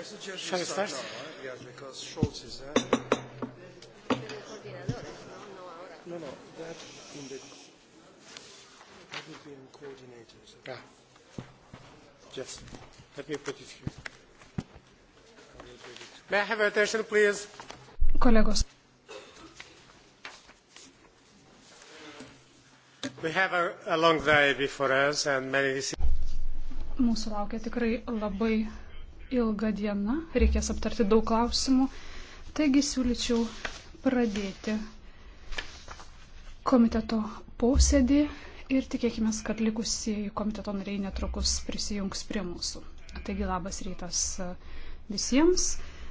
I suggest Shall we start? start? Now, eh? Yes, because Schultz is there. No, no, that in the that would be in coordinators. Yeah. Yes. Let me put it here. May I have attention, please? Kolegos. We have a, a long day before us and many. Mūsų laukia tikrai labai ilga diena, reikės aptarti daug klausimų, taigi siūlyčiau pradėti komiteto posėdį ir tikėkime, kad likusieji komiteto nariai netrukus prisijungs prie mūsų. Taigi labas rytas e, visiems.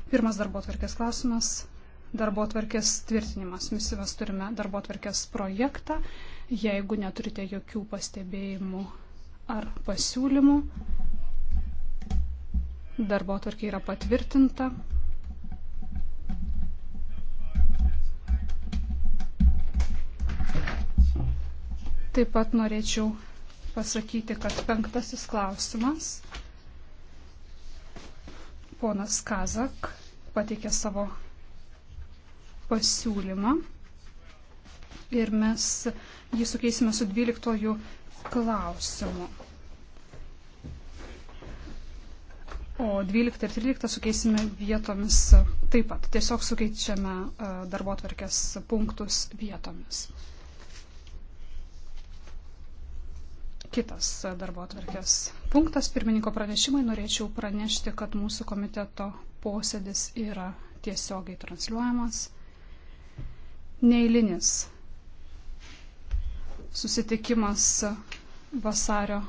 Pirmas darbo tvarkės klausimas - darbo tvarkės tvirtinimas. Visi mes turime darbo tvarkės projektą. Jeigu neturite jokių pastebėjimų ar pasiūlymų, Darbo tvarkė yra patvirtinta. Taip pat norėčiau pasakyti, kad penktasis klausimas. Ponas Kazak pateikė savo pasiūlymą ir mes jį sukeisime su dvyliktoju klausimu. o 12 ir 13 sukeisime vietomis taip pat. Tiesiog sukeičiame e, darbo atvarkės punktus vietomis. Kitas e, darbo atvarkės punktas, pirmininko pranešimai, norėčiau pranešti, kad mūsų komiteto posėdis yra tiesiogiai transliuojamas. Neįlinis susitikimas vasario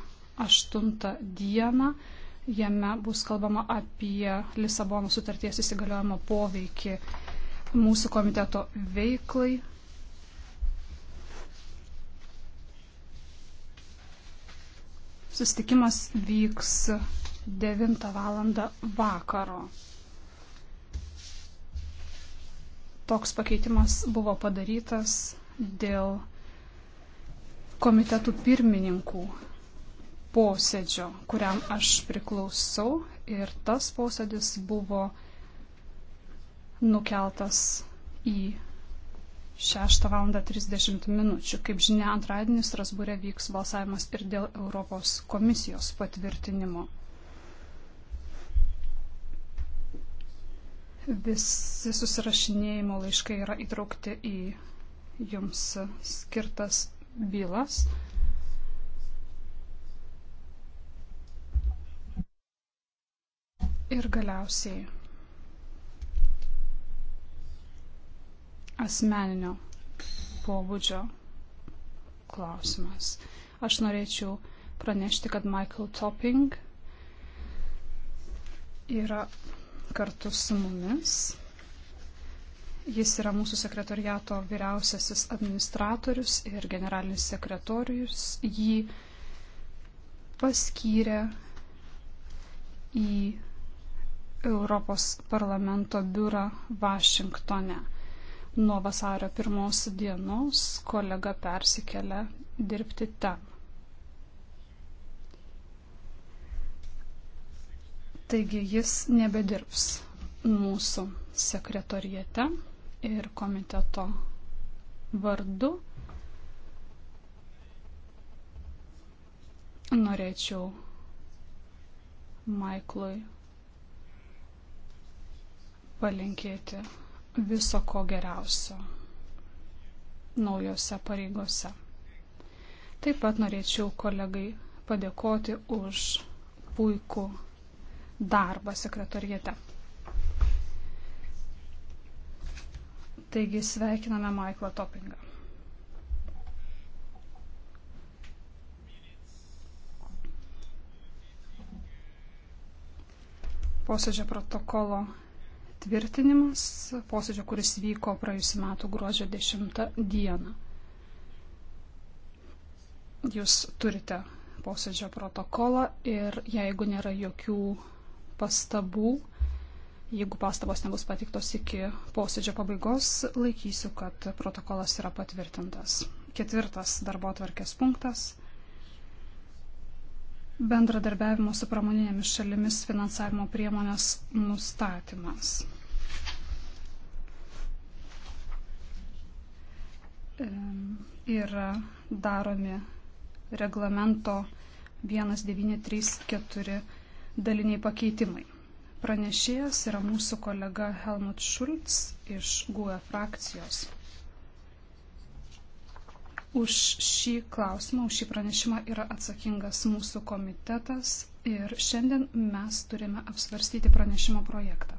8 dieną Jame bus kalbama apie Lisabono sutarties įsigaliojimo poveikį mūsų komiteto veiklai. Sustikimas vyks 9 val. vakaro. Toks pakeitimas buvo padarytas dėl komitetų pirmininkų posėdžio, kuriam aš priklausau ir tas posėdis buvo nukeltas į 6 val. 30 minučių. Kaip žinia, antradienį Strasbūrė vyks balsavimas ir dėl Europos komisijos patvirtinimo. Visi susirašinėjimo laiškai yra įtraukti į jums skirtas bylas. Ir galiausiai asmeninio pobūdžio klausimas. Aš norėčiau pranešti, kad Michael Topping yra kartu su mumis. Jis yra mūsų sekretoriato vyriausiasis administratorius ir generalinis sekretorius. Jį paskyrė į Europos parlamento biurą Vašingtone. Nuo vasario pirmos dienos kolega persikelia dirbti ten. Taigi jis nebedirbs mūsų sekretorijete ir komiteto vardu. Norėčiau Maiklui palinkėti viso ko geriausio naujose pareigose. Taip pat norėčiau kolegai padėkoti už puikų darbą sekretorijete. Taigi sveikiname Maiklą Topingą. Posėdžio protokolo tvirtinimas posėdžio, kuris vyko praėjusiu metu gruodžio 10 dieną. Jūs turite posėdžio protokolą ir jeigu nėra jokių pastabų, jeigu pastabos nebus patiktos iki posėdžio pabaigos, laikysiu, kad protokolas yra patvirtintas. Ketvirtas darbo atvarkės punktas bendradarbiavimo su pramoninėmis šalimis finansavimo priemonės nustatymas. Yra daromi reglamento 1934 daliniai pakeitimai. Pranešėjas yra mūsų kolega Helmut Schulz iš GUE frakcijos. Už šį klausimą, už šį pranešimą yra atsakingas mūsų komitetas ir šiandien mes turime apsvarstyti pranešimo projektą.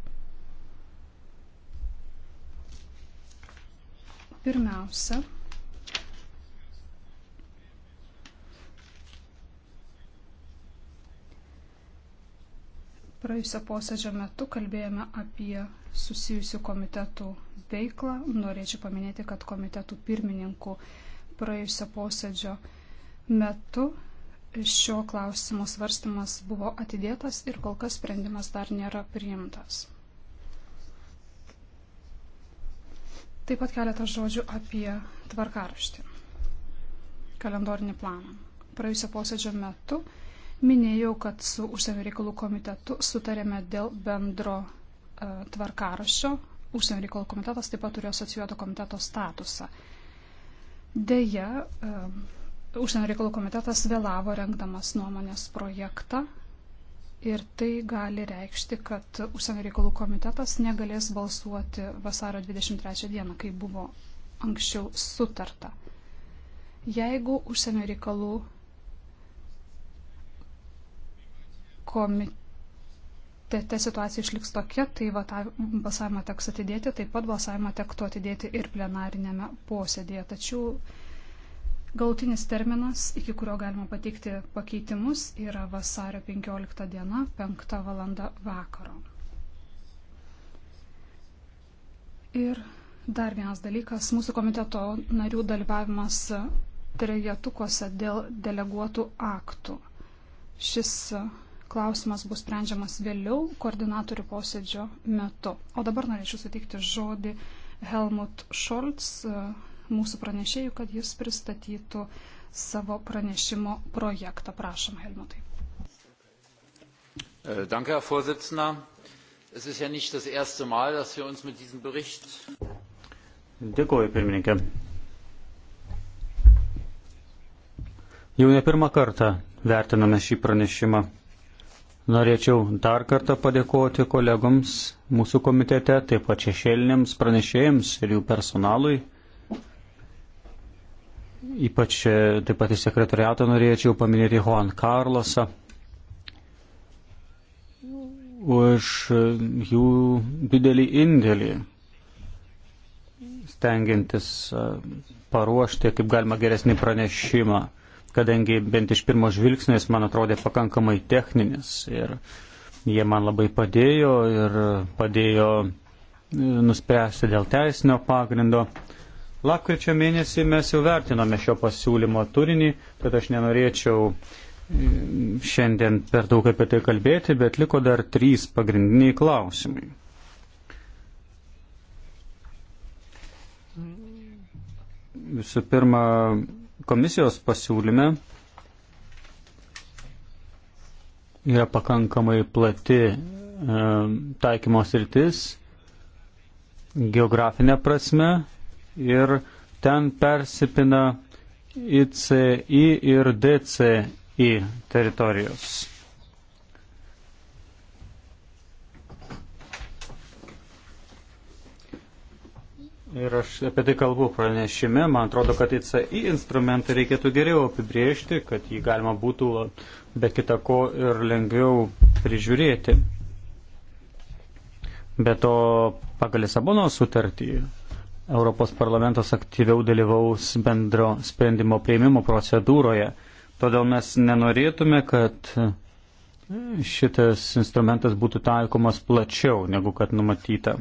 Pirmiausia, Praėjusio posėdžio metu kalbėjome apie susijusių komitetų veiklą. Norėčiau paminėti, kad komitetų pirmininkų uh, praėjusio posėdžio metu šio klausimo svarstymas buvo atidėtas ir kol kas sprendimas dar nėra priimtas. Taip pat keletas žodžių apie tvarkaraštį, kalendorinį planą. Praėjusio posėdžio metu minėjau, kad su užsienio reikalų komitetu sutarėme dėl bendro e, tvarkaraščio. Užsienio reikalų komitetas taip pat turi asocijuoto komiteto statusą. Deja, e, užsienio reikalų komitetas vėlavo rengdamas nuomonės projektą ir tai gali reikšti, kad užsienio reikalų komitetas negalės balsuoti vasario 23 dieną, kai buvo anksčiau sutarta. Jeigu užsienio reikalų komitetas ta situacija išliks tokia, tai balsavimą teks atidėti, taip pat balsavimą tektų atidėti ir plenarinėme posėdėje. Tačiau gautinis terminas, iki kurio galima pateikti pakeitimus, yra vasario 15 diena, 5 val. vakaro. Ir dar vienas dalykas, mūsų komiteto narių dalyvavimas trejetukuose dėl deleguotų aktų. Šis Klausimas bus sprendžiamas vėliau koordinatorių posėdžio metu. O dabar norėčiau suteikti žodį Helmut Scholz, e, mūsų pranešėjų, kad jis pristatytų savo pranešimo projektą. Prašom, Helmutai. Äh, danke, Herr Vorsitzender. Es ist ja nicht das erste Mal, dass wir uns mit diesem Bericht. Dėkuoju, pirmininkė. Jau ne pirmą kartą vertiname šį pranešimą. Norėčiau dar kartą padėkoti kolegoms mūsų komitete, taip pat šešėlinėms pranešėjams ir jų personalui. Ypač e, taip pat į sekretariatą norėčiau paminėti Juan Karlosą už e, jų didelį indėlį, stengiantis e, paruošti kaip galima geresnį pranešimą kadangi bent iš pirmo žvilgsnio jis man atrodė pakankamai techninis ir jie man labai padėjo ir padėjo e, nuspręsti dėl teisinio pagrindo. Lapkričio mėnesį mes jau vertinome šio pasiūlymo turinį, tad aš nenorėčiau e, šiandien per daug apie tai kalbėti, bet liko dar trys pagrindiniai klausimai. Visų pirma, Komisijos pasiūlyme yra pakankamai plati e, taikymos rytis geografinė prasme ir ten persipina ICI ir DCI teritorijos. Ir aš apie tai kalbu pranešime. Man atrodo, kad ICI instrumentą reikėtų geriau apibriežti, kad jį galima būtų be kita ko ir lengviau prižiūrėti. Be to, pagal Lisabono sutartį Europos parlamentas aktyviau dalyvaus bendro sprendimo prieimimo procedūroje. Todėl mes nenorėtume, kad šitas instrumentas būtų taikomas plačiau, negu kad numatyta.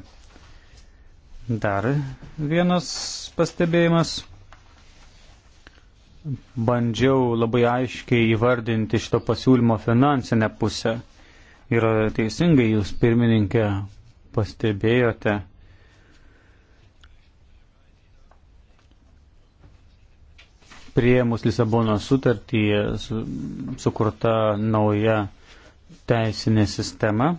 Dar vienas pastebėjimas. Bandžiau labai aiškiai įvardinti šito pasiūlymo finansinę pusę. Ir teisingai jūs, pirmininkė, pastebėjote. Priemus Lisabono sutartį sukurta nauja teisinė sistema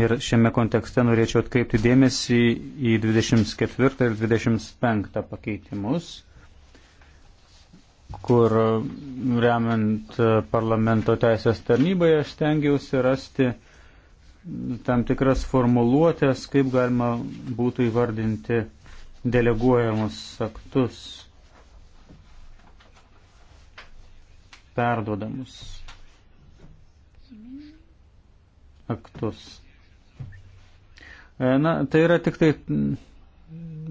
Ir šiame kontekste norėčiau atkreipti dėmesį į 24 ir 25 pakeitimus, kur remiant parlamento teisės tarnyboje aš stengiausi rasti tam tikras formuluotės, kaip galima būtų įvardinti deleguojamus aktus, perduodamus aktus. E, na, tai yra tik tai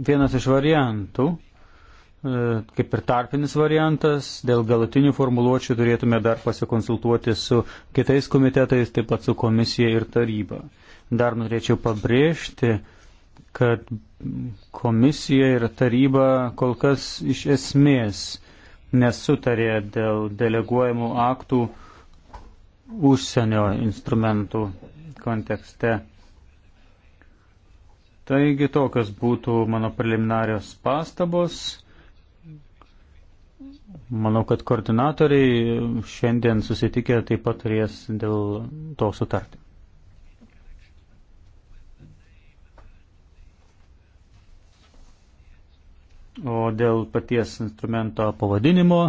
vienas iš variantų, e, kaip ir tarpinis variantas. Dėl galutinių formuluočių turėtume dar pasikonsultuoti su kitais komitetais, taip pat su komisija ir taryba. Dar norėčiau pabrėžti, kad komisija ir taryba kol kas iš esmės nesutarė dėl deleguojamų aktų užsienio instrumentų kontekste. Taigi tokios būtų mano preliminarios pastabos. Manau, kad koordinatoriai šiandien susitikę taip pat turės dėl to sutarti. O dėl paties instrumento pavadinimo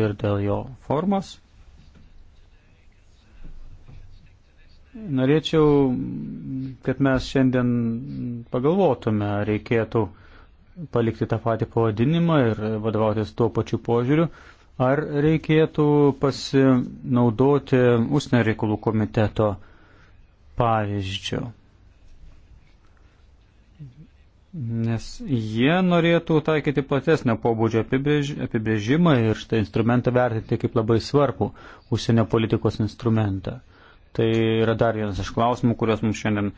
ir dėl jo formos. Norėčiau, kad mes šiandien pagalvotume, reikėtų palikti tą patį pavadinimą ir vadovautis tuo pačiu požiūriu, ar reikėtų pasinaudoti Užsienio reikalų komiteto pavyzdžių. Nes jie norėtų taikyti platesnę pobūdžio apibrėžimą ir šitą instrumentą vertinti kaip labai svarbų užsienio politikos instrumentą. Tai yra dar vienas iš klausimų, kuriuos mums šiandien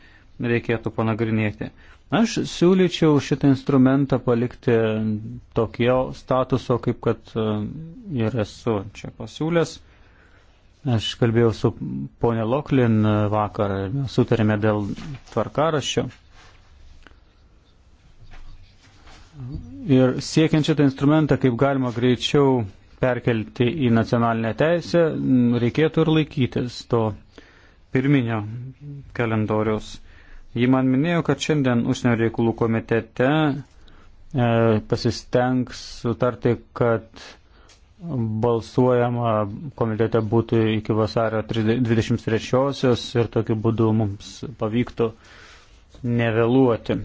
reikėtų panagrinėti. Aš siūlyčiau šitą instrumentą palikti tokio statuso, kaip kad e, ir esu čia pasiūlęs. Aš kalbėjau su ponė Loklin e, vakar ir mes sutarėme dėl tvarkaraščio. Ir siekiant šitą instrumentą, kaip galima greičiau perkelti į nacionalinę teisę, reikėtų ir laikytis to pirminio kalendoriaus. Ji man minėjo, kad šiandien užsienio reikalų komitete e, pasistengs sutarti, kad balsuojama komitete būtų iki vasario 23-osios ir tokiu būdu mums pavyktų nevėluoti. E,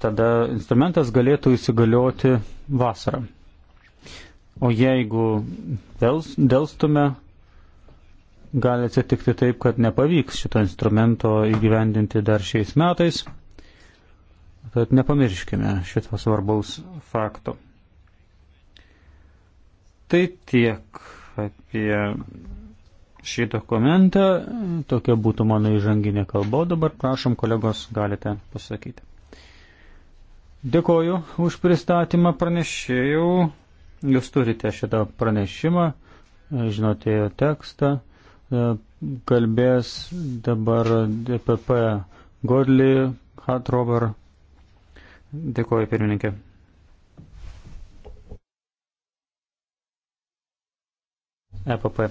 tada instrumentas galėtų įsigalioti vasarą. O jeigu dėlstume, dels, gali atsitikti taip, kad nepavyks šito instrumento įgyvendinti dar šiais metais. Tad nepamirškime šito svarbaus fakto. Tai tiek apie šį dokumentą. Tokia būtų mano įžanginė kalba. Dabar prašom, kolegos, galite pasakyti. Dėkoju už pristatymą pranešėjų. Jūs turite šitą pranešimą, žinote jo tekstą. E, kalbės dabar DPP Godly Hatrover. Dėkuoju, pirmininkė. EPP.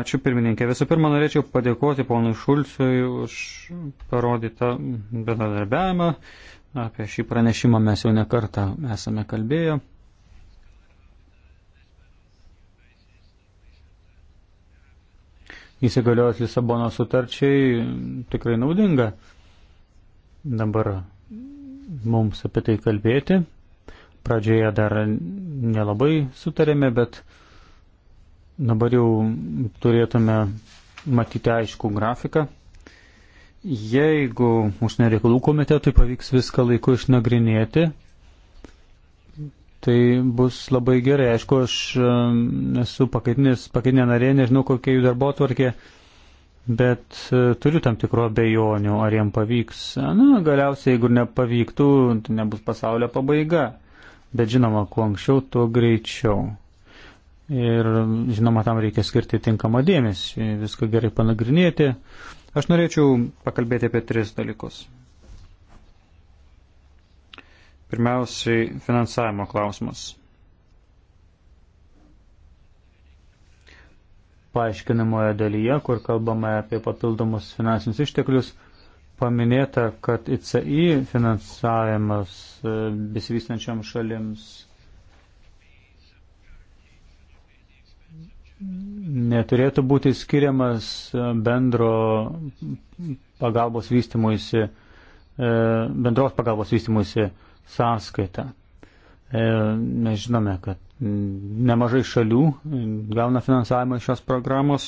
Ačiū pirmininkė. Visų pirma, norėčiau padėkoti ponui Šulciui už parodytą bendradarbiavimą. Apie šį pranešimą mes jau nekartą esame kalbėję. įsigaliojus Lisabono sutarčiai tikrai naudinga dabar mums apie tai kalbėti. Pradžioje dar nelabai sutarėme, bet dabar jau turėtume matyti aišku grafiką. Jeigu užsienio reikalų komitetui pavyks viską laiku išnagrinėti, Tai bus labai gerai. Aišku, aš esu pakaitinė narė, nežinau kokia jų darbo tvarkė, bet e, turiu tam tikro bejonių, ar jiem pavyks. Na, galiausiai, jeigu nepavyktų, tai nebus pasaulio pabaiga. Bet žinoma, kuo anksčiau, tuo greičiau. Ir žinoma, tam reikia skirti tinkamą dėmesį, viską gerai panagrinėti. Aš norėčiau pakalbėti apie tris dalykus. Pirmiausiai finansavimo klausimas. Paaiškinamoje dalyje, kur kalbame apie papildomus finansinius išteklius, paminėta, kad ICI finansavimas e, besivystančiam šalims neturėtų būti skiriamas bendro pagalbos vystimuisi, e, bendros pagalbos vystimuisi sąskaitą. E, mes žinome, kad nemažai šalių gauna finansavimą šios programos,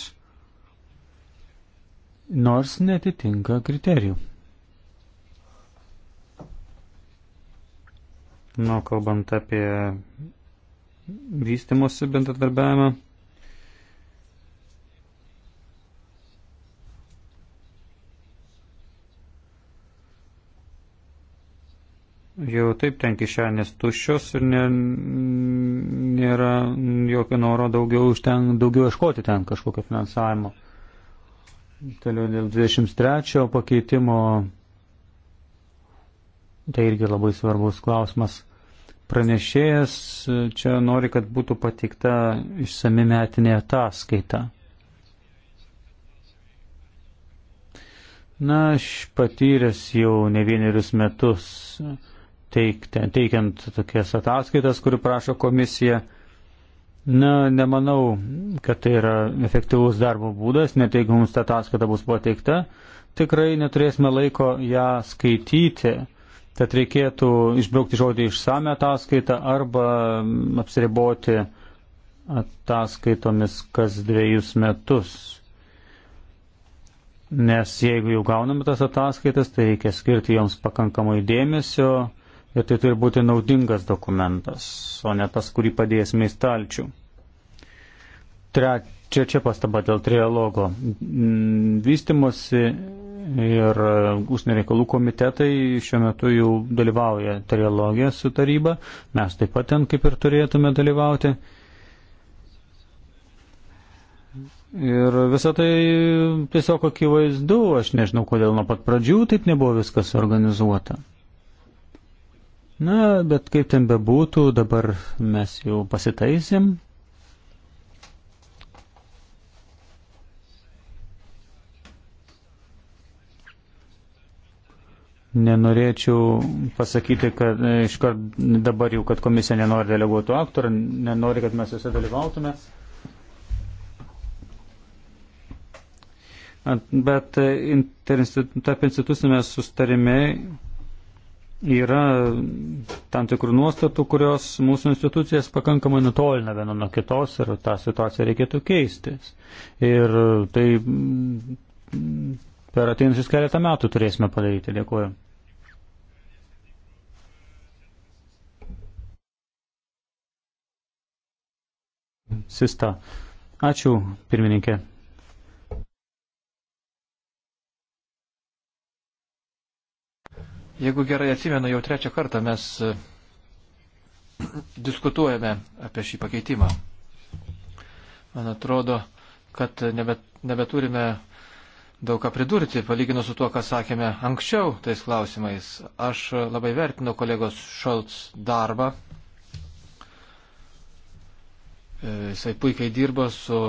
nors netitinka kriterijų. Nu, kalbant apie vystimosi bendradarbiavimą jau taip ten kišenės tuščios ir nė, nėra jokio noro daugiau, ten, daugiau ieškoti ten kažkokio finansavimo. Toliau dėl 23 pakeitimo, tai irgi labai svarbus klausimas. Pranešėjas čia nori, kad būtų patikta išsami metinė ataskaita. Na, aš patyręs jau ne vienerius metus teikti, teikiant tokias ataskaitas, kurių prašo komisija. Na, nemanau, kad tai yra efektyvus darbo būdas, net jeigu mums ta ataskaita bus pateikta, tikrai neturėsime laiko ją skaityti. Tad reikėtų išbraukti žodį išsame ataskaitą arba apsiriboti ataskaitomis kas dviejus metus. Nes jeigu jau gauname tas ataskaitas, tai reikia skirti joms pakankamai dėmesio, ir tai turi būti naudingas dokumentas, o ne tas, kurį padėsime į stalčių. Trečia čia pastaba dėl trialogo. Mm, vystimosi ir užsienio uh, reikalų komitetai šiuo metu jau dalyvauja trialogė su taryba, mes taip pat ten kaip ir turėtume dalyvauti. Ir visą tai tiesiog akivaizdu, aš nežinau, kodėl nuo pat pradžių taip nebuvo viskas organizuota. Na, bet kaip ten bebūtų, dabar mes jau pasitaisėm. Nenorėčiau pasakyti, kad e, iškart dabar jau, kad komisija nenori deleguotų aktų, nenori, kad mes juose dalyvautume. Bet e, tarp institucinėme sustarime yra tam tikrų nuostatų, kurios mūsų institucijas pakankamai nutolina viena nuo kitos ir tą situaciją reikėtų keistis. Ir tai mm, per ateinančius keletą metų turėsime padaryti. Dėkuoju. Sista. Ačiū, pirmininkė. Jeigu gerai atsimenu, jau trečią kartą mes e, diskutuojame apie šį pakeitimą. Man atrodo, kad nebet, nebeturime daug ką pridurti, palyginus su tuo, ką sakėme anksčiau tais klausimais. Aš labai vertinu kolegos Šolts darbą. E, jisai puikiai dirbo su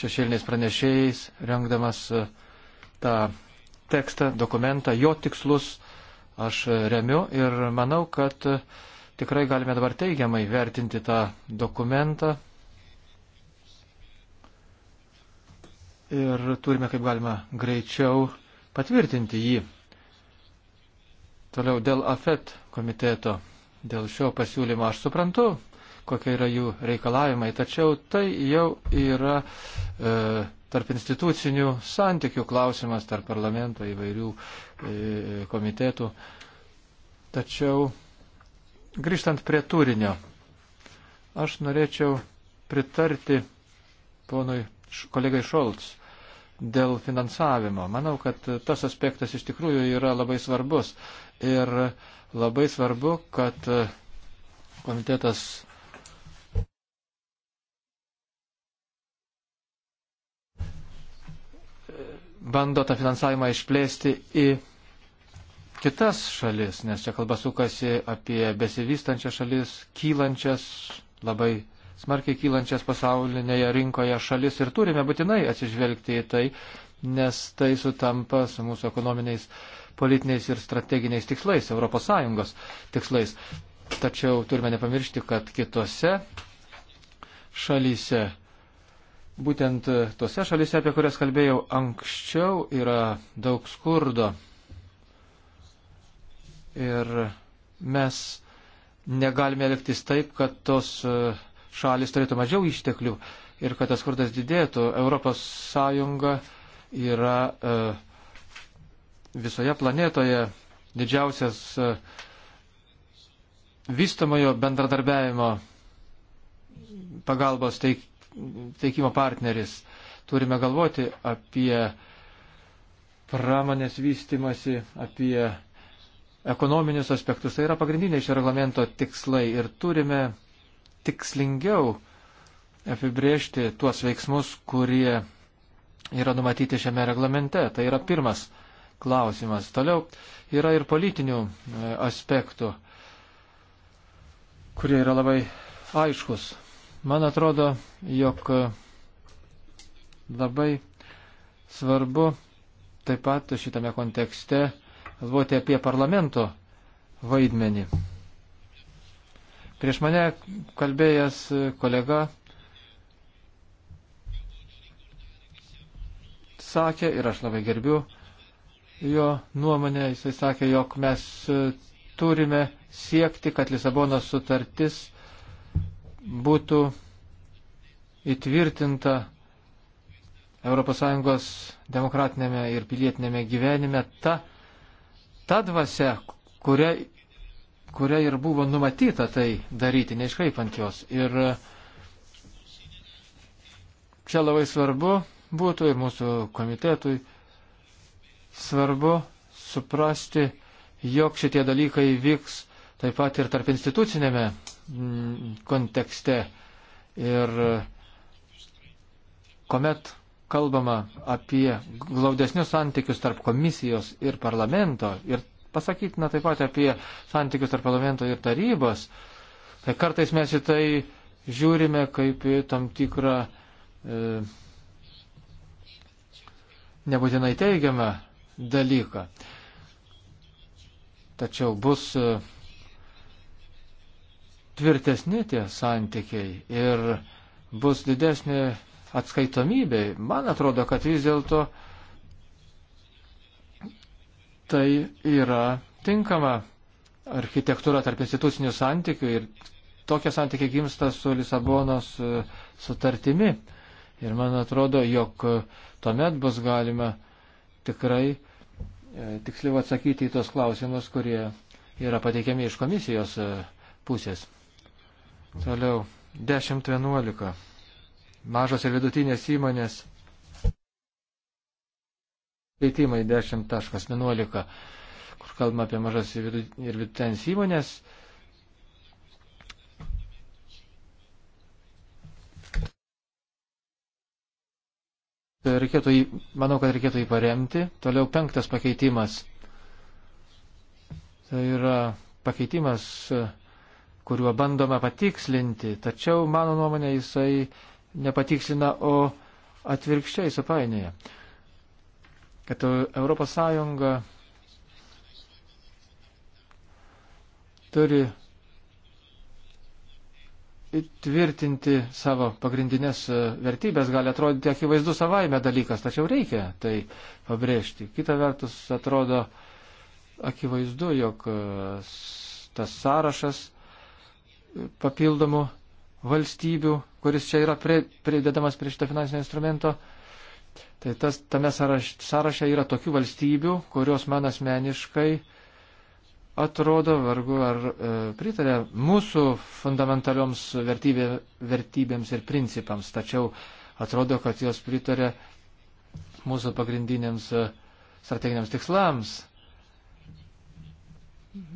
šešėliniais pranešėjais, rengdamas e, tą tekstą, dokumentą, jo tikslus aš remiu ir manau, kad tikrai galime dabar teigiamai vertinti tą dokumentą. Ir turime kaip galima greičiau patvirtinti jį. Toliau dėl AFET komiteto, dėl šio pasiūlymo aš suprantu, kokie yra jų reikalavimai, tačiau tai jau yra e, tarp institucinių santykių klausimas, tarp parlamento įvairių komitetų. Tačiau grįžtant prie turinio, aš norėčiau pritarti ponui kolegai Šolts dėl finansavimo. Manau, kad tas aspektas iš tikrųjų yra labai svarbus. Ir labai svarbu, kad komitetas bando tą finansavimą išplėsti į kitas šalis, nes čia kalba sukasi apie besivystančias šalis, kylančias, labai smarkiai kylančias pasaulinėje rinkoje šalis ir turime būtinai atsižvelgti į tai, nes tai sutampa su mūsų ekonominiais, politiniais ir strateginiais tikslais, ES tikslais. Tačiau turime nepamiršti, kad kitose šalyse Būtent tose šalise, apie kurias kalbėjau anksčiau, yra daug skurdo. Ir mes negalime elgtis taip, kad tos e, šalis turėtų mažiau išteklių ir kad tas skurdas didėtų. Europos Sąjunga yra e, visoje planetoje didžiausias e, vystomojo bendradarbiavimo pagalbos teik, teikimo partneris. Turime galvoti apie pramonės vystimasi, apie ekonominius aspektus. Tai yra pagrindiniai šio reglamento tikslai ir turime tikslingiau apibriežti tuos veiksmus, kurie yra numatyti šiame reglamente. Tai yra pirmas klausimas. Toliau yra ir politinių e, aspektų, kurie yra labai aiškus. Man atrodo, jog labai svarbu taip pat šitame kontekste galvoti apie parlamento vaidmenį. Prieš mane kalbėjęs kolega sakė, ir aš labai gerbiu jo nuomonę, jisai sakė, jog mes turime siekti, kad Lisabonos sutartis būtų įtvirtinta ES demokratinėme ir pilietinėme gyvenime ta, ta dvasia, kuria, kuria ir buvo numatyta tai daryti, neiškaipant jos. Ir čia labai svarbu būtų ir mūsų komitetui svarbu suprasti, jog šitie dalykai vyks taip pat ir tarp institucinėme Mm, kontekste. Ir kuomet kalbama apie glaudesnius santykius tarp komisijos ir parlamento, ir pasakytina taip pat apie santykius tarp parlamento ir tarybos, tai kartais mes į tai žiūrime kaip į tam tikrą e, nebūtinai teigiamą dalyką. Tačiau bus. E, tvirtesni tie santykiai ir bus didesnė atskaitomybė. Man atrodo, kad vis dėlto tai yra tinkama architektūra tarp institucinių santykių ir tokie santykiai gimsta su Lisabonos e, sutartimi. Ir man atrodo, jog tuomet bus galima tikrai e, tiksliau atsakyti į tos klausimus, kurie yra pateikiami iš komisijos e, pusės. Toliau. 10.11. Mažos ir vidutinės įmonės. Keitimai 10.11, kur kalbama apie mažas ir vidutinės įmonės. Tai reikėtų jį, manau, kad reikėtų jį paremti. Toliau penktas pakeitimas. Tai yra pakeitimas uh, kuriuo bandoma patikslinti, tačiau mano nuomonė jisai nepatikslina, o atvirkščiai supainėja. Kad e, Europos Sąjunga turi tvirtinti savo pagrindinės e, vertybės, gali atrodyti akivaizdu savaime dalykas, tačiau reikia tai pabrėžti. Kita vertus atrodo akivaizdu, jog e, tas sąrašas papildomų valstybių, kuris čia yra prie, pridedamas prie šito finansinio instrumento. Tai tas, tame sąraš, sąraše yra tokių valstybių, kurios man asmeniškai atrodo vargu ar e, pritarė mūsų fundamentalioms vertybė, vertybėms ir principams, tačiau atrodo, kad jos pritarė mūsų pagrindiniams e, strateginiams tikslams.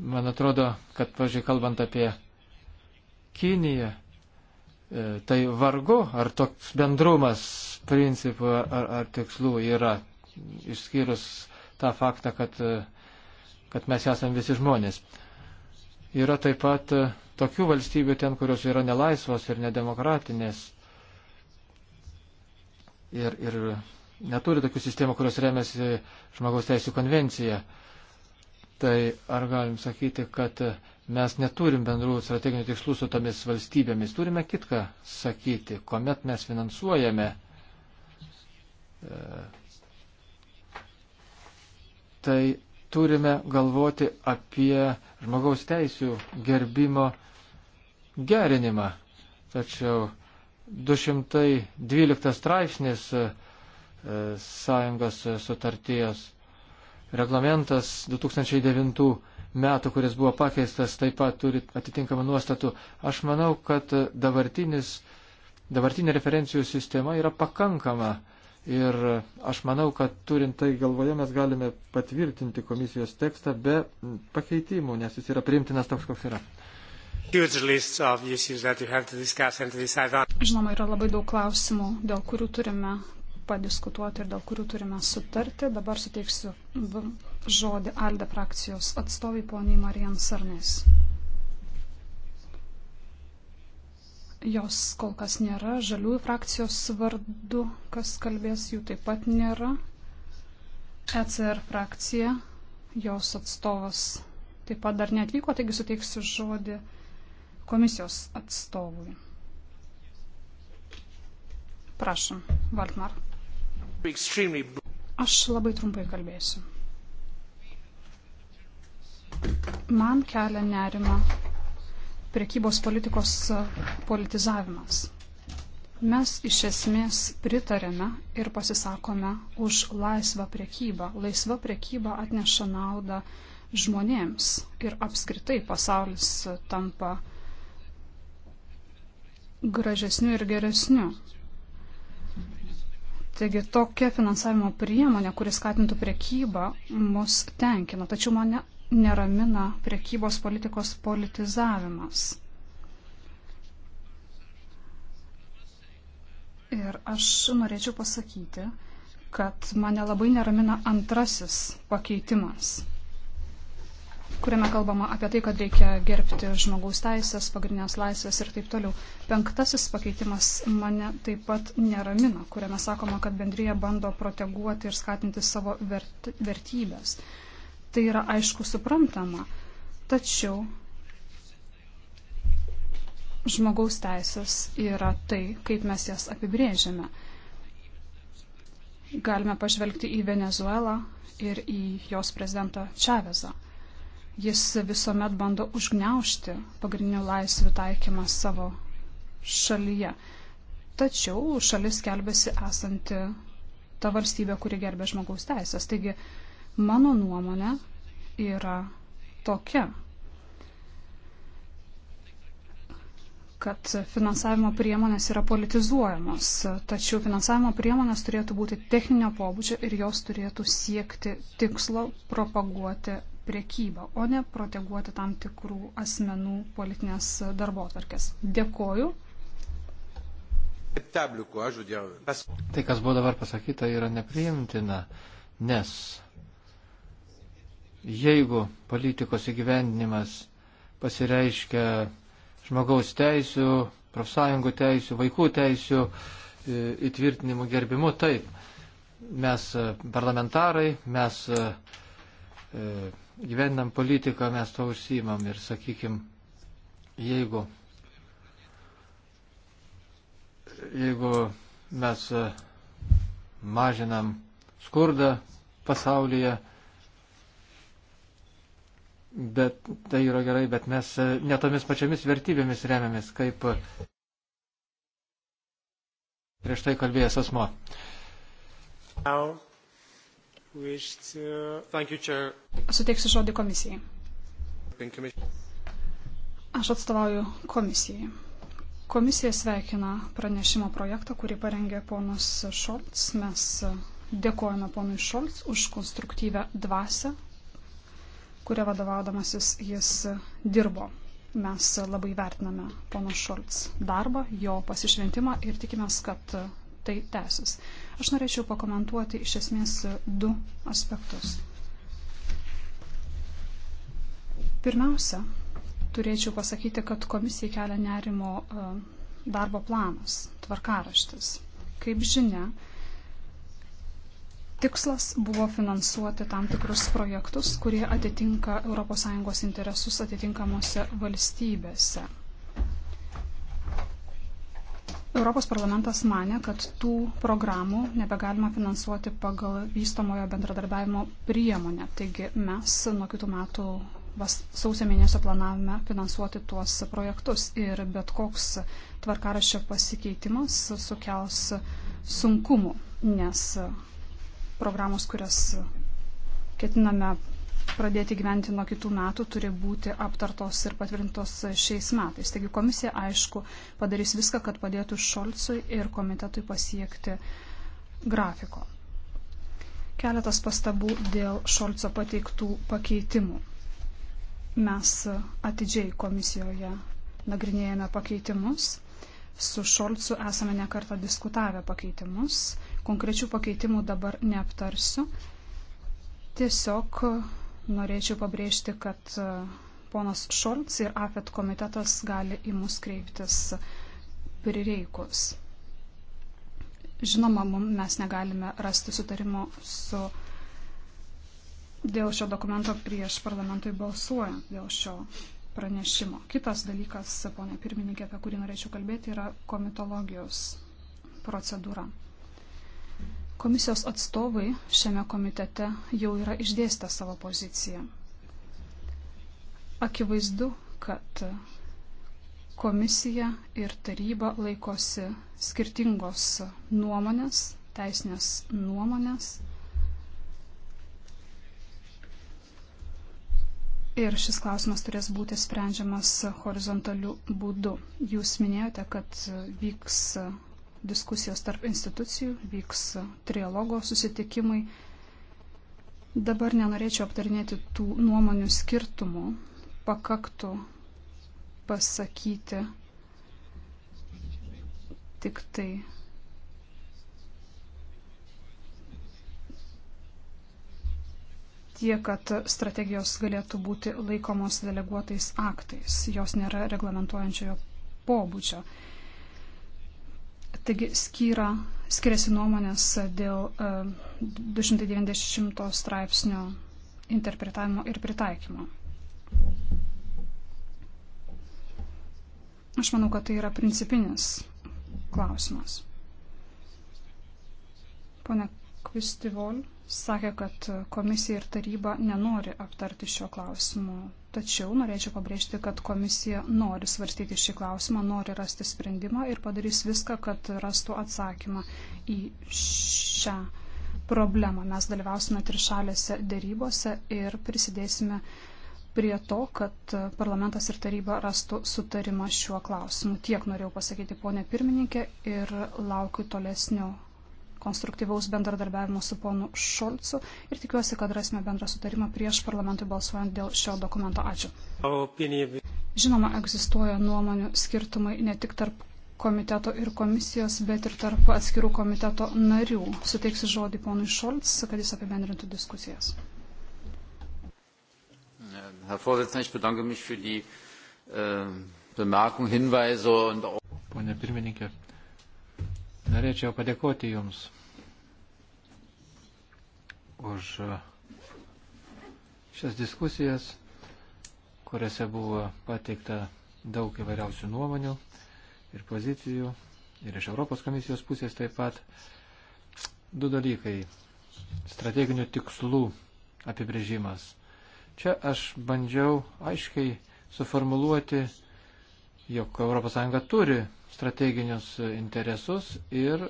Man atrodo, kad, pažiūrėjau, kalbant apie Kinija, e, tai vargu, ar toks bendrumas principų ar, ar tikslų yra, išskyrus tą faktą, kad, e, kad mes esame visi žmonės. Yra taip pat e, tokių valstybių ten, kurios yra nelaisvos ir nedemokratinės. Ir, ir neturi tokių sistemų, kurios remiasi žmogaus teisų konvencija. Tai ar galim sakyti, kad Mes neturim bendrų strateginių tikslų su tomis valstybėmis. Turime kitką sakyti, kuomet mes finansuojame e, tai turime galvoti apie žmogaus teisų gerbimo gerinimą. Tačiau 212 straipsnis e, sąjungos sutarties reglamentas 2009 metų, kuris buvo pakeistas, taip pat turi atitinkamą nuostatų. Aš manau, kad dabartinė referencijų sistema yra pakankama. Ir aš manau, kad turint tai galvoje mes galime patvirtinti komisijos tekstą be pakeitimų, nes jis yra priimtinas toks, koks yra. Žinoma, yra labai daug klausimų, dėl kurių turime padiskutuoti ir dėl kurių turime sutarti. Dabar suteiksiu žodį Alde frakcijos atstovai poniai Marijan Sarnės. Jos kol kas nėra. Žaliųjų frakcijos vardu, kas kalbės, jų taip pat nėra. ECR frakcija, jos atstovas taip pat dar neatvyko, taigi suteiksiu žodį komisijos atstovui. Prašom, Valtmar. Aš labai trumpai kalbėsiu. Man kelia nerima priekybos politikos politizavimas. Mes iš esmės pritarėme ir pasisakome už laisvą priekybą. Laisva priekyba atneša naudą žmonėms ir apskritai pasaulis tampa gražesniu ir geresniu. Taigi tokia finansavimo priemonė, kuris skatintų priekybą, mus tenkina. Tačiau mane neramina priekybos politikos politizavimas. Ir aš norėčiau pasakyti, kad mane labai neramina antrasis pakeitimas kuriame kalbama apie tai, kad reikia gerbti žmogaus teisės, pagrindinės laisvės ir taip toliau. Penktasis pakeitimas mane taip pat neramina, kuriame sakoma, kad bendryje bando proteguoti ir skatinti savo vert, vertybės. Tai yra aišku suprantama, tačiau žmogaus teisės yra tai, kaip mes jas apibrėžiame. Galime pažvelgti į Venezuelą ir į jos prezidentą Čavezą. Jis visuomet bando užgneušti pagrindinių laisvių taikymą savo šalyje. Tačiau šalis kelbėsi esanti ta valstybė, kuri gerbė žmogaus teisės. Taigi, mano nuomonė yra tokia, kad finansavimo priemonės yra politizuojamos, tačiau finansavimo priemonės turėtų būti techninio pobūdžio ir jos turėtų siekti tikslo propaguoti priekybą, o ne proteguoti tam tikrų asmenų politinės darbo atvarkės. Dėkoju. Tai, kas buvo dabar pasakyta, yra nepriimtina, nes jeigu politikos įgyvendinimas pasireiškia žmogaus teisų, profsąjungų teisų, vaikų teisų e, įtvirtinimu gerbimu, taip, mes e, parlamentarai, mes e, gyvendam politiką mes to užsimam ir, sakykim, jeigu, jeigu mes e, mažinam skurdą pasaulyje, bet tai yra gerai, bet mes e, netomis pačiamis vertybėmis remiamės, kaip prieš tai kalbėjęs asmo. Now wish to... Thank you, Chair. Suteiksiu žodį komisijai. Aš atstovauju komisijai. Komisija sveikina pranešimo projektą, kurį parengė ponas Šolts. Mes dėkojame ponui Šolts už konstruktyvę dvasę, kurią vadovaudamasis jis dirbo. Mes labai vertiname pono Šolts darbą, jo pasišventimą ir tikimės, kad tai tęsis. Aš norėčiau pakomentuoti iš esmės du aspektus. Pirmiausia, turėčiau pasakyti, kad komisijai kelia nerimo e, darbo planas, tvarkaraštis. Kaip žinia, tikslas buvo finansuoti tam tikrus projektus, kurie atitinka ES interesus atitinkamose valstybėse. Europos parlamentas mane, kad tų programų nebegalima finansuoti pagal vystomojo bendradarbiavimo priemonę. Taigi mes nuo kitų metų vas, sausio mėnesio planavome finansuoti tuos projektus ir bet koks tvarkaraščio pasikeitimas sukels sunkumų, nes programos, kurias ketiname pradėti gyventi nuo kitų metų, turi būti aptartos ir patvirtintos šiais metais. Taigi komisija, aišku, padarys viską, kad padėtų Šolcui ir komitetui pasiekti grafiko. Keletas pastabų dėl Šolco pateiktų pakeitimų. Mes atidžiai komisijoje nagrinėjame pakeitimus. Su Šolcu esame nekartą diskutavę pakeitimus. Konkrečių pakeitimų dabar neaptarsiu. Tiesiog norėčiau pabrėžti, kad e, ponas Šolts ir AFET komitetas gali į mus kreiptis prireikus. Žinoma, mes negalime rasti sutarimo su dėl šio dokumento prieš parlamentui balsuojant dėl šio pranešimo. Kitas dalykas, ponė pirmininkė, apie kurį norėčiau kalbėti, yra komitologijos procedūra. Komisijos atstovai šiame komitete jau yra išdėstę savo poziciją. Akivaizdu, kad komisija ir taryba laikosi skirtingos nuomonės, teisinės nuomonės. Ir šis klausimas turės būti sprendžiamas horizontaliu būdu. Jūs minėjote, kad vyks diskusijos tarp institucijų, vyks trialogo susitikimai. Dabar nenorėčiau aptarinėti tų nuomonių skirtumų. Pakaktų pasakyti tik tai. Tie, kad strategijos galėtų būti laikomos deleguotais aktais, jos nėra reglamentuojančiojo pobūdžio. Taigi skyra, skiriasi nuomonės dėl 290 e, straipsnio interpretavimo ir pritaikymo. Aš manau, kad tai yra principinis klausimas. Pone Kvistivol sakė, kad komisija ir taryba nenori aptarti šio klausimo Tačiau norėčiau pabrėžti, kad komisija nori svarstyti šį klausimą, nori rasti sprendimą ir padarys viską, kad rastų atsakymą į šią problemą. Mes dalyvausime trišalėse dėrybose ir prisidėsime prie to, kad parlamentas ir taryba rastų sutarimą šiuo klausimu. Tiek norėjau pasakyti, ponė pirmininkė, ir laukiu tolesnio konstruktyvaus bendradarbiavimo su ponu Šulcu ir tikiuosi, kad rasime bendrą sutarimą prieš parlamentui balsuojant dėl šio dokumento. Ačiū. Žinoma, egzistuoja nuomonių skirtumai ne tik tarp komiteto ir komisijos, bet ir tarp atskirų komiteto narių. Suteiksiu žodį ponui Šolts, kad jis apibendrintų diskusijas. Herr Vorsitzender, ich bedanke mich für die äh, Bemerkung, Hinweise und auch. Pone pirmininkė, Norėčiau padėkoti Jums už šias diskusijas, kuriuose buvo pateikta daug įvairiausių nuomonių ir pozicijų, ir iš Europos komisijos pusės taip pat. Du dalykai. Strateginių tikslų apibrėžimas. Čia aš bandžiau aiškiai suformuluoti, jog ES turi strateginius interesus ir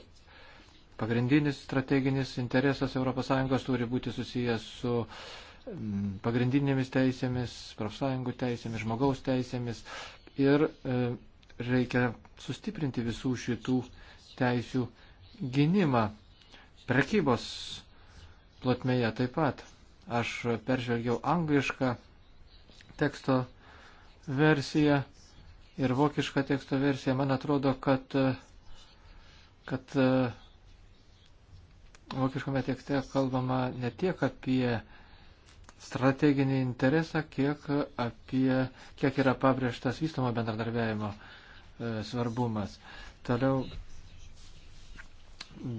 pagrindinis strateginis interesas ES turi būti susijęs su mm, pagrindinėmis teisėmis, profsąjungų teisėmis, žmogaus teisėmis ir e, reikia sustiprinti visų šitų teisių gynimą. Prekybos plotmėje taip pat. Aš peržvelgiau anglišką teksto versiją ir vokišką teksto versiją, man atrodo, kad, kad vokiškame tekste kalbama ne tiek apie strateginį interesą, kiek, apie, kiek yra pabrėžtas vystomo bendradarbiavimo e, svarbumas. Toliau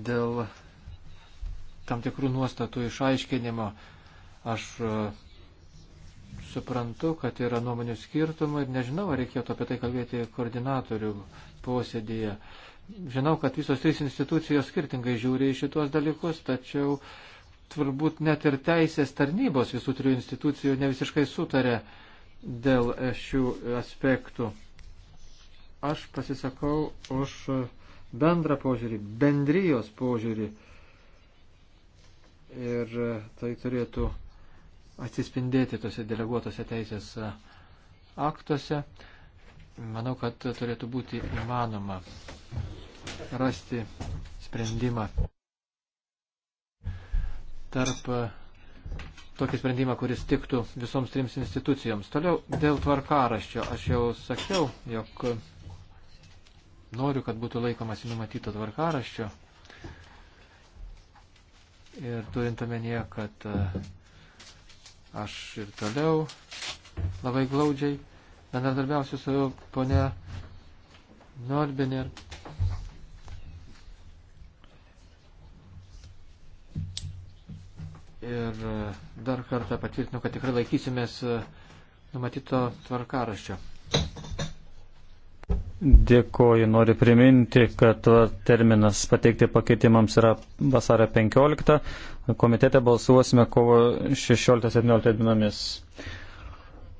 dėl tam tikrų nuostatų išaiškinimo aš e, suprantu, kad yra nuomonių skirtumų ir nežinau, ar reikėtų apie tai kalbėti koordinatorių posėdėje. Žinau, kad visos trys institucijos skirtingai žiūri į šitos dalykus, tačiau turbūt net ir teisės tarnybos visų trijų institucijų ne visiškai sutarė dėl šių aspektų. Aš pasisakau už bendrą požiūrį, bendrijos požiūrį. Ir tai turėtų atsispindėti tose deleguotose teisės aktuose. Manau, kad turėtų būti įmanoma rasti sprendimą tarp tokį sprendimą, kuris tiktų visoms trims institucijoms. Toliau dėl tvarkaraščio. Aš jau sakiau, jog noriu, kad būtų laikomasi numatyto tvarkaraščio. Ir turint omenyje, kad Aš ir toliau labai glaudžiai bendradarbiausiu su ponia Norbener. Ir e, dar kartą patvirtinu, kad tikrai laikysimės e, numatyto tvarkaraščio. Dėkoju, noriu priminti, kad terminas pateikti pakeitimams yra vasario 15, komitete balsuosime kovo 16-17 dienomis.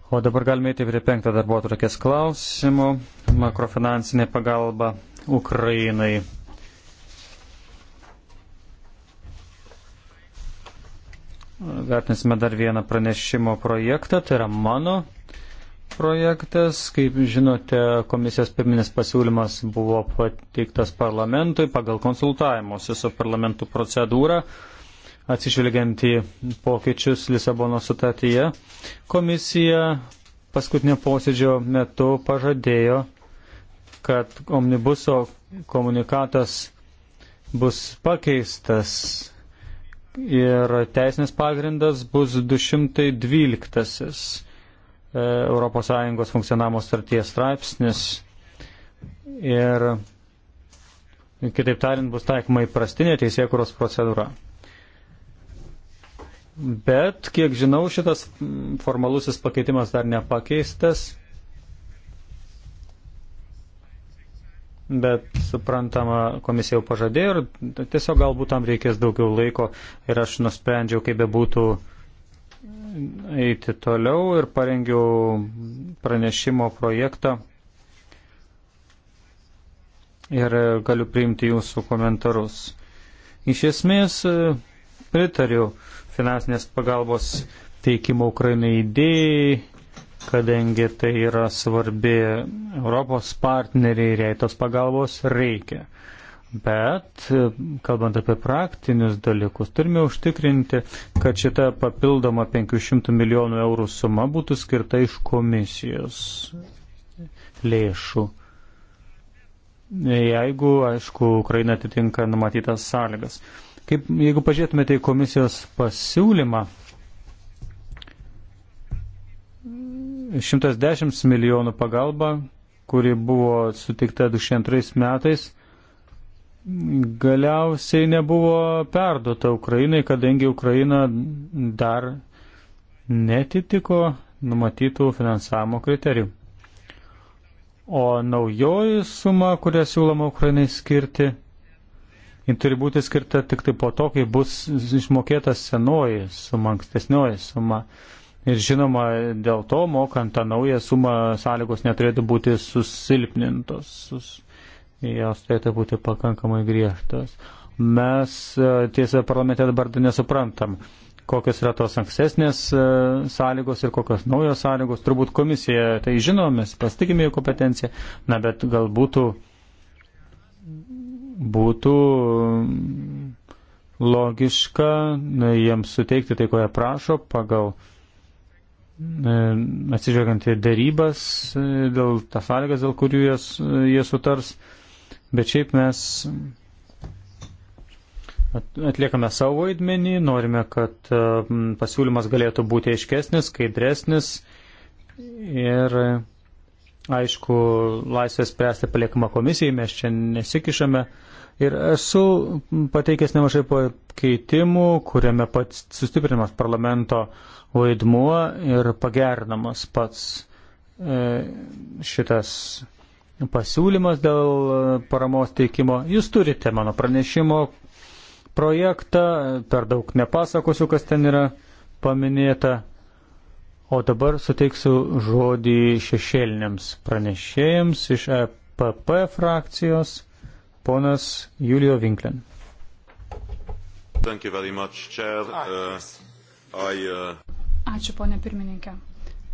O dabar galime įti prie penktą darbo atrakės klausimų - makrofinansinė pagalba Ukrainai. Vertinsime dar vieną pranešimo projektą, tai yra mano projektas. Kaip žinote, komisijos pirminis pasiūlymas buvo pateiktas parlamentui pagal konsultavimuose su parlamentu procedūrą. Atsižvelgiant į pokyčius Lisabono sutartyje, komisija paskutinio posėdžio metu pažadėjo, kad omnibuso komunikatas bus pakeistas ir teisinės pagrindas bus 212. ES funkcionavimo starties straipsnis ir kitaip tariant bus taikoma įprastinė teisėkuros procedūra. Bet, kiek žinau, šitas formalusis pakeitimas dar nepakeistas. Bet suprantama, komisija jau pažadėjo ir tiesiog galbūt tam reikės daugiau laiko ir aš nusprendžiau, kaip bebūtų, eiti toliau ir parengiau pranešimo projektą ir galiu priimti jūsų komentarus. Iš esmės pritariu finansinės pagalbos teikimo Ukrainai idėjai, kadangi tai yra svarbi Europos partneriai ir jai tos pagalbos reikia. Bet, kalbant apie praktinius dalykus, turime užtikrinti, kad šita papildoma 500 milijonų eurų suma būtų skirta iš komisijos lėšų. Jeigu, aišku, Ukraina atitinka numatytas sąlygas. Kaip, jeigu pažiūrėtumėte į komisijos pasiūlymą, 110 milijonų pagalba, kuri buvo sutikta 2002 metais, galiausiai nebuvo perduota Ukrainai, kadangi Ukraina dar netitiko numatytų finansavimo kriterijų. O naujoji suma, kurią siūloma Ukrainai skirti, ji turi būti skirta tik tai po to, kai bus išmokėta senoji suma, ankstesnioji suma. Ir žinoma, dėl to mokant tą naują sumą sąlygos neturėtų būti susilpnintos. Sus jos turėtų būti pakankamai griežtos. Mes e, tiesa parlamente dabar nesuprantam, kokios yra tos ankstesnės e, sąlygos ir kokios naujos sąlygos. Turbūt komisija tai žino, mes pasitikime jų kompetenciją, na bet gal būtų, būtų logiška na, jiems suteikti tai, ko jie prašo, pagal e, atsižvelgiant į darybas dėl tas sąlygas, dėl kurių jas, jie sutars. Bet šiaip mes atliekame savo vaidmenį, norime, kad e, pasiūlymas galėtų būti aiškesnis, skaidresnis ir aišku, laisvę spręsti paliekama komisijai, mes čia nesikišame. Ir esu pateikęs nemažai pakeitimų, kuriame pats sustiprinamas parlamento vaidmuo ir pagerinamas pats e, šitas pasiūlymas dėl e, paramos teikimo. Jūs turite mano pranešimo projektą, per daug nepasakosiu, kas ten yra paminėta. O dabar suteiksiu žodį šešėliniams pranešėjams iš EPP frakcijos, ponas Julio Vinklen. Much, chair. Ah, uh, I, uh... Ačiū, ponė pirmininkė.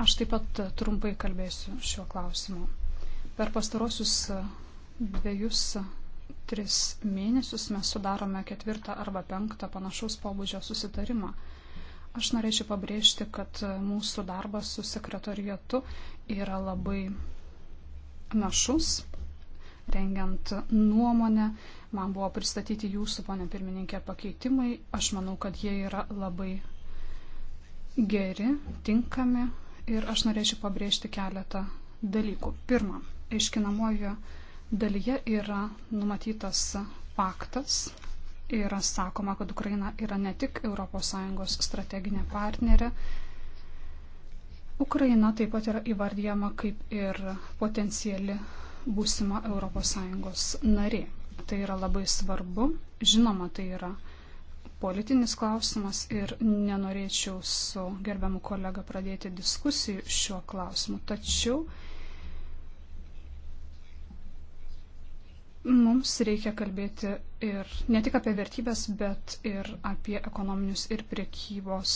Aš taip pat trumpai kalbėsiu šiuo klausimu. Per pastarosius e, dviejus, e, tris mėnesius mes sudarome ketvirtą arba penktą panašaus pobūdžio susitarimą. Aš norėčiau pabrėžti, kad e, mūsų darbas su sekretorijatu yra labai našus. Rengiant nuomonę, man buvo pristatyti jūsų, ponė pirmininkė, pakeitimai. Aš manau, kad jie yra labai geri, tinkami ir aš norėčiau pabrėžti keletą dalykų. Pirma, aiškinamojo dalyje yra numatytas faktas. Yra sakoma, kad Ukraina yra ne tik ES strateginė partnerė. Ukraina taip pat yra įvardyjama kaip ir potenciali būsima ES narė. Tai yra labai svarbu. Žinoma, tai yra politinis klausimas ir nenorėčiau su gerbiamu kolega pradėti diskusijų šiuo klausimu. Tačiau Mums reikia kalbėti ir ne tik apie vertybės, bet ir apie ekonominius ir priekybos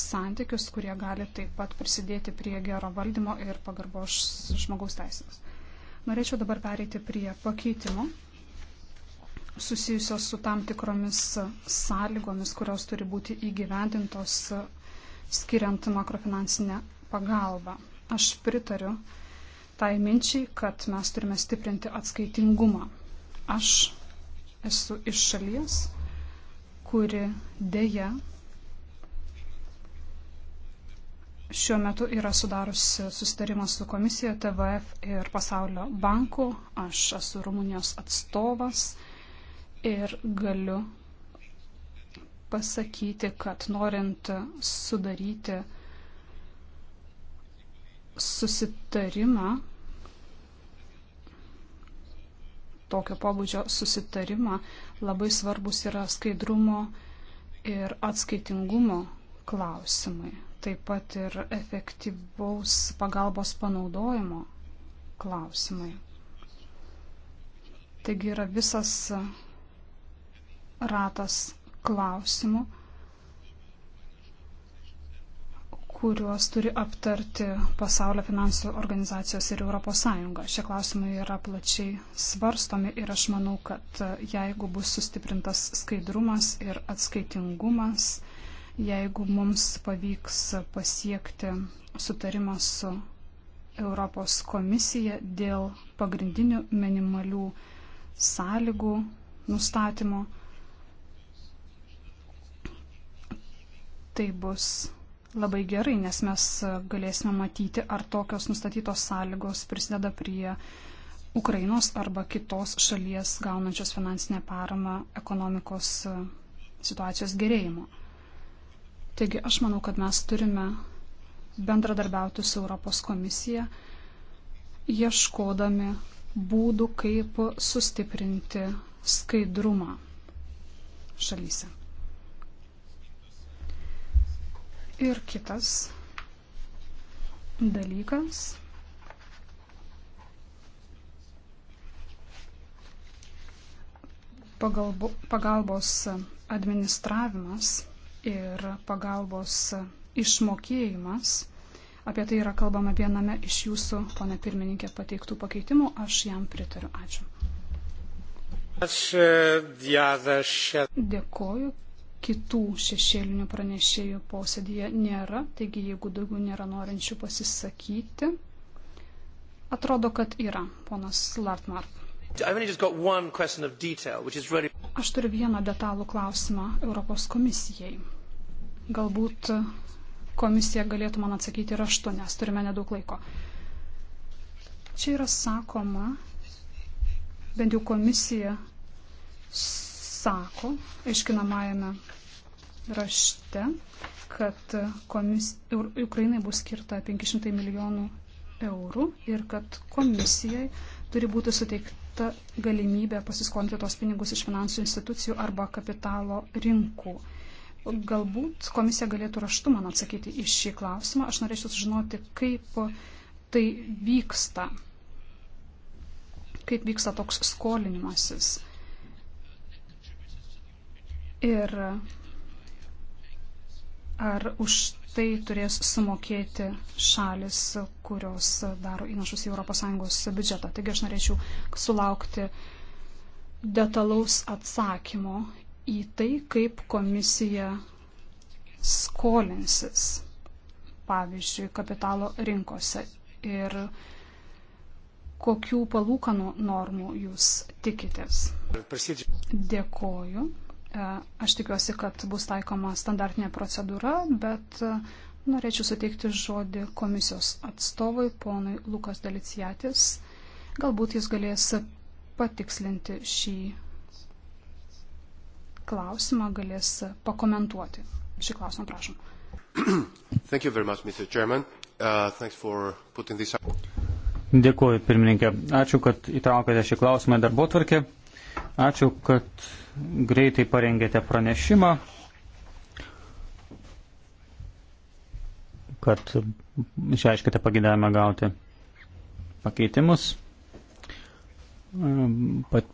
santykius, kurie gali taip pat prisidėti prie gero valdymo ir pagarbos žmogaus teisėms. Norėčiau dabar pereiti prie pakeitimo susijusios su tam tikromis sąlygomis, kurios turi būti įgyvendintos skiriant makrofinansinę pagalbą. Aš pritariu uh, tai minčiai, kad mes turime stiprinti atskaitingumą. Aš esu iš šalies, kuri dėja šiuo metu yra sudarusi sustarimą su komisija TVF ir pasaulio banku. Aš esu Rumunijos atstovas ir galiu pasakyti, kad norint sudaryti susitarimą, tokio pobūdžio susitarimą, labai svarbus yra skaidrumo ir atskaitingumo klausimai, taip pat ir efektyvaus pagalbos panaudojimo klausimai. Taigi yra visas ratas klausimų, kuriuos turi aptarti pasaulio finansų organizacijos ir ES. Šie klausimai yra plačiai svarstomi ir aš manau, kad e, jeigu bus sustiprintas skaidrumas ir atskaitingumas, jeigu mums pavyks pasiekti sutarimą su Europos komisija dėl pagrindinių minimalių sąlygų nustatymo, tai bus labai gerai, nes mes galėsime matyti, ar tokios nustatytos sąlygos prisideda prie Ukrainos arba kitos šalies gaunančios finansinę paramą ekonomikos e, situacijos gerėjimo. Taigi aš manau, kad mes turime bendradarbiauti su Europos komisija, ieškodami būdų, kaip sustiprinti skaidrumą šalyse. Ir kitas dalykas. Pagalbo, pagalbos administravimas ir pagalbos išmokėjimas. Apie tai yra kalbama viename iš jūsų, pone pirmininkė, pateiktų pakeitimų. Aš jam pritariu. Ačiū. E, Dėkoju. Kitų šešėlinių pranešėjų posėdėje nėra, taigi jeigu daugiau nėra norinčių pasisakyti, atrodo, kad yra, ponas Lartmark. Really... Aš turiu vieną detalų klausimą Europos komisijai. Galbūt komisija galėtų man atsakyti raštu, nes turime nedaug laiko. Čia yra sakoma, bent jau komisija sako aiškinamajame rašte, kad komis, Ukrainai bus skirta 500 milijonų eurų ir kad komisijai turi būti suteikta galimybė pasiskolinti tos pinigus iš finansų institucijų arba kapitalo rinkų. Galbūt komisija galėtų raštu man atsakyti į šį klausimą. Aš norėčiau sužinoti, kaip tai vyksta, kaip vyksta toks skolinimasis Ir ar už tai turės sumokėti šalis, kurios daro įnašus į ES biudžetą. Taigi aš norėčiau sulaukti detalaus atsakymo į tai, kaip komisija skolinsis, pavyzdžiui, kapitalo rinkose ir kokių palūkanų normų jūs tikitės. Dėkoju. E, aš tikiuosi, kad bus taikoma standartinė procedūra, bet e, norėčiau suteikti žodį komisijos atstovui, ponui Lukas Dalicijatis. Galbūt jis galės patikslinti šį klausimą, galės pakomentuoti. Šį klausimą prašom. Much, uh, this... Dėkuoju, pirmininkė. Ačiū, kad įtraukėte šį klausimą į darbo tvarkę. Ačiū, kad greitai parengėte pranešimą, kad išaiškite pagidavimą gauti pakeitimus.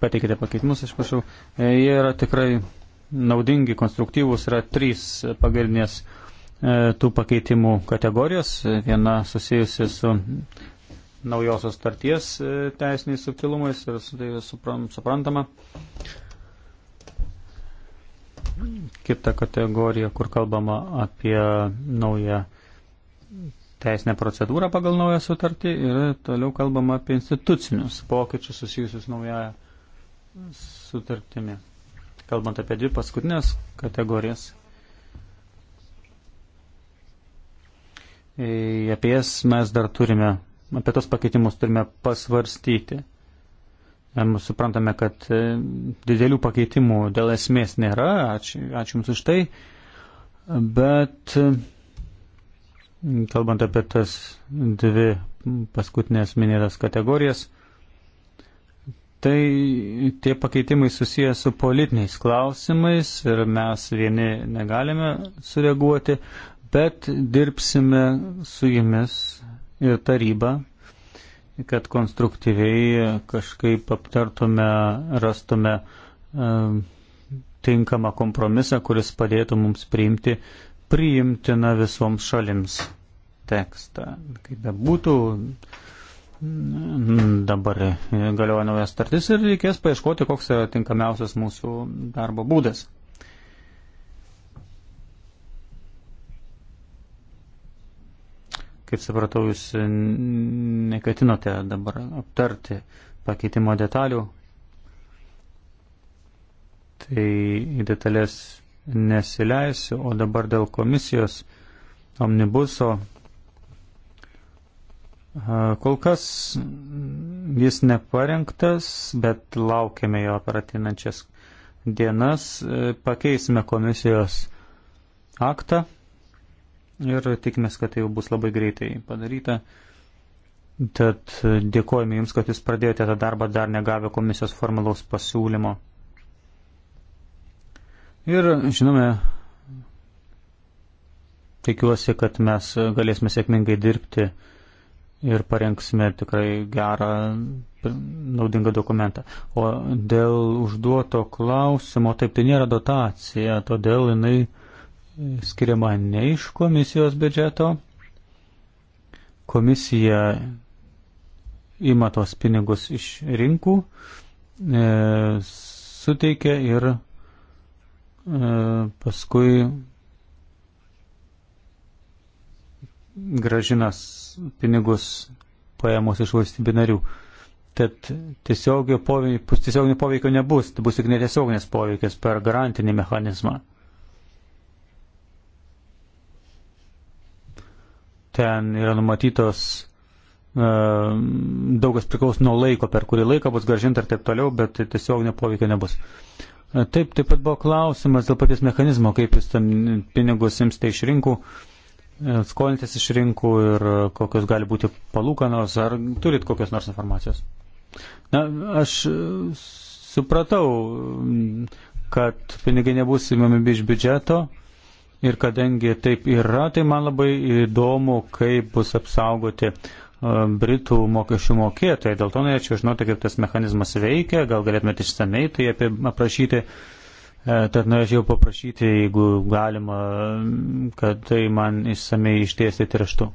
Pateikite pakeitimus, aš prašau. E, jie yra tikrai naudingi, konstruktyvūs, yra trys pagrindinės e, tų pakeitimų kategorijos. Viena susijusi su naujosios starties e, teisiniais subtilumais ir su tai suprantama. Kita kategorija, kur kalbama apie naują teisinę procedūrą pagal naują sutartį ir toliau kalbama apie institucinius pokyčius susijusius naują sutartimi. Kalbant apie dvi paskutinės kategorijas, apie jas mes dar turime apie tos pakeitimus turime pasvarstyti. E, mes suprantame, kad e, didelių pakeitimų dėl esmės nėra, ačiū, ačiū Jums už tai, bet e, kalbant apie tas dvi paskutinės minėtas kategorijas, tai tie pakeitimai susiję su politiniais klausimais ir mes vieni negalime sureaguoti, bet dirbsime su jumis tarybą, kad konstruktyviai kažkaip aptartume, rastume tinkamą kompromisą, kuris padėtų mums priimti priimtina visoms šalims tekstą. Kaip bebūtų, dabar galioja naujas startis ir reikės paieškoti, koks yra tinkamiausias mūsų darbo būdas. Kaip supratau, jūs nekatinote dabar aptarti pakeitimo detalių. Tai į detalės nesileisiu, o dabar dėl komisijos omnibuso. Kol kas jis neparengtas, bet laukiame jo per atinančias dienas. E, pakeisime komisijos aktą ir tikimės, kad tai jau bus labai greitai padaryta. Tad dėkojame Jums, kad Jūs pradėjote tą darbą dar negavę komisijos formalaus pasiūlymo. Ir žinome, tikiuosi, kad mes galėsime sėkmingai dirbti ir parengsime tikrai gerą, naudingą dokumentą. O dėl užduoto klausimo, taip tai nėra dotacija, todėl jinai skiriama ne iš komisijos biudžeto. Komisija ima tos pinigus iš rinkų, e, suteikia ir e, paskui gražinas pinigus paėmus iš valstybių narių. Tad tiesioginio poveikio, tiesioginio poveikio nebus, tai bus tik netiesioginis poveikis per garantinį mechanizmą. Ten yra numatytos e, daugas priklauso nuo laiko, per kurį laiką bus gražinta ir taip toliau, bet tai tiesiog nepoveikio nebus. E, taip, taip pat buvo klausimas dėl paties mechanizmo, kaip jūs tam pinigus imsite tai iš rinkų, e, skolintės iš rinkų ir kokios gali būti palūkanos, ar turit kokios nors informacijos. Na, aš supratau, kad pinigai nebus įmami iš biudžeto, Ir kadangi taip yra, tai man labai įdomu, kaip bus apsaugoti e, Britų mokesčių mokėtojai. Dėl to norėčiau žinoti, kaip tas mechanizmas veikia, gal galėtumėte išsamei tai apie aprašyti. E, tad norėčiau paprašyti, jeigu galima, kad tai man išsamei išdėstyti raštu.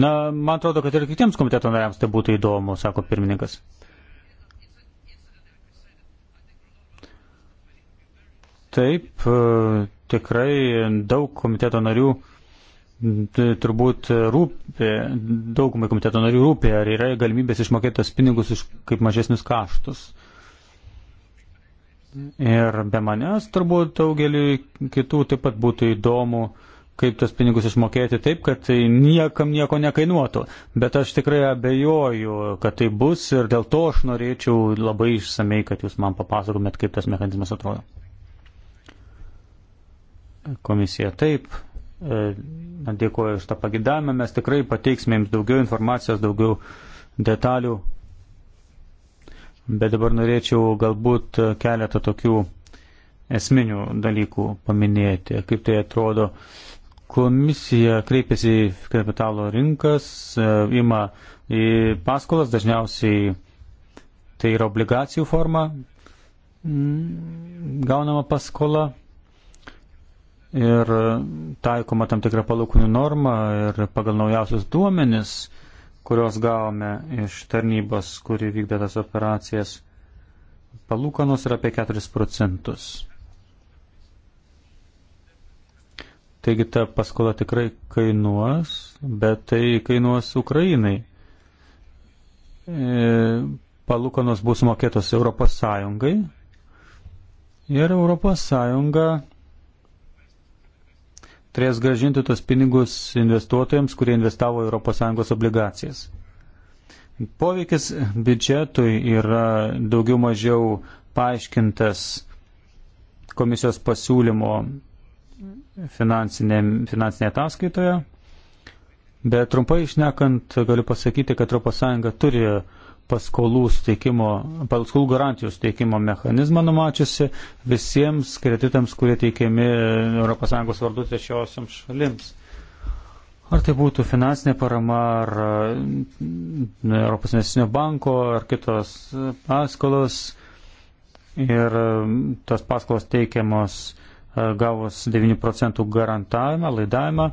Na, man atrodo, kad ir kitiems komiteto nariams tai būtų įdomu, sako pirmininkas. Taip, e, tikrai daug komiteto narių turbūt rūpi, daugumai komiteto narių rūpi, ar yra galimybės išmokėti tos pinigus už kaip mažesnius kaštus. Ir be manęs turbūt daugeliu kitų taip pat būtų įdomu, kaip tos pinigus išmokėti taip, kad tai niekam nieko nekainuotų. Bet aš tikrai abejoju, kad tai bus ir dėl to aš norėčiau labai išsamei, kad jūs man papasakomėt, kaip tas mechanizmas atrodo. Komisija taip, e, dėkuoju už tą pagidavimą, mes tikrai pateiksime jums daugiau informacijos, daugiau detalių, bet dabar norėčiau galbūt keletą tokių esminių dalykų paminėti, kaip tai atrodo. Komisija kreipiasi į kapitalo rinkas, e, ima į paskolas, dažniausiai tai yra obligacijų forma, gaunama paskola ir taikoma tam tikra palūkanų norma ir pagal naujausius duomenis, kuriuos gavome iš tarnybos, kuri vykdė tas operacijas, palūkanos yra apie 4 procentus. Taigi ta paskola tikrai kainuos, bet tai kainuos Ukrainai. E, palūkanos bus mokėtos Europos Sąjungai ir Europos Sąjunga turės gražinti tos pinigus investuotojams, kurie investavo ES obligacijas. Poveikis biudžetui yra daugiau mažiau paaiškintas komisijos pasiūlymo finansinė, finansinėje ataskaitoje, bet trumpai išnekant galiu pasakyti, kad ES turi paskolų, steikimo, paskolų garantijos teikimo mechanizmą numačiusi visiems kreditams, kurie teikiami ES vardu trečiosiams šalims. Ar tai būtų finansinė parama, ar mm, Europos Nesinio banko, ar kitos paskolos. Ir mm, tos paskolos teikiamos e, gavus 9 procentų garantavimą, laidavimą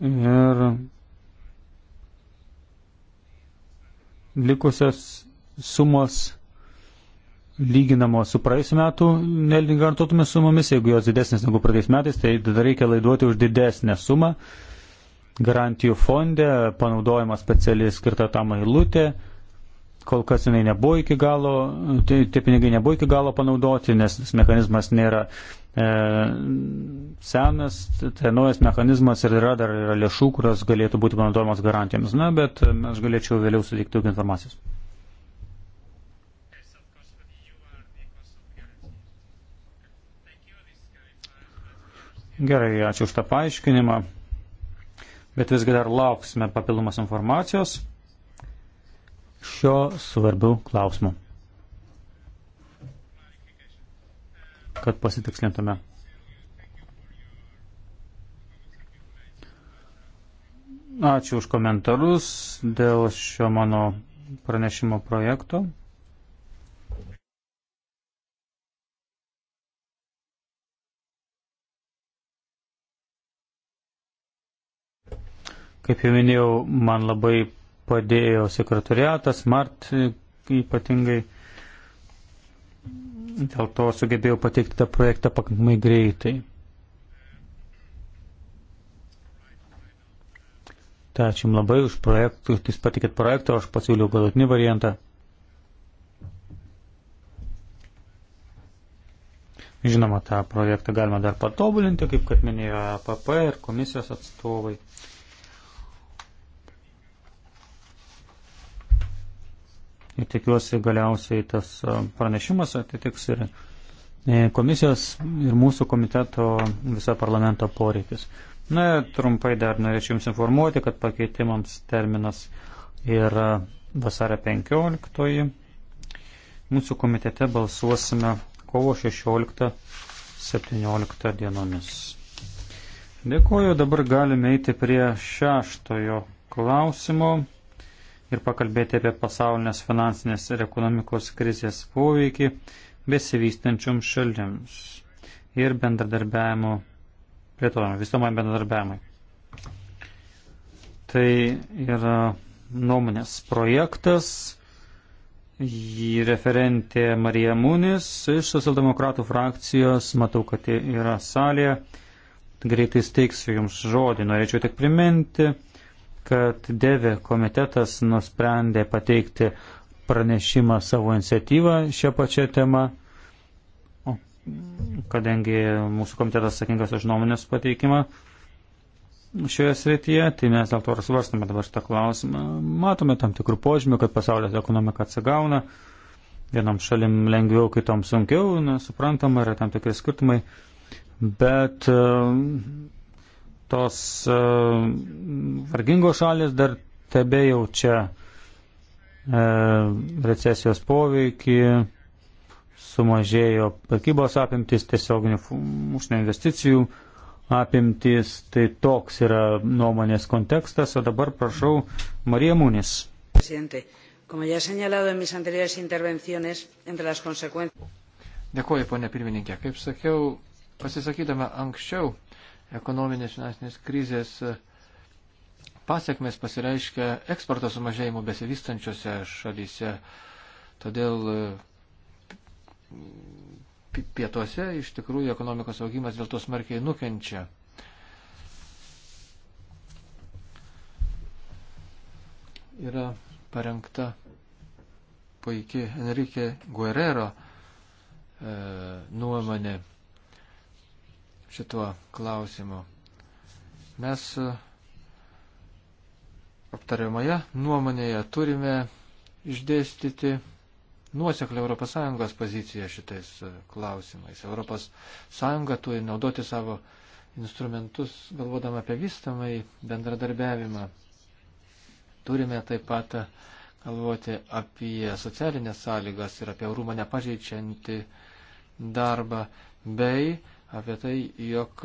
ir likusios sumos lyginamos su praėjusiu metu nelingai garantuotume sumomis, jeigu jos didesnės negu praeitais metais, tai tada reikia laiduoti už didesnę sumą. Garantijų fonde panaudojama specialiai skirta tam eilutė, kol kas jinai nebuvo iki galo, tie, tie pinigai nebuvo iki galo panaudoti, nes mechanizmas nėra e, senas, tai naujas mechanizmas ir yra dar yra lėšų, kurios galėtų būti panaudojamos garantijoms. Na, bet e, aš galėčiau vėliau suteikti daug informacijos. Gerai, ačiū už tą paaiškinimą, bet visgi dar lauksime papildomos informacijos šio svarbių klausimų. Kad pasitikslintume. Ačiū už komentarus dėl šio mano pranešimo projekto. Kaip jau minėjau, man labai padėjo sekretariatas, Mart e, ypatingai dėl to sugebėjau pateikti tą projektą pakankamai greitai. Tai ačiū Jums labai už projektą, Jūs patikėt projektą, aš pasiūliau galutinį variantą. Žinoma, tą projektą galima dar patobulinti, kaip kad minėjo APP ir komisijos atstovai. Ir tikiuosi galiausiai tas pranešimas atitiks ir e, komisijos ir mūsų komiteto viso parlamento poreikius. Na, trumpai dar norėčiau Jums informuoti, kad pakeitimams terminas yra vasario 15. -oji. Mūsų komitete balsuosime kovo 16-17 dienomis. Dėkuoju, dabar galime eiti prie šeštojo klausimo ir pakalbėti apie pasaulinės finansinės ir ekonomikos krizės poveikį besivystančiom šalims ir bendradarbiavimo plėtojimui, visomai bendradarbiavimui. Tai yra nuomonės projektas, jį referentė Marija Munis iš socialdemokratų frakcijos, matau, kad yra salėje, greitai steiksiu Jums žodį, norėčiau tik priminti, kad Deve komitetas nusprendė pateikti pranešimą savo iniciatyvą šią pačią temą, kadangi mūsų komitetas sakingas už nuomonės pateikimą šioje srityje, tai mes dėl to ir svarstame dabar šitą klausimą. Matome tam tikrų požymių, kad pasaulio ekonomika atsigauna, vienam šalim lengviau, kitom sunkiau, nesuprantama, yra tam tikri skirtumai, bet uh, tos e, vargingos šalis dar tebe jaučia e, recesijos poveikį, sumažėjo prekybos apimtis, tiesioginių užsienio investicijų apimtis, tai toks yra nuomonės kontekstas, o dabar prašau Marija Mūnis. Dėkuoju, ponė pirmininkė. Kaip sakiau, pasisakydama anksčiau, ekonominės finansinės krizės e, pasiekmes pasireiškia eksporto sumažėjimu besivystančiose šalyse. Todėl e, pietuose iš tikrųjų ekonomikos augimas dėl to smarkiai nukenčia. Yra parengta puikiai Enrique Guerrero e, nuomonė šituo klausimu. Mes e, aptariamoje nuomonėje turime išdėstyti nuoseklę ES poziciją šitais e, klausimais. ES turi naudoti savo instrumentus, galvodama apie vystamai bendradarbiavimą. Turime taip pat galvoti apie socialinės sąlygas ir apie rūmą nepažeidžiantį darbą, bei apie tai, jog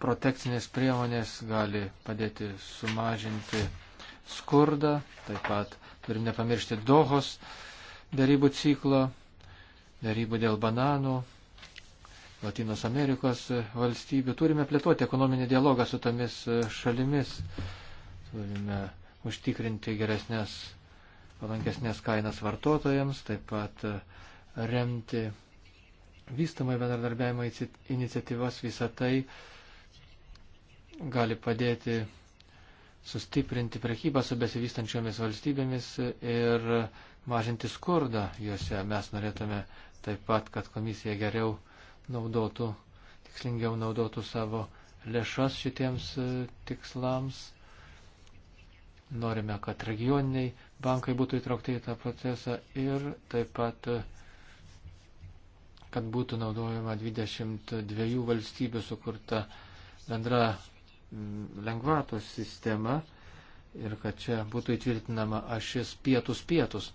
protekcinės priemonės gali padėti sumažinti skurdą, taip pat turim nepamiršti dohos darybų ciklo, darybų dėl bananų, Latinos Amerikos valstybių. Turime plėtoti ekonominį dialogą su tomis šalimis, turime užtikrinti geresnės palankesnės kainas vartotojams, taip pat e, remti vystamai bendradarbiavimo iniciatyvas, visą tai gali padėti sustiprinti prekybą su besivystančiomis valstybėmis ir mažinti skurdą juose. Mes norėtume taip pat, kad komisija geriau naudotų, tikslingiau naudotų savo lėšas šitiems e, tikslams. Norime, kad regioniniai bankai būtų įtraukti į tą procesą ir taip pat, kad būtų naudojama 22 valstybių sukurta bendra mm, lengvatos sistema ir kad čia būtų įtvirtinama ašis pietus pietus.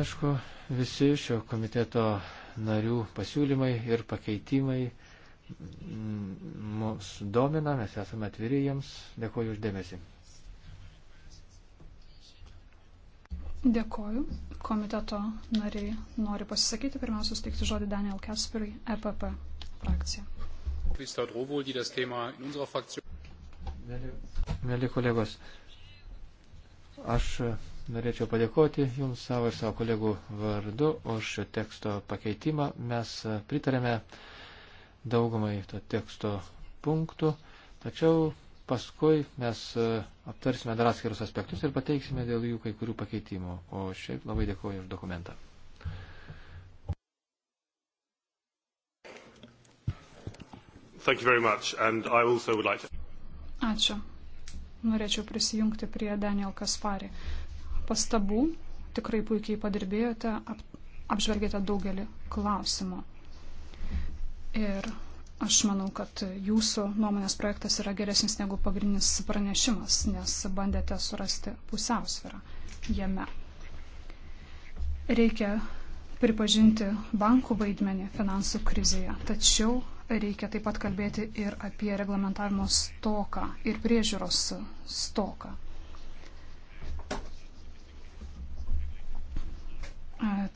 Aišku, visi šio komiteto narių pasiūlymai ir pakeitimai mus domina, mes esame atviri jiems. Dėkuoju uždėmesi. Dėkoju. Komiteto nariai nori pasisakyti. Pirmiausia, suteikti žodį Daniel Kasperui, EPP frakcija. Mėly kolegos, aš norėčiau padėkoti Jums savo ir savo kolegų vardu už teksto pakeitimą. Mes pritarėme uh, daugumai to teksto punktų, tačiau paskui mes e, aptarsime dar atskirus aspektus ir pateiksime dėl jų kai kurių pakeitimų. O šiaip labai dėkuoju už dokumentą. Thank you very much, and I also would like to... Ačiū. Norėčiau prisijungti prie Daniel Kaspari. Pastabų tikrai puikiai padirbėjote, ap, apžvelgėte daugelį klausimų. Ir aš manau, kad jūsų nuomonės projektas yra geresnis negu pagrindinis pranešimas, nes bandėte surasti pusiausvyrą jame. Reikia pripažinti bankų vaidmenį finansų krizėje, tačiau reikia taip pat kalbėti ir apie reglamentavimo stoką ir priežiūros stoką.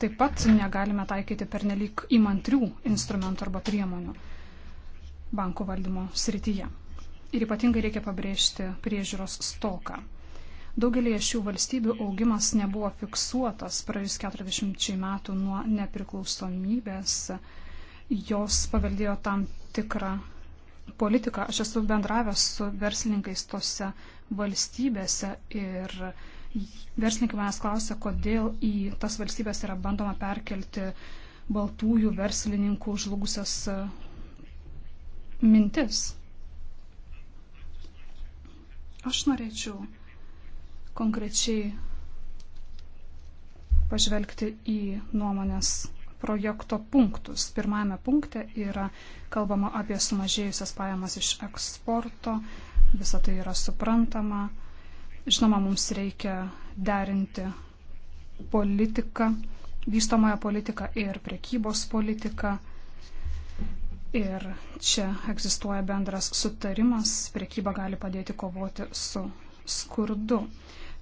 Taip pat negalime taikyti pernelyg įmantrių instrumentų arba priemonių bankų valdymo srityje. Ir ypatingai reikia pabrėžti priežiūros stoką. Daugelėje šių valstybių augimas nebuvo fiksuotas praėjus 40 metų nuo nepriklausomybės. Jos paveldėjo tam tikrą politiką. Aš esu bendravęs su verslininkais tose valstybėse ir uh, Verslininkai manęs klausia, kodėl į tas valstybės yra bandoma perkelti baltųjų verslininkų žlugusias e, mintis. Aš norėčiau konkrečiai pažvelgti į nuomonės projekto punktus. Pirmame punkte yra kalbama apie sumažėjusias pajamas iš eksporto, visa tai yra suprantama. Žinoma, mums reikia derinti politiką, vystomąją politiką ir prekybos politiką. Ir čia egzistuoja bendras sutarimas, priekyba gali padėti kovoti su skurdu.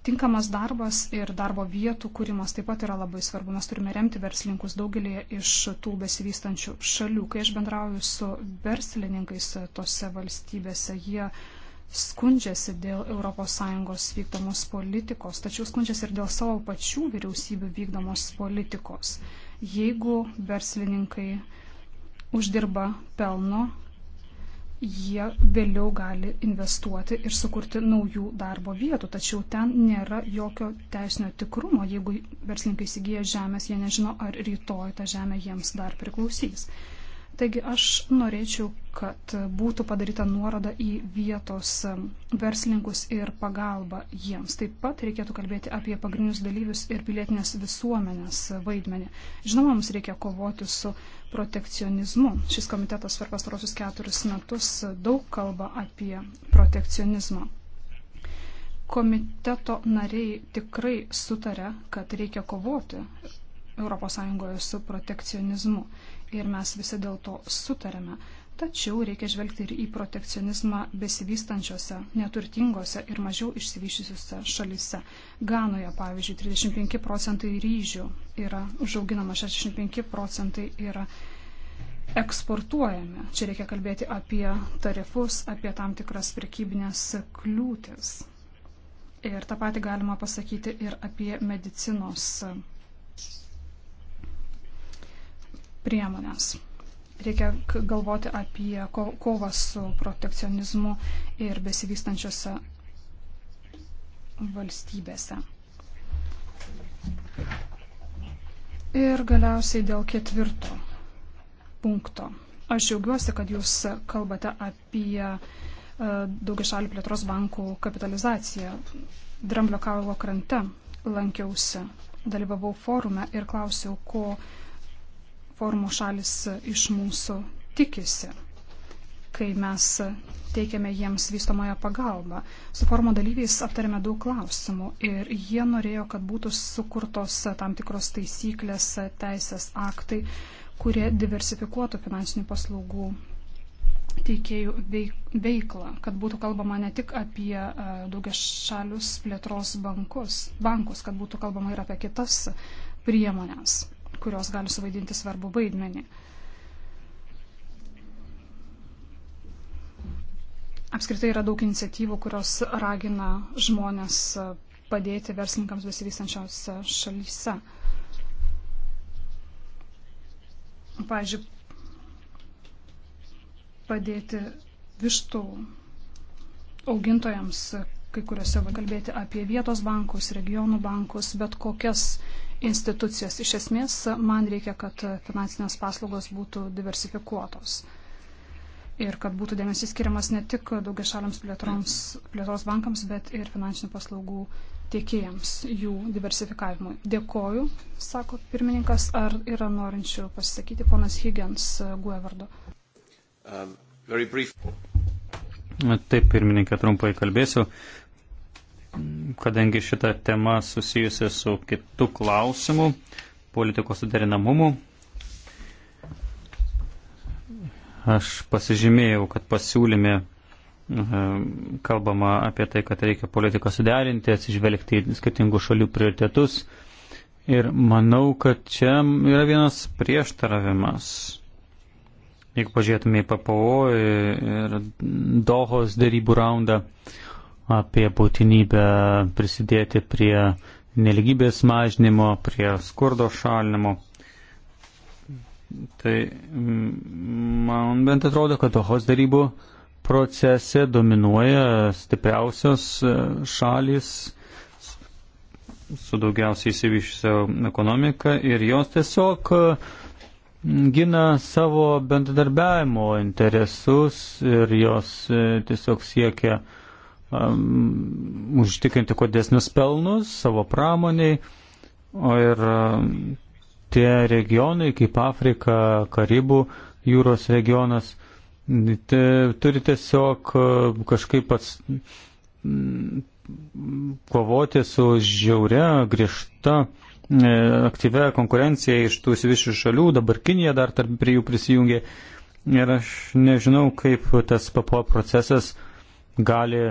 Tinkamas darbas ir darbo vietų kūrimas taip pat yra labai svarbu. Mes turime remti verslininkus daugelį iš tų besivystančių šalių. Kai aš bendrauju su verslininkais tose valstybėse, jie skundžiasi dėl ES vykdomos politikos, tačiau skundžiasi ir dėl savo pačių vyriausybių vykdomos politikos. Jeigu verslininkai uždirba pelno, jie vėliau gali investuoti ir sukurti naujų darbo vietų, tačiau ten nėra jokio teisinio tikrumo. Jeigu verslininkai įsigyja žemės, jie nežino, ar rytoj ta žemė jiems dar priklausys. Taigi aš norėčiau, kad būtų padaryta nuoroda į vietos verslininkus ir pagalbą jiems. Taip pat reikėtų kalbėti apie pagrindinius dalyvius ir pilietinės visuomenės vaidmenį. Žinoma, mums reikia kovoti su protekcionizmu. Šis komitetas per pastarosius keturis metus daug kalba apie protekcionizmą komiteto nariai tikrai sutarė, kad reikia kovoti ES su protekcionizmu ir mes visi dėl to sutarėme. Tačiau reikia žvelgti ir į protekcionizmą besivystančiose, neturtingose ir mažiau išsivyščiusiuose šalise. Ganoje, pavyzdžiui, 35 procentai ryžių yra užauginama, 65 procentai yra eksportuojami. Čia reikia kalbėti apie tarifus, apie tam tikras prekybinės kliūtis. Ir tą patį galima pasakyti ir apie medicinos priemonės. Reikia galvoti apie ko, kovą su protekcionizmu ir besivystančiose valstybėse. Ir galiausiai dėl ketvirto punkto. Aš džiaugiuosi, kad jūs kalbate apie e, daugia šalių plėtros bankų kapitalizaciją. Dramblio kaulo krante lankiausi, dalyvavau forume ir klausiau, ko reformų šalis iš mūsų tikisi, kai mes teikiame jiems vystomąją pagalbą. Su forumo dalyviais aptarėme daug klausimų ir jie norėjo, kad būtų sukurtos tam tikros taisyklės, teisės aktai, kurie diversifikuotų finansinių paslaugų teikėjų veiklą, kad būtų kalbama ne tik apie e, daugiašalius plėtros bankus, bankus, kad būtų kalbama ir apie kitas priemonės kurios gali suvaidinti svarbu vaidmenį. Apskritai yra daug iniciatyvų, kurios ragina žmonės padėti verslininkams besivystančios šalyse. Pavyzdžiui, padėti vištų augintojams, kai kuriuose kalbėti apie vietos bankus, regionų bankus, bet kokias institucijas. Iš esmės, man reikia, kad finansinės paslaugos būtų diversifikuotos ir kad būtų dėmesys skiriamas ne tik daugia šaliams plėtros bankams, bet ir finansinių paslaugų tiekėjams, jų diversifikavimui. Dėkoju, sako pirmininkas, ar yra norinčių pasisakyti ponas Higgins Guevardu. Um, Taip, pirmininką trumpai kalbėsiu kadangi šita tema susijusi su kitu klausimu, politikos suderinamumu, aš pasižymėjau, kad pasiūlyme e, kalbama apie tai, kad reikia politiką suderinti, atsižvelgti į skirtingų šalių prioritetus. Ir manau, kad čia yra vienas prieštaravimas. Jeigu pažiūrėtume į PPO ir Dohos darybų raundą, uh, apie būtinybę prisidėti prie neligybės mažinimo, prie skurdo šalinimo. Tai mm, man bent atrodo, kad Ohos darybų procese dominuoja stipriausios e, šalis su daugiausiai įsivyšusio ekonomika ir jos tiesiog e, gina savo bendradarbiavimo interesus ir jos e, tiesiog siekia uh, um, užtikrinti kodėsnius pelnus savo pramoniai. O ir um, tie regionai kaip Afrika, Karibų jūros regionas te, turi tiesiog uh, kažkaip pats mm, kovoti su žiauria, griežta e, aktyvia konkurencija iš tų svišių šalių, dabar Kinija dar tarp prie jų prisijungė. Ir aš nežinau, kaip tas PPO procesas gali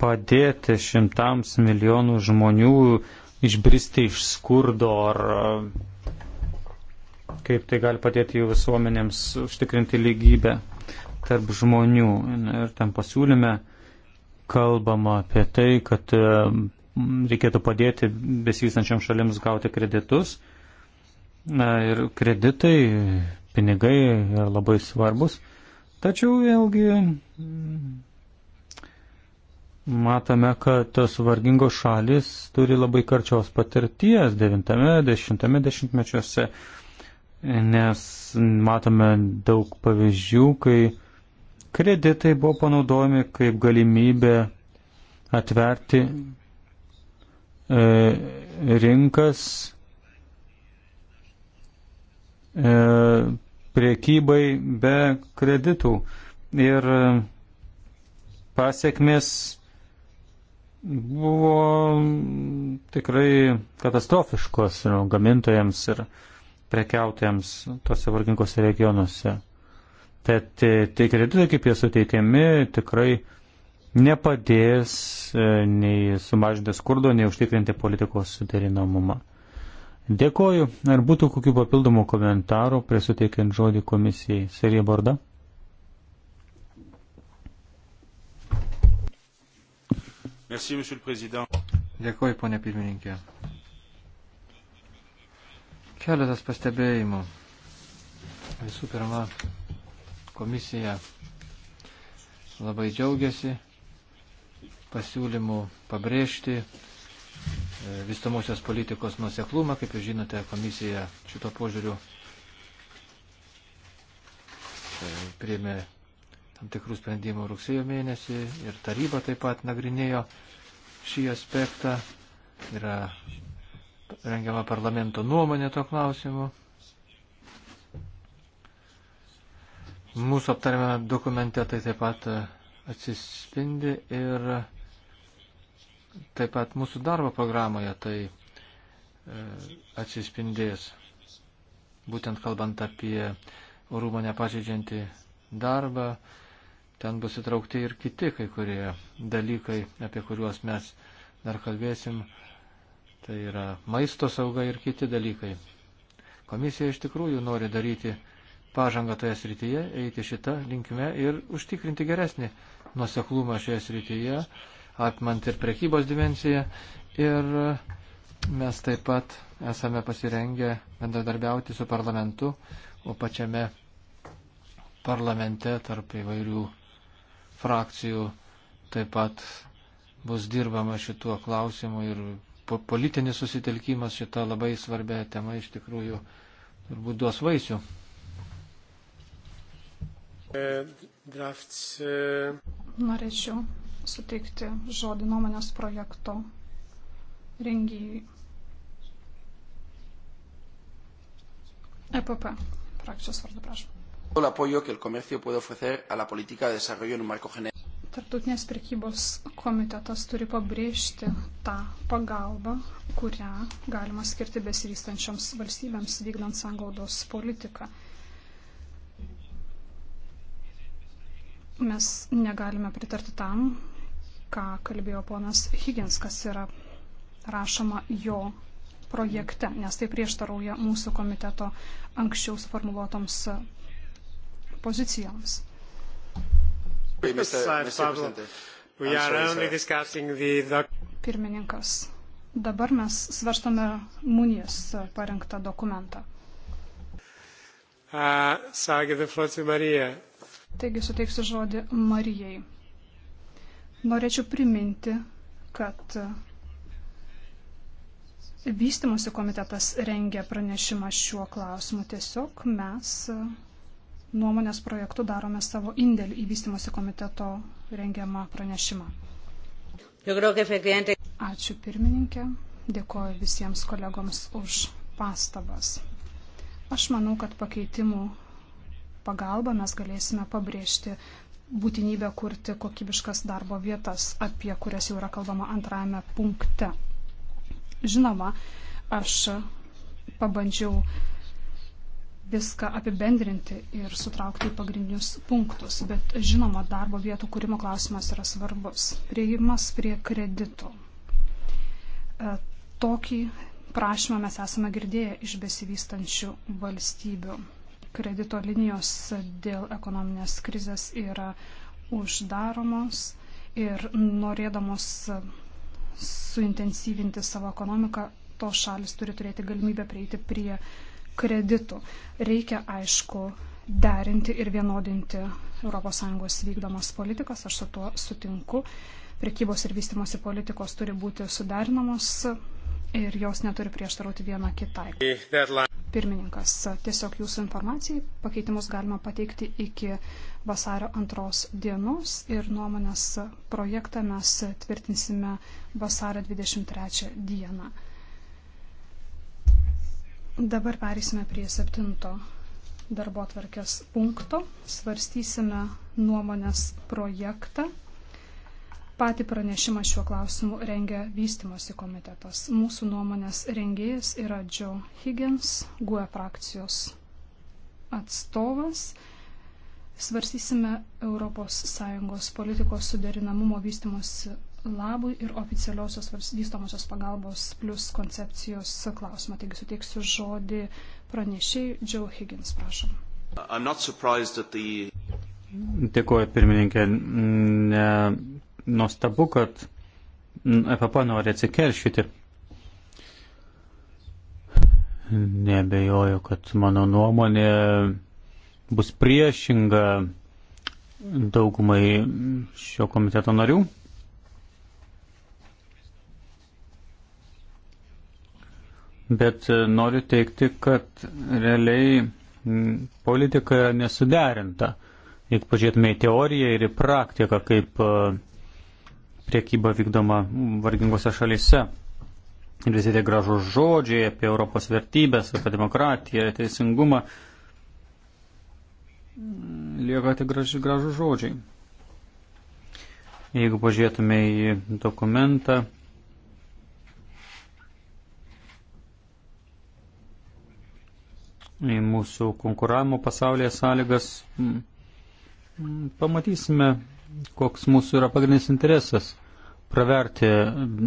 padėti šimtams milijonų žmonių išbristi iš skurdo ar e, kaip tai gali padėti jų visuomenėms užtikrinti lygybę tarp žmonių. Ir tam pasiūlyme kalbama apie tai, kad e, reikėtų padėti besivystančiam šalims gauti kreditus. Na, ir kreditai, pinigai yra labai svarbus. Tačiau vėlgi matome, kad tos vargingos šalis turi labai karčios patirties 90-mečiuose, nes matome daug pavyzdžių, kai kreditai buvo panaudojami kaip galimybė atverti e, rinkas e, priekybai be kreditų. Ir e, pasiekmes buvo tikrai katastrofiškos nu, gamintojams ir prekiautojams tose varginkose regionuose. Tad tie kreditai, kaip jie suteikiami, tikrai nepadės e, nei sumažinti skurdo, nei užtikrinti politikos suderinamumą. Dėkoju. Ar būtų kokių papildomų komentarų prie suteikiant žodį komisijai? Serija Borda? Merci, monsieur le président. Dėkuoju, ponė pirmininkė. Keletas pastebėjimų. Visų pirma, komisija labai džiaugiasi pasiūlymų pabrėžti e, vystamosios politikos nuseklumą, kaip jūs žinote, komisija šito požiūriu e, priėmė tam tikrų sprendimų rugsėjo mėnesį ir taryba taip pat nagrinėjo šį aspektą, yra rengiama parlamento nuomonė tuo klausimu. Mūsų aptariame dokumente tai taip pat atsispindi ir taip pat mūsų darbo programoje tai e, atsispindės, būtent kalbant apie orumą nepažeidžiantį darbą, ten bus įtraukti ir kiti kai kurie dalykai, apie kuriuos mes dar kalbėsim. Tai yra maisto sauga ir kiti dalykai. Komisija iš tikrųjų nori daryti pažangą toje srityje, eiti šitą linkme ir užtikrinti geresnį nuoseklumą šioje srityje, apimant ir prekybos dimenciją. Ir mes taip pat esame pasirengę bendradarbiauti su parlamentu, o pačiame parlamente tarp įvairių frakcijų taip pat bus dirbama šituo klausimu ir politinis susitelkimas šita labai svarbia tema iš tikrųjų turbūt duos vaisių. E, e. Norėčiau suteikti žodį nuomonės projekto rengėjui. EPP frakcijos vardu prašom el apoyo que el comercio puede ofrecer a la política de desarrollo en un marco general. Tartutinės prekybos komitetas turi pabrėžti tą pagalbą, kurią galima skirti besivystančiams valstybėms vykdant sanglaudos politiką. Mes negalime pritarti tam, ką kalbėjo ponas Higgins, kas yra rašoma jo projekte, nes tai prieštarauja mūsų komiteto anksčiau suformuluotoms pozicijoms. Pirmininkas, dabar mes svarstame Munijas parengtą dokumentą. Uh, Taigi suteiksiu žodį Marijai. Norėčiau priminti, kad uh, Vystimosi komitetas rengia pranešimą šiuo klausimu. Tiesiog mes uh, nuomonės projektu darome savo indėlį į vystimosi komiteto rengiamą pranešimą. Ačiū pirmininkė, dėkoju visiems kolegoms už pastabas. Aš manau, kad pakeitimų pagalba mes galėsime pabrėžti būtinybę kurti kokybiškas darbo vietas, apie kurias jau yra kalbama antrajame punkte. Žinoma, aš pabandžiau viską apibendrinti ir sutraukti į pagrindinius punktus, bet žinoma, darbo vietų kūrimo klausimas yra svarbus. Prieimas prie kredito. E, tokį prašymą mes esame girdėję iš besivystančių valstybių. Kredito linijos dėl ekonominės krizės yra uždaromos ir norėdamos suintensyvinti savo ekonomiką, tos šalis turi turėti galimybę prieiti prie uh, kreditų. Reikia, aišku, derinti ir vienodinti ES vykdomas politikas, aš su tuo sutinku. Prekybos ir vystimosi politikos turi būti sudarinamos ir jos neturi prieštarauti viena kitai. Pirmininkas, tiesiog jūsų informacijai pakeitimus galima pateikti iki vasario antros dienos ir nuomonės projektą mes tvirtinsime vasario 23 dieną. Dabar perėsime prie septinto darbo tvarkės punkto. Svarstysime nuomonės projektą. Pati pranešimą šiuo klausimu rengia vystimosi komitetas. Mūsų nuomonės rengėjas yra Joe Higgins, GUE frakcijos atstovas. Svarstysime ES politikos suderinamumo vystimosi labui ir oficialiosios vystomosios pagalbos plus koncepcijos klausimą. Taigi suteiksiu žodį pranešiai Joe Higgins, prašom. The... Dėkuoju, pirmininkė. Ne, nuostabu, kad EPP nori atsikeršyti. Nebejoju, kad mano nuomonė bus priešinga daugumai šio komiteto narių. Bet e, noriu teikti, kad realiai politika yra nesuderinta. Jeigu pažiūrėtume į teoriją ir į praktiką, kaip e, priekyba vykdoma vargingose šalyse. Ir visi tie gražus žodžiai apie Europos vertybės, apie demokratiją, teisingumą lieka tik graži, gražus žodžiai. Jeigu pažiūrėtume į dokumentą, į mūsų konkuravimo pasaulyje sąlygas, pamatysime, koks mūsų yra pagrindinis interesas - praverti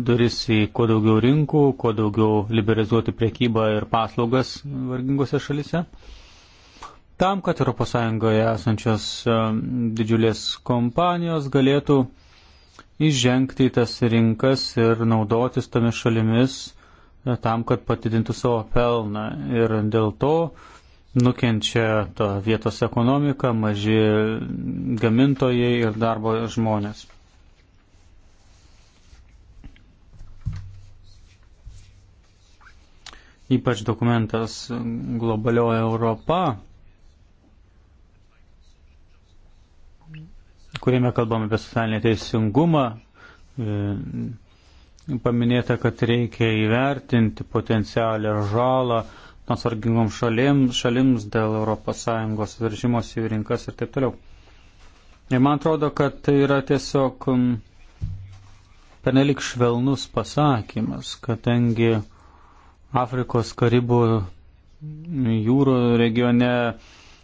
duris į kuo daugiau rinkų, kuo daugiau liberalizuoti priekybą ir paslaugas vargingose šalise. Tam, kad ES esančios e, didžiulės kompanijos galėtų įžengti į tas rinkas ir naudotis tomis šalimis, tam, kad patidintų savo pelną. Ir dėl to nukenčia ta vietos ekonomika, maži gamintojai ir darbo žmonės. Ypač dokumentas Globalioja Europa, kuriame kalbame apie socialinį teisingumą, e, paminėta, kad reikia įvertinti potencialią žalą nesvargingom šalims, šalims dėl ES viržymos į rinkas ir taip toliau. Ir man atrodo, kad tai yra tiesiog mm, penelik švelnus pasakymas, kadangi Afrikos karibų jūrų regione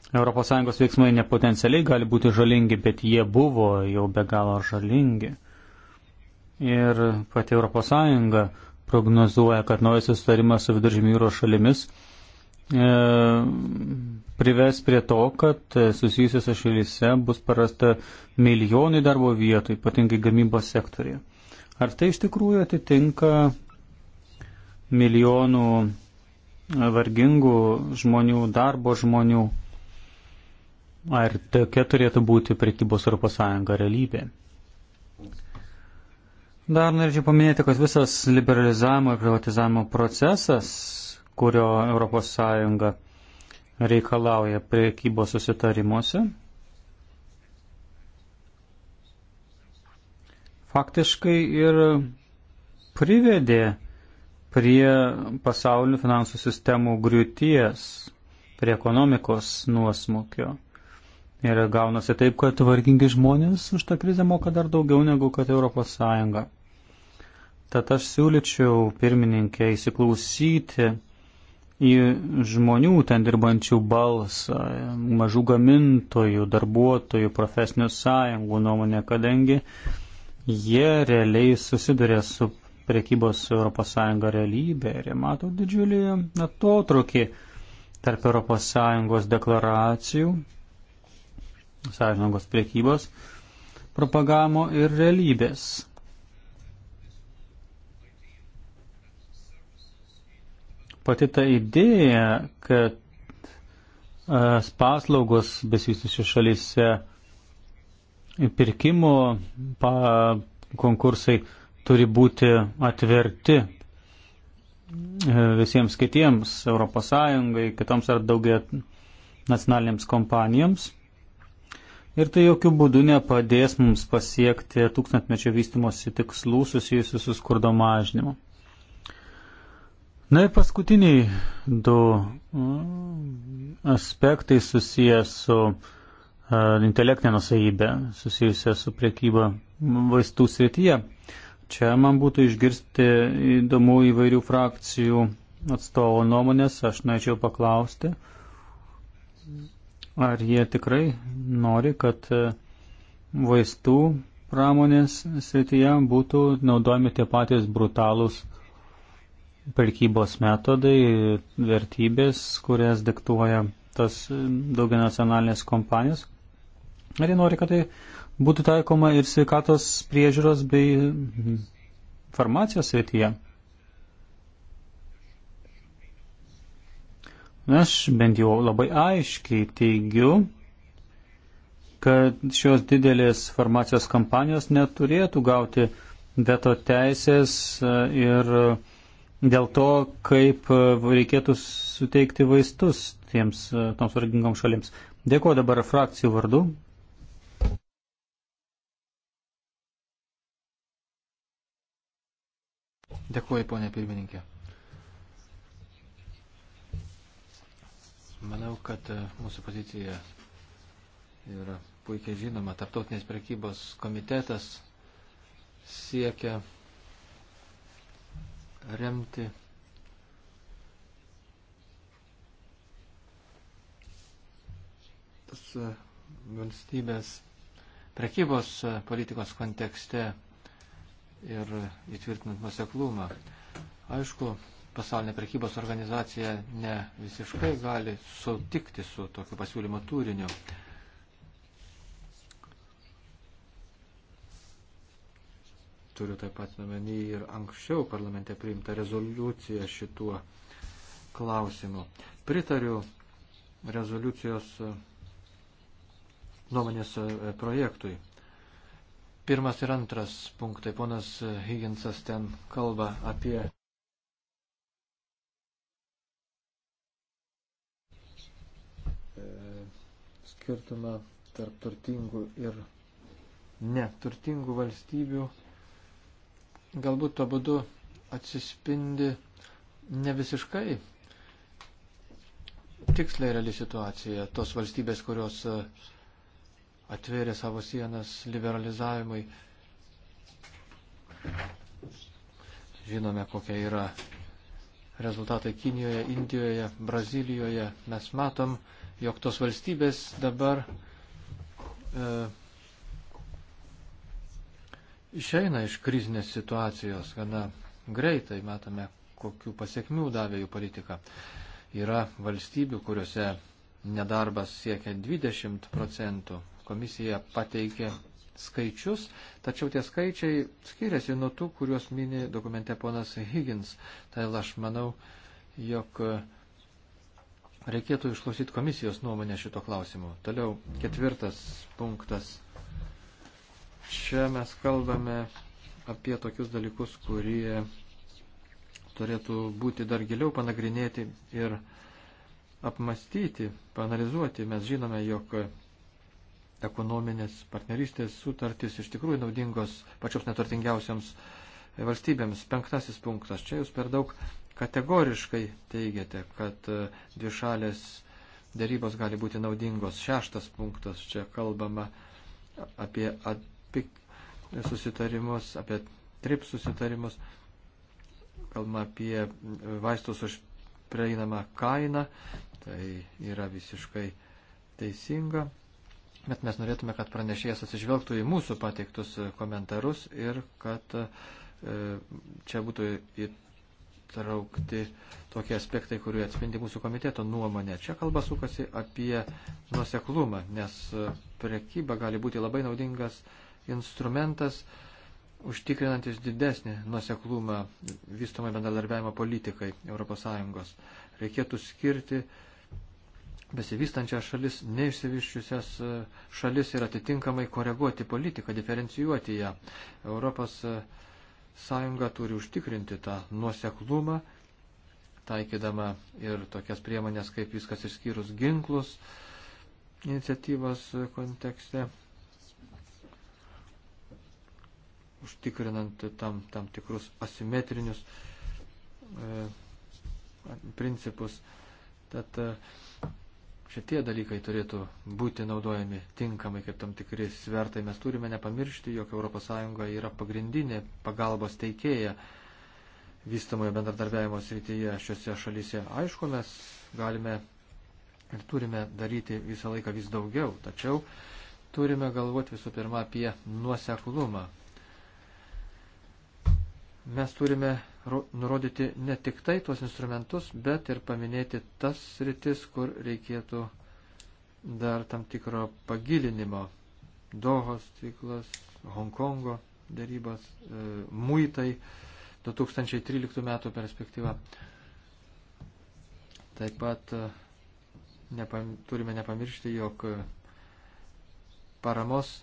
ES veiksmai nepotencialiai gali būti žalingi, bet jie buvo jau be galo žalingi. Ir pati ES prognozuoja, kad naujas sustarimas su viduržymio jūros šalimis e, prives prie to, kad susijusiuose šalyse bus parasta milijonai darbo vietų, ypatingai gamybos sektorėje. Ar tai iš tikrųjų atitinka milijonų vargingų žmonių, darbo žmonių? Ar tokia turėtų būti prekybos Europos Sąjunga realybė? Dar norėčiau paminėti, kad visas liberalizavimo ir privatizavimo procesas, kurio ES reikalauja priekybos susitarimuose, faktiškai ir privedė prie pasaulinių finansų sistemų griūties, prie ekonomikos nuosmukio. Ir gaunasi taip, kad vargingi žmonės už tą krizę moka dar daugiau negu kad ES. Tad aš siūlyčiau pirmininkė įsiklausyti į žmonių ten dirbančių balsą, mažų gamintojų, darbuotojų, profesinių sąjungų nuomonę, kadangi jie realiai susiduria su priekybos su ES realybė ir jie mato didžiulį atotrukį tarp ES deklaracijų, sąžiningos priekybos propagavimo ir realybės. pati ta idėja, kad e, paslaugos besivystusių šalyse pirkimo pa, konkursai turi būti atverti e, visiems kitiems ES, kitoms ar daugia nacionalinėms kompanijoms. Ir tai jokių būdų nepadės mums pasiekti tūkstantmečio vystimosi tikslų susijusių su skurdo mažinimu. Na ir paskutiniai du mm, aspektai susiję su e, intelektinė nusavybė, susijusia su priekyba vaistų srityje. Čia man būtų išgirsti įdomu įvairių frakcijų atstovų nuomonės, aš norėčiau paklausti, ar jie tikrai nori, kad e, vaistų pramonės srityje būtų naudojami tie patys brutalūs prekybos metodai, vertybės, kurias diktuoja tas daugianacionalinės kompanijos. Ir jie nori, kad tai būtų taikoma ir sveikatos priežiūros bei farmacijos srityje. Aš bent jau labai aiškiai teigiu, kad šios didelės farmacijos kompanijos neturėtų gauti veto teisės ir uh, dėl to, kaip e, reikėtų suteikti vaistus tiems e, toms vargingoms šalims. Dėkuoju dabar frakcijų vardu. Dėkuoju, ponė pirmininkė. Manau, kad e, mūsų pozicija yra puikiai žinoma. Tarptautinės prekybos komitetas siekia remti tas e, valstybės prekybos e, politikos kontekste ir įtvirtinant nuseklumą. Aišku, pasaulinė prekybos organizacija ne visiškai gali sutikti su tokiu pasiūlymo turiniu. turiu taip pat numenį ir anksčiau parlamente priimtą rezoliuciją šituo klausimu. Pritariu rezoliucijos e, nuomonės e, projektui. Pirmas ir antras punktai. Ponas Higginsas ten kalba apie. skirtumą tarp turtingų ir neturtingų valstybių galbūt to būdu atsispindi ne visiškai tiksliai reali situacija tos valstybės, kurios e, atvėrė savo sienas liberalizavimui. Žinome, kokie yra rezultatai Kinijoje, Indijoje, Brazilijoje. Mes matom, jog tos valstybės dabar e, išeina iš krizinės situacijos gana greitai, matome, kokiu pasiekmių davė jų politika. Yra valstybių, kuriuose nedarbas siekia 20 procentų. Komisija pateikė skaičius, tačiau tie skaičiai skiriasi nuo tų, kuriuos mini dokumente ponas Higgins. Tai aš manau, jog reikėtų išklausyti komisijos nuomonę šito klausimu. Toliau ketvirtas punktas Čia mes kalbame apie tokius dalykus, kurie turėtų būti dar giliau panagrinėti ir apmastyti, panalizuoti. Mes žinome, jog ekonominės partnerystės sutartys iš tikrųjų naudingos pačios neturtingiausiams valstybėms. Penktasis punktas. Čia jūs per daug kategoriškai teigiate, kad dvišalės dėrybos gali būti naudingos. Šeštas punktas. Čia kalbama apie PIK susitarimus, apie TRIP susitarimus, kalbama apie vaistus už prieinamą kainą, tai yra visiškai teisinga. Bet mes norėtume, kad pranešėjas atsižvelgtų į mūsų pateiktus komentarus ir kad e, čia būtų įtraukti tokie aspektai, kuriuo atspindi mūsų komiteto nuomonė. Čia kalba sukasi apie nuoseklumą, nes prekyba gali būti labai naudingas uh, instrumentas, užtikrinantis didesnį nuoseklumą vystomai bendradarbiavimo politikai ES. Reikėtų skirti besivystančias šalis, neišsivyščiusias e, šalis ir atitinkamai koreguoti politiką, diferencijuoti ją. Europos e, Sąjunga turi užtikrinti tą nuoseklumą, taikydama ir tokias priemonės, kaip viskas išskyrus ginklus iniciatyvos kontekste. užtikrinant tam, tam tikrus asimetrinius e, principus. Tad e, šitie dalykai turėtų būti naudojami tinkamai kaip tam tikri svertai. Mes turime nepamiršti, jog ES yra pagrindinė pagalbos teikėja vystamojo bendradarbiavimo srityje šiuose šalyse. Aišku, mes galime ir turime daryti visą laiką vis daugiau, tačiau turime galvoti visų pirma apie nuoseklumą, mes turime nurodyti ne tik tai tuos instrumentus, bet ir paminėti tas rytis, kur reikėtų dar tam tikro pagilinimo. Dohos ciklas, Hongkongo darybas, e, muitai 2013 metų perspektyva. Taip pat e, nepam, turime nepamiršti, jog e, paramos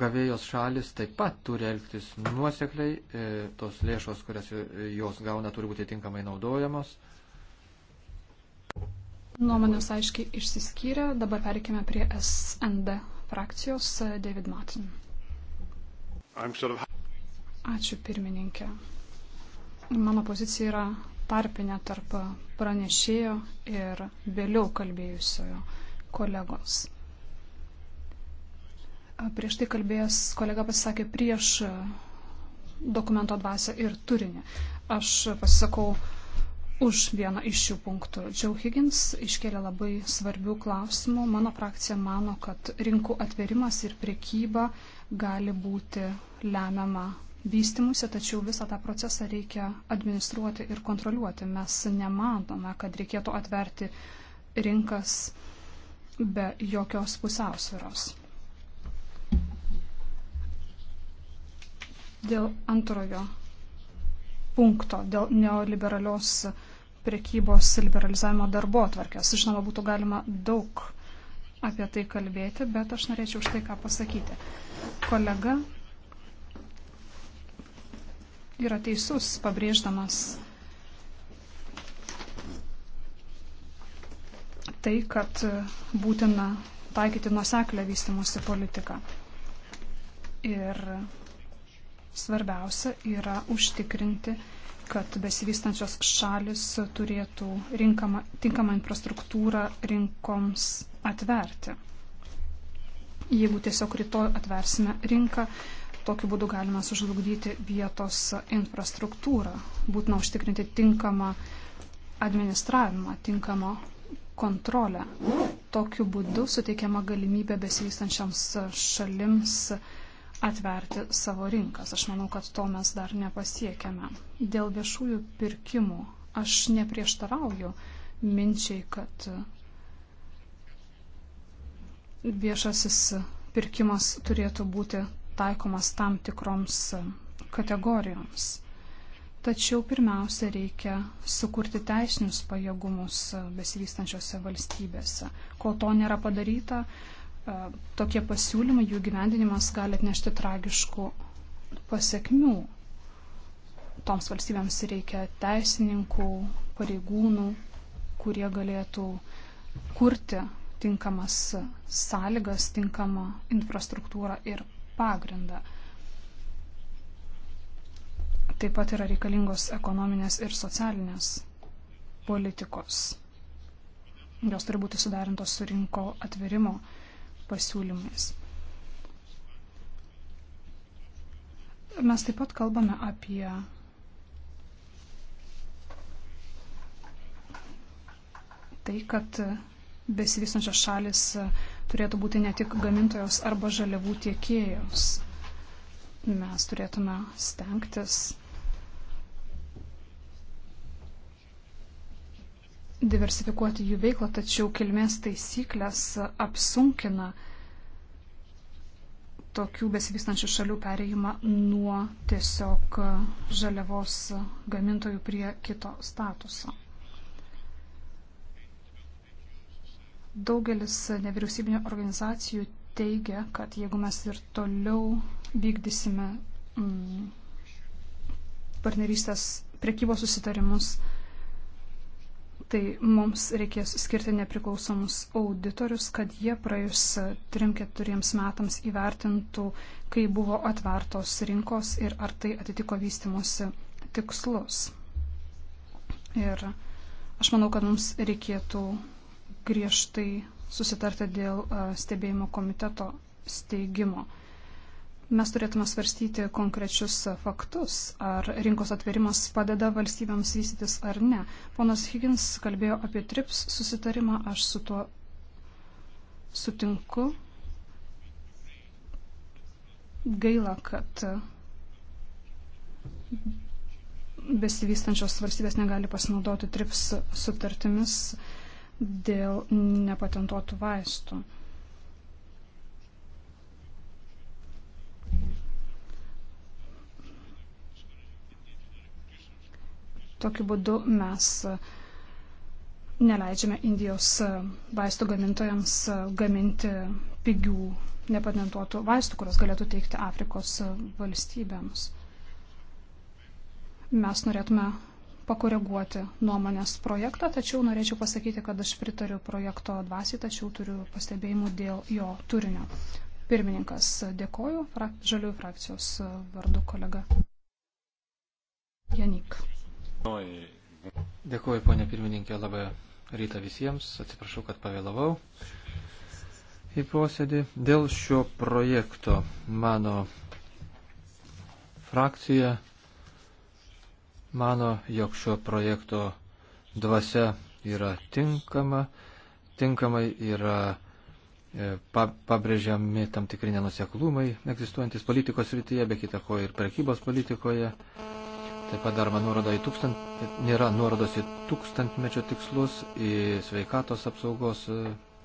gavėjos šalis taip pat turi elgtis nuosekliai, e, tos lėšos, kurias e, jos gauna, turi būti tinkamai naudojamos. Nuomonės aiškiai išsiskyrė, dabar perikime prie SND frakcijos e, David Martin. Ačiū pirmininkė. Mano pozicija yra tarpinė tarp pranešėjo ir vėliau kalbėjusiojo kolegos. Prieš tai kalbėjęs kolega pasisakė prieš dokumento dvasę ir turinį. Aš pasisakau už vieną iš šių punktų. Joe Higgins iškėlė labai svarbių klausimų. Mano frakcija mano, kad rinkų atverimas ir priekyba gali būti lemiama vystimusi, tačiau visą tą procesą reikia administruoti ir kontroliuoti. Mes nematome, kad reikėtų atverti rinkas be jokios pusiausviros. Dėl antrojo punkto, dėl neoliberalios prekybos liberalizavimo darbo atvarkės. Žinoma, būtų galima daug apie tai kalbėti, bet aš norėčiau už tai ką pasakyti. Kolega yra teisus, pabrėždamas tai, kad būtina taikyti nuoseklę vystimosi politiką. Ir Svarbiausia yra užtikrinti, kad besivystančios šalis turėtų rinkama, tinkamą infrastruktūrą rinkoms atverti. Jeigu tiesiog rytoj atversime rinką, tokiu būdu galima sužlugdyti vietos infrastruktūrą. Būtina užtikrinti tinkamą administravimą, tinkamą kontrolę. Tokiu būdu suteikiama galimybė besivystančiams šalims uh, atverti savo rinkas. Aš manau, kad to mes dar nepasiekėme. Dėl viešųjų pirkimų aš neprieštarauju minčiai, kad viešasis pirkimas turėtų būti taikomas tam tikroms kategorijoms. Tačiau pirmiausia reikia sukurti teisinius pajėgumus besivystančiose valstybėse. Kol to nėra padaryta, E, tokie pasiūlymai, jų gyvendinimas gali atnešti tragiškų pasiekmių. Toms valstybėms reikia teisininkų, pareigūnų, kurie galėtų kurti tinkamas sąlygas, tinkamą infrastruktūrą ir pagrindą. Taip pat yra reikalingos ekonominės ir socialinės politikos. Jos turi būti sudarintos su rinko atvirimo pasiūlymais. Mes taip pat kalbame apie tai, kad besivystančios šalis turėtų būti ne tik gamintojos arba žaliavų tiekėjos. Mes turėtume stengtis diversifikuoti jų veiklą, tačiau kilmės taisyklės apsunkina tokių besivystančių šalių pereimą nuo tiesiog žaliavos gamintojų prie kito statuso. Daugelis nevyriausybinio organizacijų teigia, kad jeigu mes ir toliau vykdysime mm, partnerystės prekybos susitarimus, mm, Tai mums reikės skirti nepriklausomus auditorius, kad jie praėjus 3-4 metams įvertintų, kai buvo atvertos rinkos ir ar tai atitiko vystimosi tikslus. Ir aš manau, kad mums reikėtų griežtai susitarti dėl stebėjimo komiteto steigimo mes turėtume svarstyti konkrečius faktus, ar rinkos atverimas padeda valstybėms vystytis ar ne. Ponas Higgins kalbėjo apie TRIPS susitarimą, aš su tuo sutinku. Gaila, kad besivystančios valstybės negali pasinaudoti TRIPS sutartimis dėl nepatentuotų vaistų. Tokiu būdu mes e, neleidžiame Indijos e, vaistų gamintojams e, gaminti pigių nepatentuotų vaistų, kurios galėtų teikti Afrikos valstybėms. Mes norėtume pakoreguoti nuomonės projektą, tačiau norėčiau pasakyti, kad aš pritariu projekto dvasiai, tačiau turiu pastebėjimų dėl jo turinio. Pirmininkas, dėkoju, frak, žaliųjų frakcijos vardu kolega Janik. Dėkuoju, ponė pirmininkė, labai rytą visiems. Atsiprašau, kad pavėlavau į posėdį. Dėl šio projekto mano frakcija mano, jog šio projekto dvasia yra tinkama, tinkamai yra e, pabrėžiami tam tikri nenuseklumai egzistuojantis politikos rytyje, be kita ko ir prekybos politikoje. Taip pat daroma nuoroda į tūkstant, nėra nuorodos į tūkstantmečio tikslus, į sveikatos apsaugos e,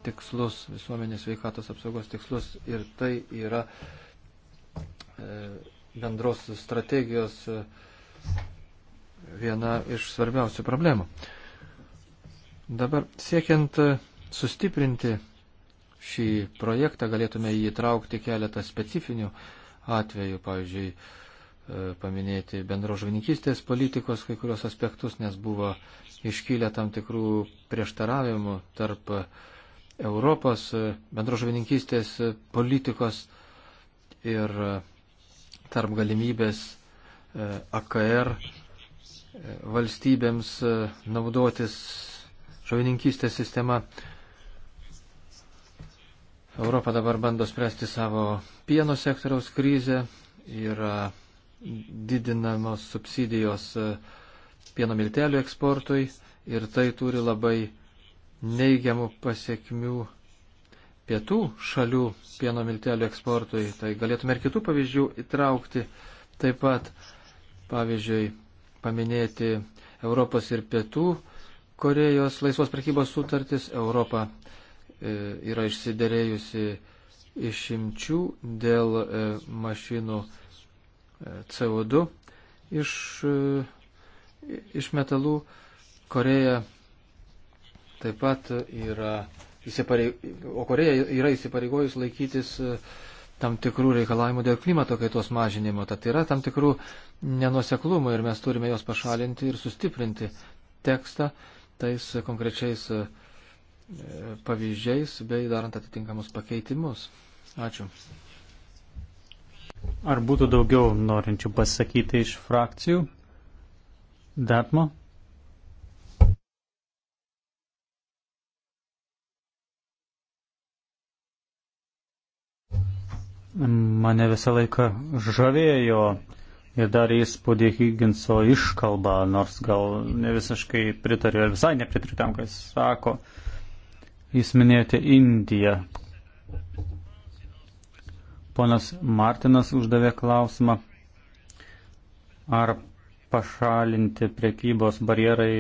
tikslus, visuomenės sveikatos apsaugos tikslus ir tai yra e, bendros strategijos e, viena iš svarbiausių problemų. Dabar siekiant sustiprinti šį projektą galėtume įtraukti keletą specifinių atvejų, pavyzdžiui, E, paminėti bendro žvininkystės politikos kai kurios aspektus, nes buvo iškylę tam tikrų prieštaravimų tarp Europos bendro žvininkystės politikos ir tarp galimybės e, AKR e, valstybėms naudotis žuvininkystės sistema. Europa dabar bando spręsti savo pieno sektoriaus krizę. Yra didinamos subsidijos e, pieno miltelių eksportui ir tai turi labai neigiamų pasiekmių pietų šalių pieno miltelių eksportui. Tai galėtume ir kitų pavyzdžių įtraukti. Taip pat, pavyzdžiui, paminėti Europos ir pietų Korejos laisvos prekybos sutartis. Europa e, yra išsiderėjusi išimčių dėl e, mašinų CO2 iš, iš metalų. Koreja taip pat yra, o Koreja yra įsipareigojus laikytis e, tam tikrų reikalavimų dėl klimato kaitos mažinimo. Tad yra tam tikrų nenuseklumų ir mes turime juos pašalinti ir sustiprinti tekstą tais konkrečiais e, pavyzdžiais bei darant atitinkamus pakeitimus. Ačiū. Ar būtų daugiau norinčių pasakyti iš frakcijų? Datmo? Mane visą laiką žavėjo ir dar įspūdį Higginso iškalbą, nors gal ne visiškai pritariu ir visai nepritariu tam, kas sako. Jūs minėjote Indiją. Ponas Martinas uždavė klausimą, ar pašalinti priekybos barjerai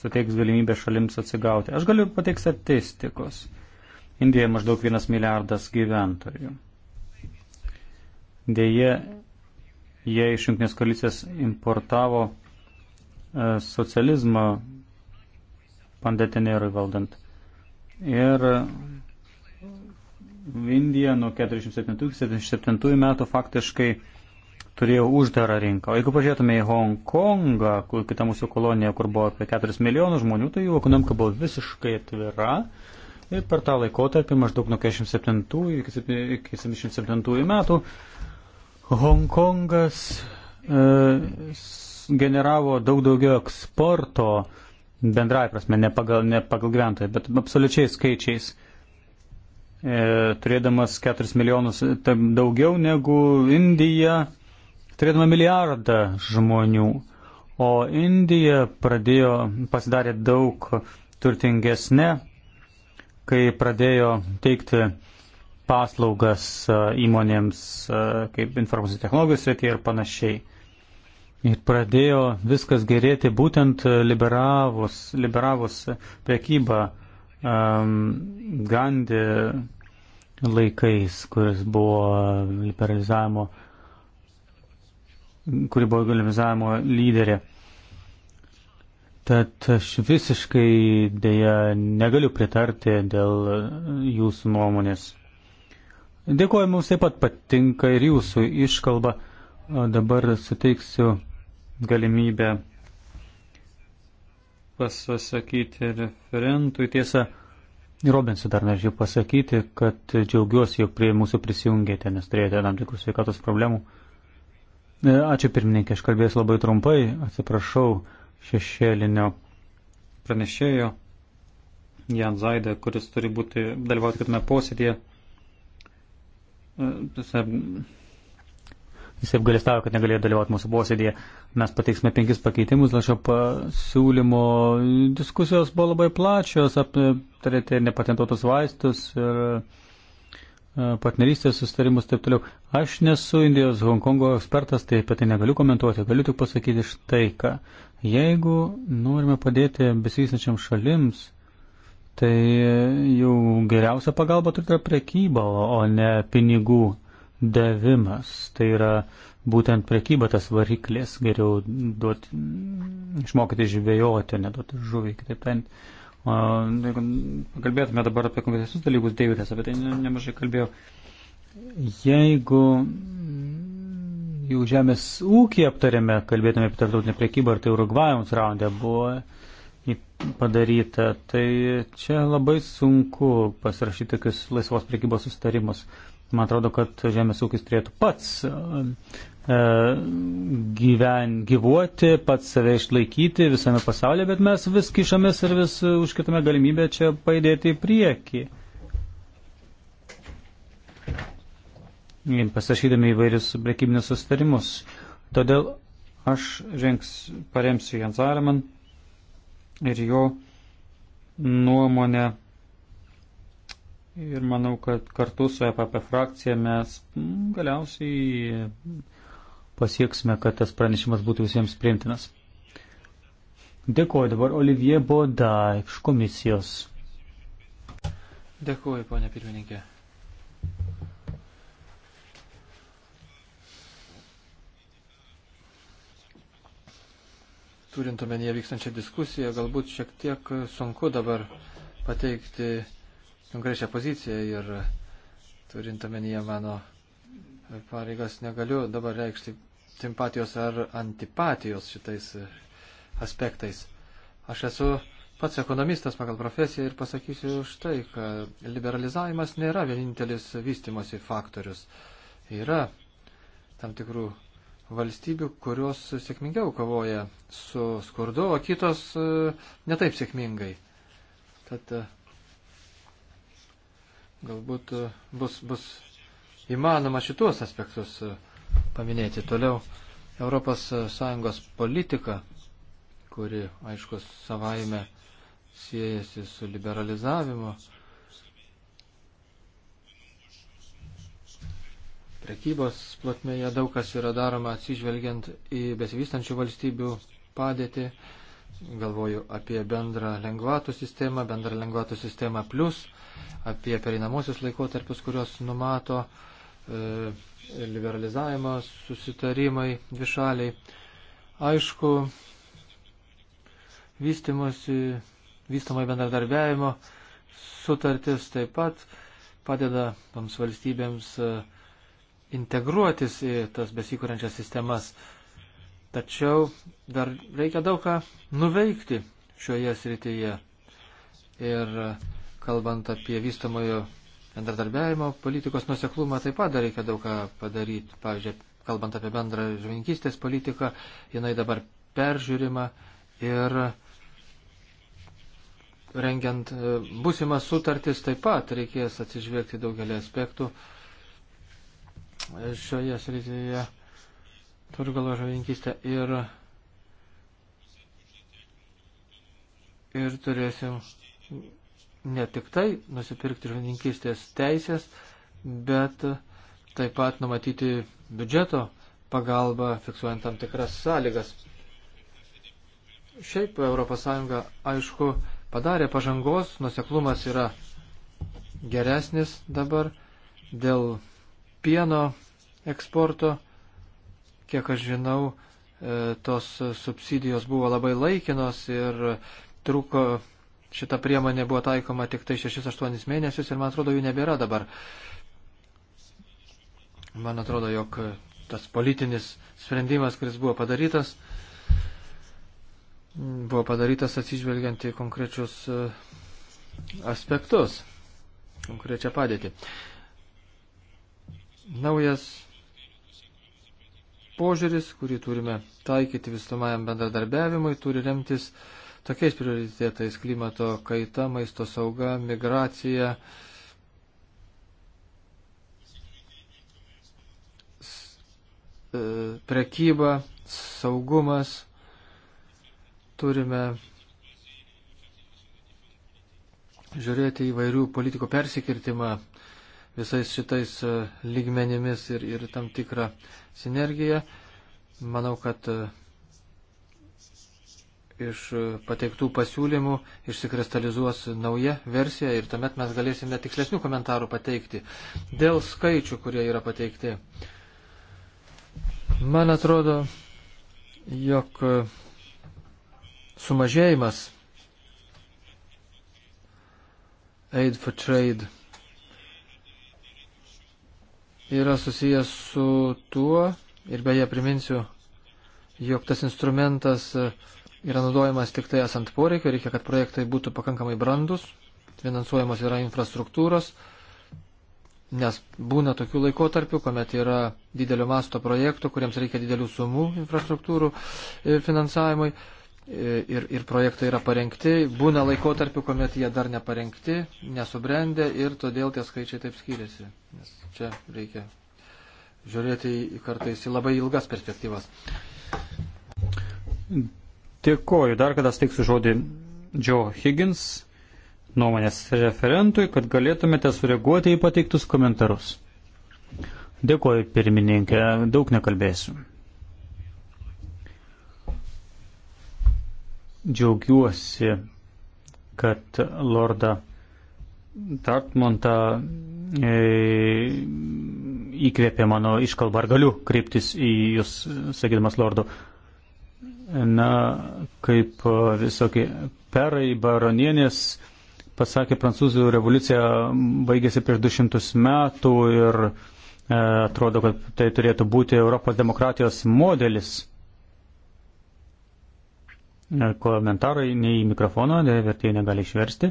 suteiks galimybę šalims atsigauti. Aš galiu pateikti statistikos. Indijoje maždaug vienas milijardas gyventojų. Deja, jie iš Junktinės koalicijos importavo e, socializmą pandetinėrui valdant. Ir Indija nuo 47-77 metų faktiškai turėjo uždarą rinką. O jeigu pažiūrėtume į Hongkongą, kitą mūsų koloniją, kur buvo apie 4 milijonus žmonių, tai jų ekonomika buvo visiškai atvira. Ir per tą laikotarpį maždaug nuo 47 iki 77 metų Hongkongas e, generavo daug daugiau eksporto bendrai prasme, ne pagal, ne pagal gyventojų, bet absoliučiai skaičiais. E, E, turėdamas 4 milijonus daugiau negu Indija, turėdama milijardą žmonių. O Indija pradėjo, pasidarė daug turtingesnė, kai pradėjo teikti paslaugas e, įmonėms e, kaip informacijos technologijos srityje ir panašiai. Ir pradėjo viskas gerėti būtent liberavus, liberavus prekybą um, Gandhi laikais, kuris buvo liberalizavimo, kuri buvo liberalizavimo lyderė. Tad aš visiškai dėja negaliu pritarti dėl jūsų nuomonės. Dėkuoju, mums taip pat patinka ir jūsų iškalba. O dabar suteiksiu galimybę pasisakyti referentui. Tiesa, Robinsu dar norėčiau pasakyti, kad džiaugiuosi, jog prie mūsų prisijungėte, nes turėjote tam tikrų sveikatos problemų. E, Ačiū pirmininkė, aš kalbėsiu labai trumpai, atsiprašau šešėlinio pranešėjo Jan Zaidą, kuris turi būti dalyvauti kitame posėdėje. E, Jis apgalėstavo, kad negalėjo dalyvauti mūsų posėdėje. Mes pateiksime penkis pakeitimus dėl šio pasiūlymo. Diskusijos buvo labai plačios, aptarėte nepatentuotus vaistus ir e, partnerystės sustarimus taip toliau. Aš nesu Indijos Hongkongo ekspertas, tai apie tai negaliu komentuoti. Galiu tik pasakyti štai ką. Jeigu norime padėti besivystančiam šalims, tai jau geriausia pagalba turi yra prekyba, o ne pinigų davimas. Tai yra būtent prekyba tas variklis, geriau duoti, išmokyti žvėjoti, o neduoti žuvį, kitaip tariant. Nu, jeigu kalbėtume dabar apie konkrečius dalykus, Deividas apie tai nemažai kalbėjau. Jeigu jau žemės ūkį aptarėme, kalbėtume apie tarptautinę priekybą, ar tai Urugvajaus raundė buvo padaryta, tai čia labai sunku pasirašyti tokius laisvos priekybos sustarimus. Uh, Man atrodo, kad žemės ūkis turėtų pats e, gyven, gyvuoti, pats save išlaikyti visame pasaulyje, bet mes vis kišamės ir vis užkitame galimybę čia paėdėti į priekį. Pasašydami įvairius prekybinius sustarimus. Todėl aš žengs, paremsiu Jans Areman ir jo nuomonę Ir manau, kad kartu su EPP frakcija mes mm, galiausiai pasieksime, kad tas pranešimas būtų visiems priimtinas. Dėkuoju dabar Olivier Boda iš komisijos. Dėkuoju, ponė pirmininkė. Turint omenyje vykstančią diskusiją, galbūt šiek tiek sunku dabar pateikti konkrečią poziciją ir turint omenyje mano pareigas negaliu dabar reikšti simpatijos ar antipatijos šitais aspektais. Aš esu pats ekonomistas pagal profesiją ir pasakysiu štai, kad liberalizavimas nėra vienintelis vystimosi faktorius. Yra tam tikrų valstybių, kurios sėkmingiau kovoja su skurdu, o kitos e, netaip sėkmingai. Tad e, galbūt e, bus, bus įmanoma šitos aspektus e, paminėti toliau. ES e, politika, kuri, aišku, savaime siejasi su liberalizavimu, prekybos plotmėje daug kas yra daroma atsižvelgiant į besivystančių valstybių padėtį galvoju apie bendrą lengvatų sistemą, bendrą lengvatų sistemą plus, apie pereinamosius laikotarpius, kurios numato e, liberalizavimo susitarimai dvišaliai. Aišku, vystimosi, vystomai bendradarbiavimo sutartis taip pat padeda toms valstybėms e, integruotis į tas besikūrenčias sistemas. E, Tačiau dar reikia daug ką nuveikti šioje srityje. Ir kalbant apie vystamojo bendradarbiavimo politikos nuseklumą, taip pat dar reikia daug ką padaryti. Pavyzdžiui, kalbant apie bendrą žvininkystės politiką, jinai dabar peržiūrima ir rengiant e, būsimas sutartis taip pat reikės atsižvelgti daugelį aspektų šioje srityje turiu galvo žavinkystę ir, ir turėsim ne tik tai nusipirkti žuvininkystės teisės, bet taip pat numatyti biudžeto pagalbą, fiksuojant tam tikras sąlygas. Šiaip ES, aišku, padarė pažangos, nuseklumas yra geresnis dabar dėl pieno eksporto Kiek aš žinau, e, tos subsidijos buvo labai laikinos ir truko, šita priemonė buvo taikoma tik tai 6-8 mėnesius ir man atrodo jų nebėra dabar. Man atrodo, jog tas politinis sprendimas, kuris buvo padarytas, buvo padarytas atsižvelgiant į konkrečius e, aspektus, konkrečią padėtį. Naujas požiūris, kurį turime taikyti visumajam bendradarbiavimui, turi remtis tokiais prioritetais - klimato kaita, maisto sauga, migracija, e, prekyba, saugumas. Turime žiūrėti įvairių politikų persikirtimą visais šitais e, lygmenimis ir, ir tam tikrą sinergiją. Manau, kad e, iš e, pateiktų pasiūlymų išsikristalizuos nauja versija ir tuomet mes galėsime tikslesnių komentarų pateikti dėl skaičių, kurie yra pateikti. Man atrodo, jog sumažėjimas Aid for Trade yra susijęs su tuo, ir beje priminsiu, jog tas instrumentas e, yra naudojamas tik tai esant poreikio, reikia, kad projektai būtų pakankamai brandus, finansuojamos yra infrastruktūros, nes būna tokių laikotarpių, kuomet yra didelio masto projektų, kuriems reikia didelių sumų infrastruktūrų e, finansavimui ir, ir projektai yra parengti, būna laikotarpių, kuomet jie dar neparengti, nesubrendę ir todėl tie skaičiai taip skiriasi. Nes čia reikia žiūrėti į kartais į labai ilgas perspektyvas. Dėkoju. Dar kada steiksiu žodį Joe Higgins nuomonės referentui, kad galėtumėte sureaguoti į pateiktus komentarus. Dėkoju pirmininkė, daug nekalbėsiu. džiaugiuosi, kad Lordą Tartmontą e, įkvėpė mano iškalbą. Ar galiu kreiptis į Jūs, sakydamas Lordu? Na, kaip visokie perai, baronienės pasakė, prancūzų revoliucija baigėsi prieš 200 metų ir e, atrodo, kad tai turėtų būti Europos demokratijos modelis komentarai nei į mikrofoną, vertėjai negali išversti.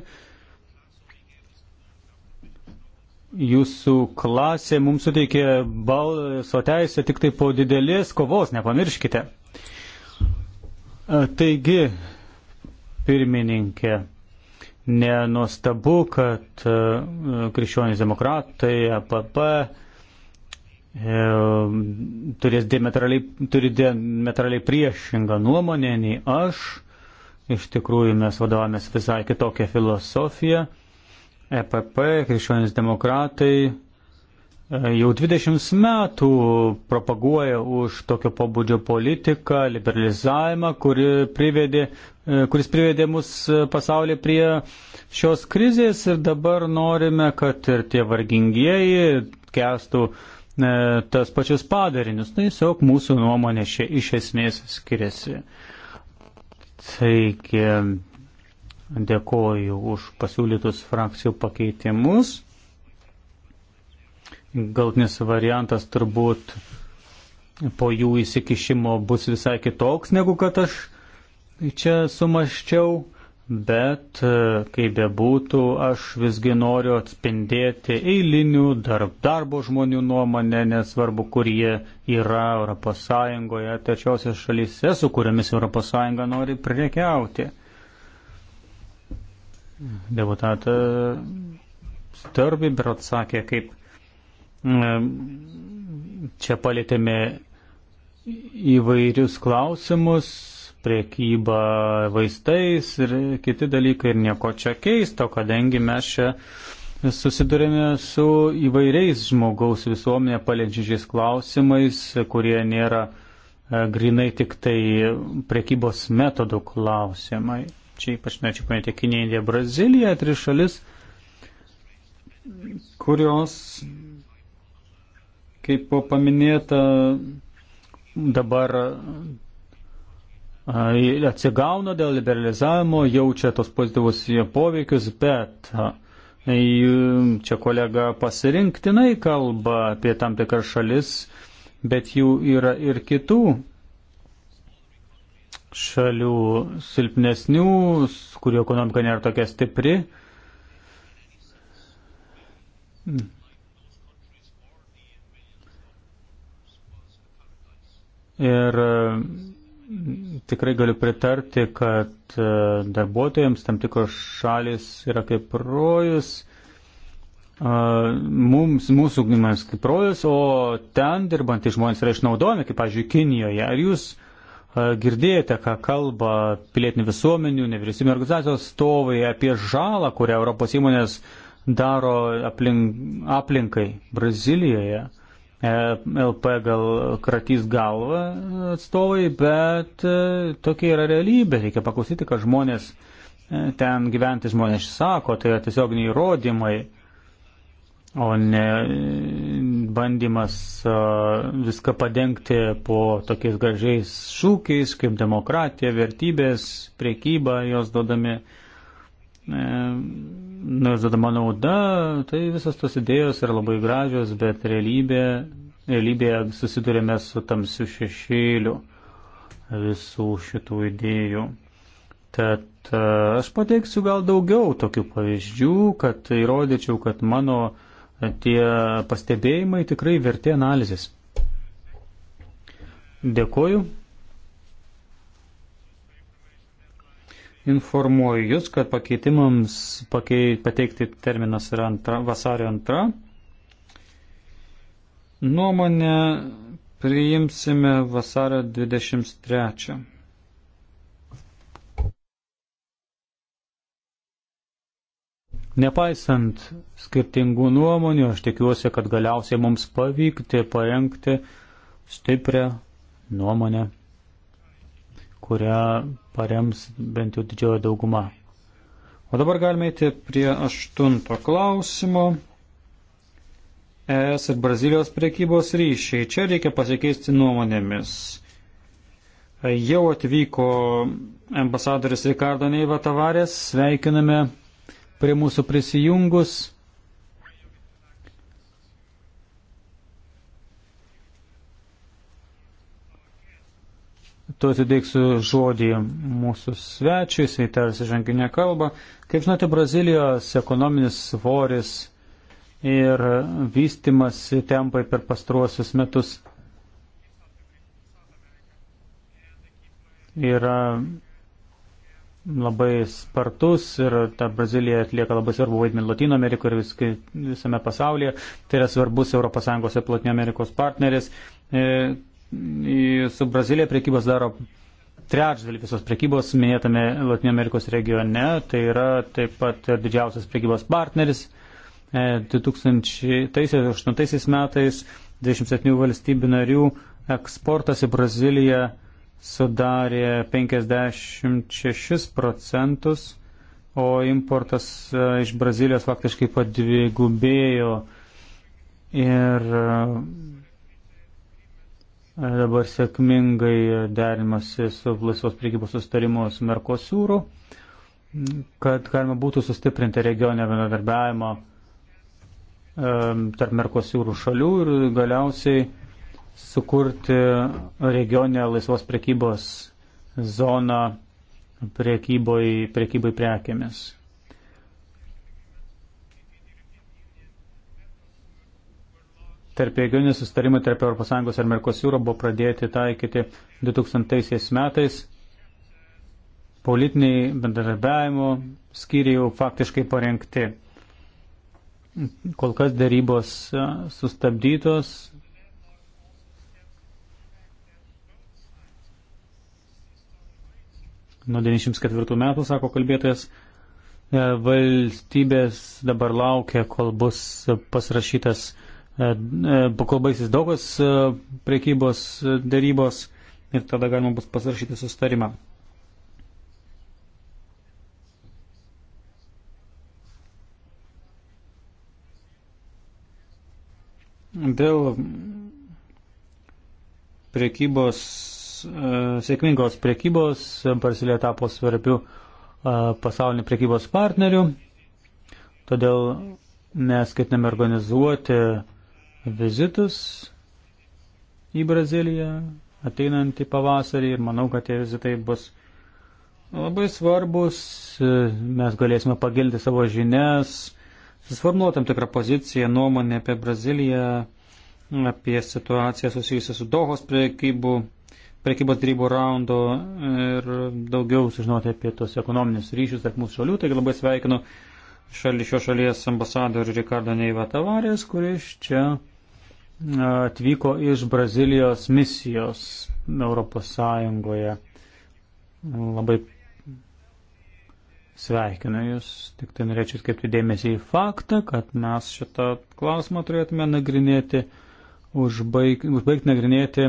Jūsų klasė mums suteikė balso teisę tik tai po didelės kovos, nepamirškite. Taigi, pirmininkė, nenuostabu, kad krikščionys demokratai, APP, E, turės diametraliai, turi diametraliai priešingą nuomonę nei aš. Iš tikrųjų mes vadovavomės visai kitokią filosofiją. EPP, krikščionis demokratai, e, jau 20 metų propaguoja už tokio pobūdžio politiką, liberalizavimą, kuri privedė, e, kuris privedė mus pasaulį prie šios krizės ir dabar norime, kad ir tie vargingieji kestų uh, E, tas pačius padarinius. Nu, tiesiog mūsų nuomonė šia iš esmės skiriasi. Taigi, dėkoju už pasiūlytus frakcijų pakeitimus. Galtinis variantas turbūt po jų įsikišimo bus visai kitoks, negu kad aš čia sumaščiau bet e, kaip bebūtų, aš visgi noriu atspindėti eilinių darb, darbo žmonių nuomonę, nesvarbu, kur jie yra ES, trečiosios šalyse, su kuriamis ES nori priekiauti. Deputatą Starbi ir atsakė, kaip e, čia palėtėme įvairius klausimus priekyba vaistais ir kiti dalykai ir nieko čia keisto, kadangi mes čia susidurėme su įvairiais žmogaus visuomenė paliečiančiais klausimais, kurie nėra e, grinai tik tai priekybos metodų klausimai. Čia ypač norėčiau paminėti Kiniją, Indiją, Braziliją, tris šalis, kurios, kaip buvo paminėta, dabar atsigauna dėl liberalizavimo, jaučia tos pozityvus poveikius, bet čia kolega pasirinktinai kalba apie tam tikras šalis, bet jų yra ir kitų šalių silpnesnių, kurių ekonomika nėra tokia stipri. Ir tikrai galiu pritarti, kad e, darbuotojams tam tikros šalis yra kaip rojus, e, mums, mūsų gimimams kaip rojus, o ten dirbantys žmonės yra išnaudojami, kaip, pavyzdžiui, Kinijoje. Ar jūs e, girdėjote, ką kalba pilietinių visuomenių, nevyriausybinio organizacijos stovai apie žalą, kurią Europos įmonės daro aplink, aplinkai Brazilijoje? E LP gal kratys galvą atstovai, bet e, tokia yra realybė. Reikia paklausyti, kad žmonės e, ten gyventi žmonės sako, tai yra tiesiog neįrodymai, o ne bandymas viską padengti po tokiais gražiais šūkiais, kaip demokratija, vertybės, priekyba jos duodami. E, nors duodama nauda, tai visos tos idėjos yra labai gražios, bet realybė, realybėje susidurėme su tamsiu šešėliu visų šitų idėjų. Tad e, aš pateiksiu gal daugiau tokių pavyzdžių, kad įrodyčiau, kad mano e, tie pastebėjimai tikrai vertė analizės. Dėkoju. Informuoju Jūs, kad pakeitimams pakei, pateikti terminas yra antra, vasario antra. Nuomonę priimsime vasario 23. Nepaisant skirtingų nuomonių, aš tikiuosi, kad galiausiai mums pavykti parengti stiprią nuomonę kurią parems bent jau didžioji dauguma. O dabar galime eiti prie aštunto klausimo. ES ir Brazilijos priekybos ryšiai. Čia reikia pasikeisti nuomonėmis. Jau atvyko ambasadoris Ricardo Neiva Tavarės. Sveikiname prie mūsų prisijungus. Tu suteiksiu žodį mūsų svečiui, jisai tarsi žanginę kalbą. Kaip žinote, Brazilijos ekonominis svoris ir vystimas tempai per pastruosius metus yra labai spartus ir ta Brazilija atlieka labai svarbu vaidmenį Latino Amerikoje ir viskai, visame pasaulyje. Tai yra svarbus ES ir Platinio Amerikos partneris. E, su Brazilija priekybos daro trečdalį visos priekybos minėtame Latinio Amerikos regione, tai yra taip pat ir didžiausias priekybos partneris. 2008 e, metais 27 valstybių narių eksportas į Braziliją sudarė 56 procentus, o importas e, iš Brazilijos faktiškai padvigubėjo ir e, dabar sėkmingai derimasi su laisvos priekybos sustarimu su Merkosūru, kad galima būtų sustiprinti regioninę bendradarbiavimą tarp Merkosūrų šalių ir galiausiai sukurti regioninę laisvos priekybos zoną priekybai, priekybai prekėmis. tarp regioninį sustarimą tarp ES ir Merkosiūro buvo pradėti taikyti 2000 metais. Politiniai bendradarbiavimo skyriai jau faktiškai parengti. Kol kas darybos e, sustabdytos. Nuo 94 metų, sako kalbėtojas, e, valstybės dabar laukia, kol bus pasirašytas E, e, kol baisys daugos e, priekybos dėrybos ir tada galima bus pasirašyti sustarimą. Dėl priekybos, sėkmingos priekybos Brasilija tapo svarbiu pasaulinį priekybos partnerių, todėl mes ketiname organizuoti uh, vizitus į Braziliją ateinantį pavasarį ir manau, kad tie vizitai bus labai svarbus, mes galėsime pagilti savo žinias, susformuotam tikrą poziciją, nuomonę apie Braziliją, apie situaciją susijusią su Dohos priekybų, priekybos drybų raundo ir daugiau sužinoti apie tos ekonominius ryšius tarp mūsų šalių. Taigi labai sveikinu šali, šio šalies ambasadorių Rikardo Neiva Tavarės, kuris čia atvyko iš Brazilijos misijos Europos Sąjungoje. Labai sveikinu Jūs, tik tai norėčiau atkreipti dėmesį į faktą, kad mes šitą klausimą turėtume nagrinėti, užbaig, užbaigti nagrinėti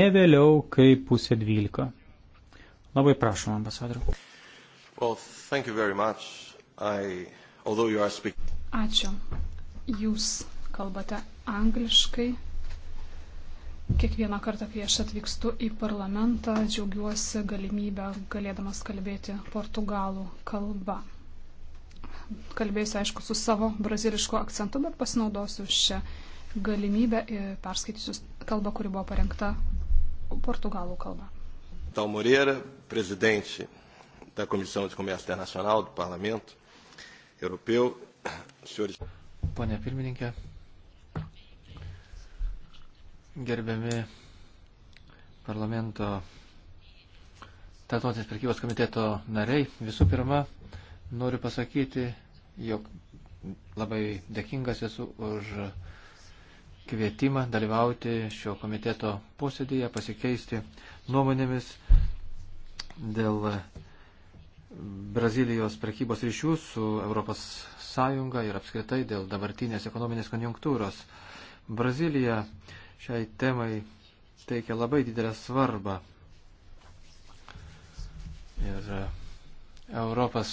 ne vėliau kaip pusė dvylika. Labai prašom, ambasadoriu. Well, thank you very much. I, although you are speaking. Ačiū. Jūs kalbate angliškai. Kiekvieną kartą, kai aš atvykstu į parlamentą, džiaugiuosi galimybę galėdamas kalbėti portugalų kalbą. Kalbėsiu, aišku, su savo brazilišku akcentu, bet pasinaudosiu šią galimybę ir perskaitysiu kalbą, kuri buvo parengta portugalų kalba. Tal Moreira, prezidente da Comissão de Comércio Internacional do Parlamento Europeu, senhores. Pone pirmininkė, Gerbiami parlamento Tartotinės prekybos komiteto nariai, visų pirma, noriu pasakyti, jog labai dėkingas esu už kvietimą dalyvauti šio komiteto posėdėje, pasikeisti nuomonėmis dėl Brazilijos prekybos ryšių su Europos Sąjunga ir apskritai dėl dabartinės ekonominės konjunktūros. Brazilija šiai temai teikia labai didelę svarbą. Ir e, Europos,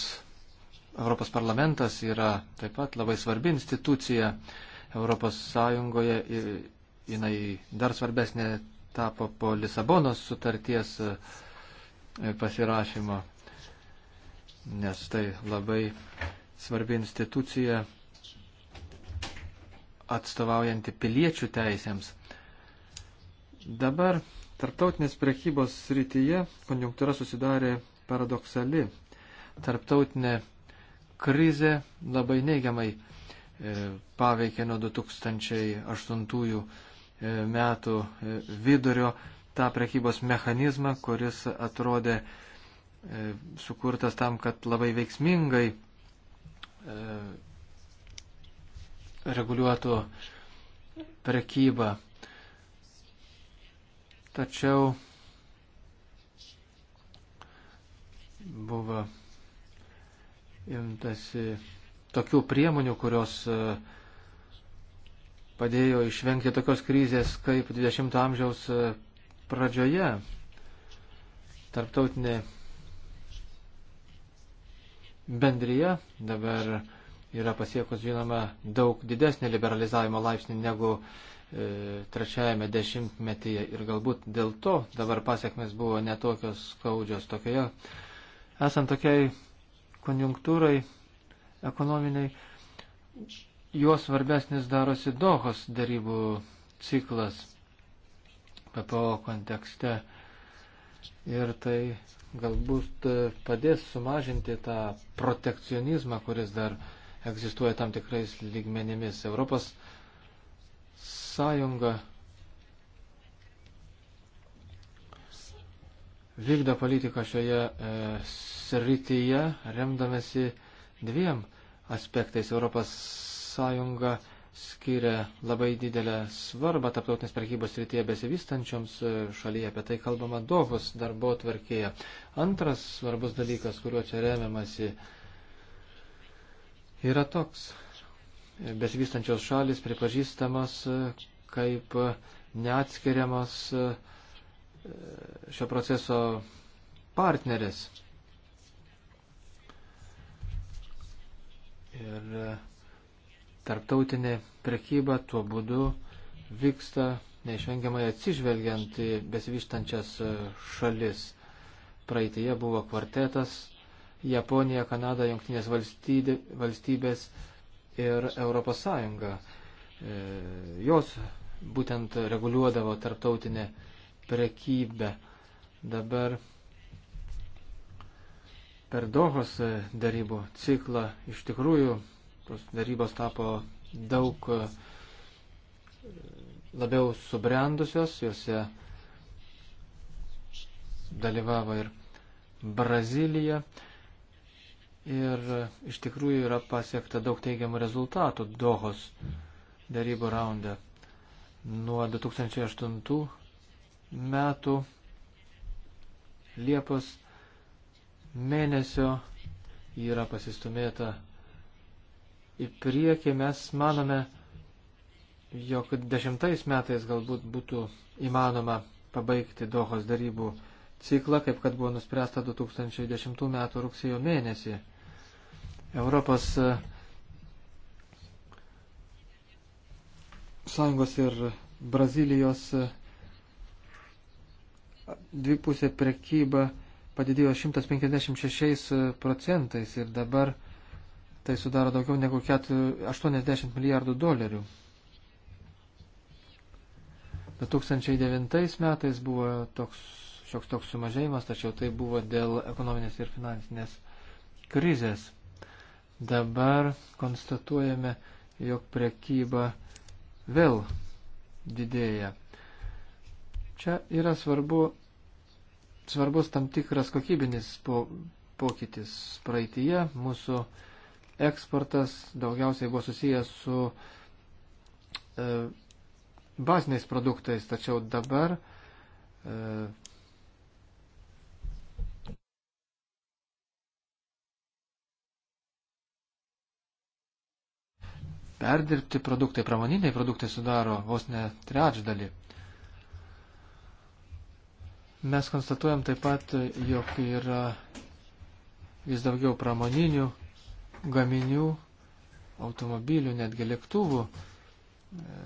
Europos parlamentas yra taip pat labai svarbi institucija Europos Sąjungoje. Jinai dar svarbesnė tapo po Lisabonos sutarties e, pasirašymo, nes tai labai svarbi institucija atstovaujanti piliečių teisėms. Dabar tarptautinės prekybos srityje konjunktūra susidarė paradoksali. Tarptautinė krizė labai neigiamai e, paveikė nuo 2008 e, metų e, vidurio tą prekybos mechanizmą, kuris atrodė sukurtas tam, kad labai veiksmingai reguliuotų prekybą tačiau buvo imtasi tokių priemonių, kurios e, padėjo išvengti tokios krizės kaip 20 amžiaus e, pradžioje. Tarptautinė bendryje dabar yra pasiekus, žinoma, daug didesnį liberalizavimo laipsnį negu E, trečiajame dešimtmetyje ir galbūt dėl to dabar pasiekmes buvo netokios skaudžios tokioje. Esant tokiai konjunktūrai ekonominiai, juos svarbesnis darosi Dohos darybų ciklas PPO kontekste. Ir tai galbūt padės sumažinti tą protekcionizmą, kuris dar egzistuoja tam tikrais lygmenimis. Europos Sąjunga vykdo politiką šioje e, srityje, remdamėsi dviem aspektais. Europos Sąjunga skiria labai didelę svarbą taptautinės prekybos srityje besivystančioms e, šalyje, apie tai kalbama Dovos darbo tvarkėje. Antras svarbus dalykas, kuriuo čia remiamasi, yra toks besivystančios šalis pripažįstamos e, kaip neatskiriamos e, šio proceso partneris. Ir e, tarptautinė prekyba tuo būdu vyksta neišvengiamai atsižvelgiant į besivystančias šalis. Praeitėje buvo kvartetas Japonija, Kanada, Junktinės valstybės ir Europos Sąjunga. E, jos būtent reguliuodavo tarptautinę prekybę. Dabar per Dohos darybų ciklą iš tikrųjų tos darybos tapo daug e, labiau subrendusios, juose dalyvavo ir Brazilija. Ir e, iš tikrųjų yra pasiekta daug teigiamų rezultatų Dohos darybų raunde. Nuo 2008 metų Liepos mėnesio yra pasistumėta į priekį. Mes manome, jog dešimtais metais galbūt būtų įmanoma pabaigti Dohos darybų ciklą, kaip kad buvo nuspręsta 2010 metų rugsėjo mėnesį. Europos e, Sąjungos ir Brazilijos e, dvipusė prekyba padidėjo 156 e, procentais ir dabar tai sudaro daugiau negu 80 milijardų dolerių. 2009 metais buvo toks, šioks toks sumažėjimas, tačiau tai buvo dėl ekonominės ir finansinės krizės. Dabar konstatuojame, jog prekyba vėl didėja. Čia yra svarbu, svarbus tam tikras kokybinis po, pokytis. Praeitie mūsų eksportas daugiausiai buvo susijęs su e, baziniais produktais, tačiau dabar e, perdirbti produktai, pramoniniai produktai sudaro vos ne trečdalį. Mes konstatuojam taip pat, jog yra vis daugiau pramoninių gaminių, automobilių, netgi lėktuvų. E,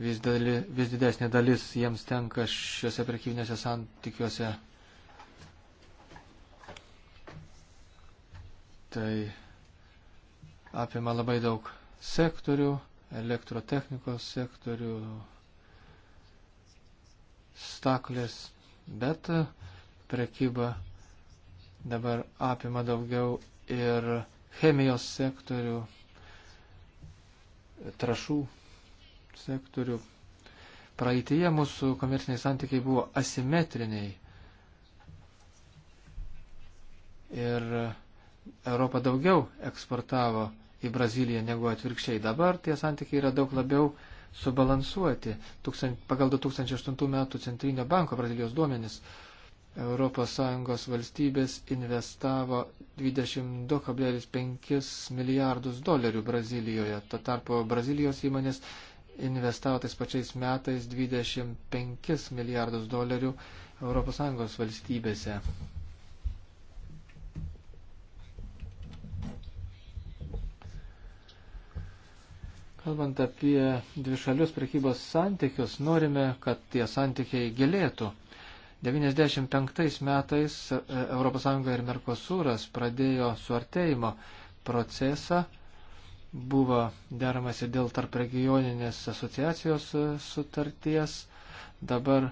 vis, dali, vis didesnė dalis jiems tenka šiuose prekybinėse santykiuose. Tai apima labai daug sektorių, elektrotechnikos sektorių, staklės, bet e, prekyba dabar apima daugiau ir chemijos sektorių, trašų sektorių. Praeitie mūsų komerciniai santykiai buvo asimetriniai. Ir Europa daugiau eksportavo į Braziliją negu atvirkščiai. Dabar tie santykiai yra daug labiau subalansuoti. Tūkstant, pagal 2008 metų Centrinio banko Brazilijos duomenis ES valstybės investavo 22,5 milijardus dolerių Brazilijoje. Tuo tarpu Brazilijos įmonės investavo tais pačiais metais 25 milijardus dolerių ES valstybėse. Kalbant apie dvišalius prekybos santykius, norime, kad tie santykiai gilėtų. 1995 metais ES ir Merkosuras pradėjo suartėjimo procesą, buvo deramasi dėl tarp regioninės asociacijos e, sutarties. Dabar,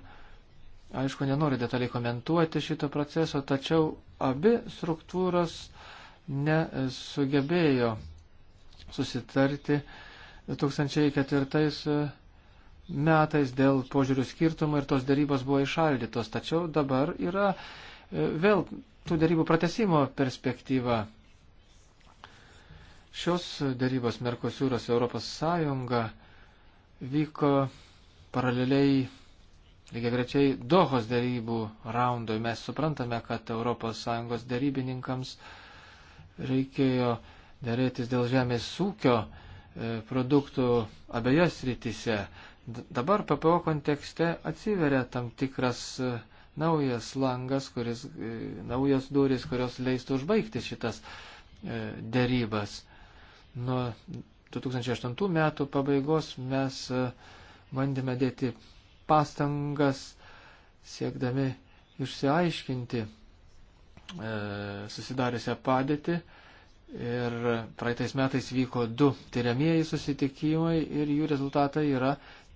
aišku, nenoriu detaliai komentuoti šito proceso, tačiau abi struktūros nesugebėjo susitarti 2004 e, metais dėl požiūrių skirtumų ir tos darybos buvo išaldytos, tačiau dabar yra e, vėl tų darybų pratesimo perspektyva. Šios darybos Merkosiūros Europos Sąjunga vyko paraleliai lygiai grečiai Dohos darybų raundui. Mes suprantame, kad ES darybininkams reikėjo dėrėtis dėl žemės ūkio E, produktų abejas rytise. Dabar PPO kontekste atsiveria tam tikras e, naujas langas, kuris, e, naujas durys, kurios leistų užbaigti šitas dėrybas. Nuo 2008 metų pabaigos mes bandėme dėti pastangas siekdami išsiaiškinti susidariusią padėtį Ir praeitais metais vyko du tyriamieji susitikimai ir jų rezultatai yra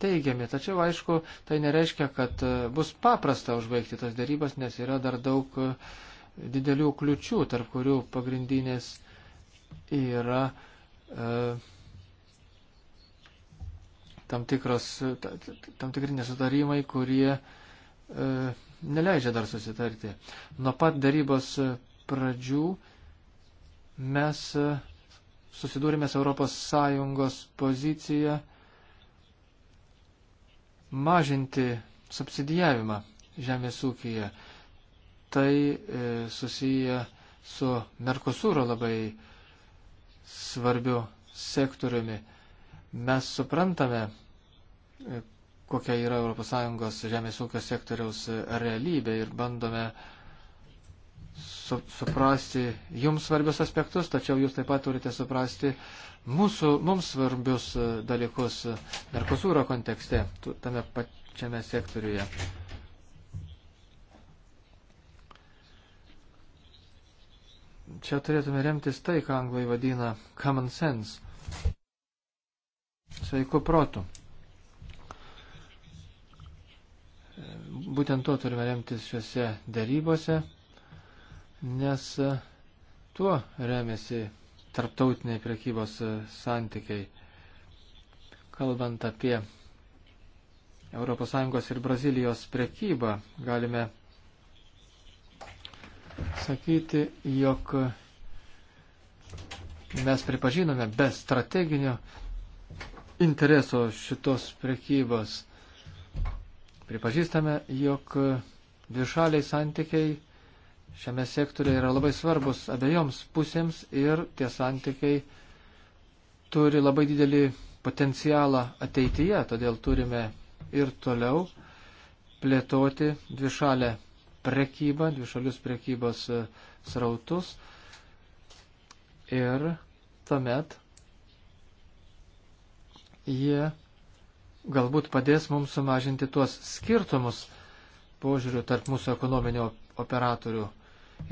teigiami. Tačiau, aišku, tai nereiškia, kad e, bus paprasta užbaigti tas dėrybas, nes yra dar daug e, didelių kliučių, tarp kurių pagrindinės yra e, tam, tikros, e, tam tikri nesutarimai, kurie e, neleidžia dar susitarti. Nuo pat darybos pradžių mes e, susidūrėme su ES pozicija mažinti subsidijavimą žemės ūkyje. Tai e, susiję su Merkosūro labai svarbiu sektoriumi. Mes suprantame, e, kokia yra ES žemės ūkio sektoriaus realybė ir bandome e, su, suprasti jums svarbius aspektus, tačiau jūs taip pat turite suprasti mūsų, mums svarbius e, dalykus e, Merkosūro kontekste, tame pačiame sektoriuje. Čia turėtume remtis tai, ką anglai vadina common sense, sveiku protu. E, būtent to turime remtis šiuose darybose nes e, tuo remiasi tarptautiniai prekybos e, santykiai. Kalbant apie ES ir Brazilijos prekybą, galime sakyti, jog mes pripažinome be strateginio intereso šitos prekybos. Pripažįstame, jog dvišaliai santykiai šiame sektoriuje yra labai svarbus abiejoms pusėms ir tie santykiai turi labai didelį potencialą ateityje, todėl turime ir toliau plėtoti dvišalę prekybą, dvišalius prekybos e, srautus ir tuomet jie galbūt padės mums sumažinti tuos skirtumus požiūrių tarp mūsų ekonominio operatorių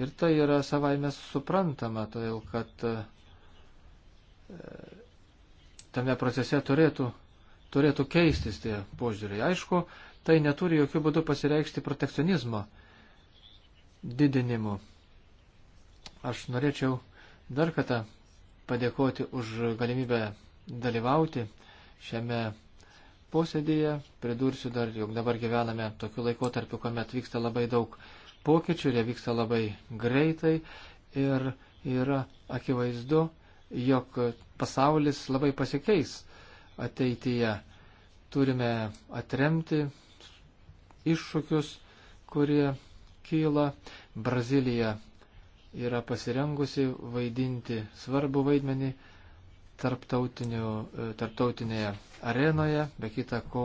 Ir tai yra savaime suprantama, todėl kad e, tame procese turėtų, turėtų keistis tie požiūriai. Aišku, tai neturi jokių būdų pasireikšti protekcionizmo didinimu. Aš norėčiau dar kartą padėkoti už galimybę dalyvauti šiame posėdėje. Pridursiu dar, jog dabar gyvename tokiu laikotarpiu, kuomet vyksta labai daug pokyčių, jie vyksta labai greitai ir yra akivaizdu, jog pasaulis labai pasikeis ateityje. Turime atremti iššūkius, kurie kyla. Brazilija yra pasirengusi vaidinti svarbu vaidmenį tarptautinėje arenoje, be kita ko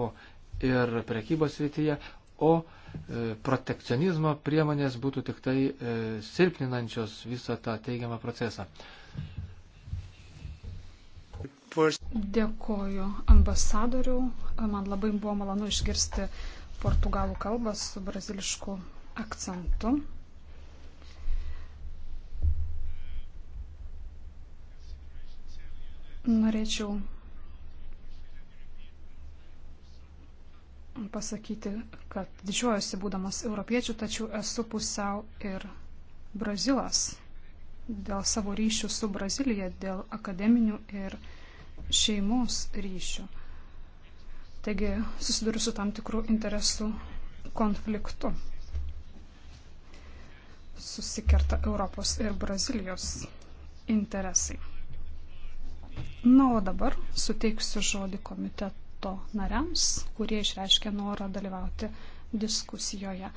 ir prekybos srityje, o e, protekcionizmo priemonės būtų tik tai e, silpninančios visą tą teigiamą procesą. Dėkoju ambasadoriu. Man labai buvo malonu išgirsti portugalų kalbą su brazilišku akcentu. Norėčiau pasakyti, kad didžiuojuosi būdamas europiečių, tačiau esu pusiau ir brazilas dėl savo ryšių su Brazilija, dėl akademinių ir šeimos ryšių. Taigi susiduriu su tam tikrų interesų konfliktu. Susikerta Europos ir Brazilijos interesai. Na, o dabar suteiksiu žodį komitetų komiteto nariams, kurie išreiškė norą dalyvauti diskusijoje.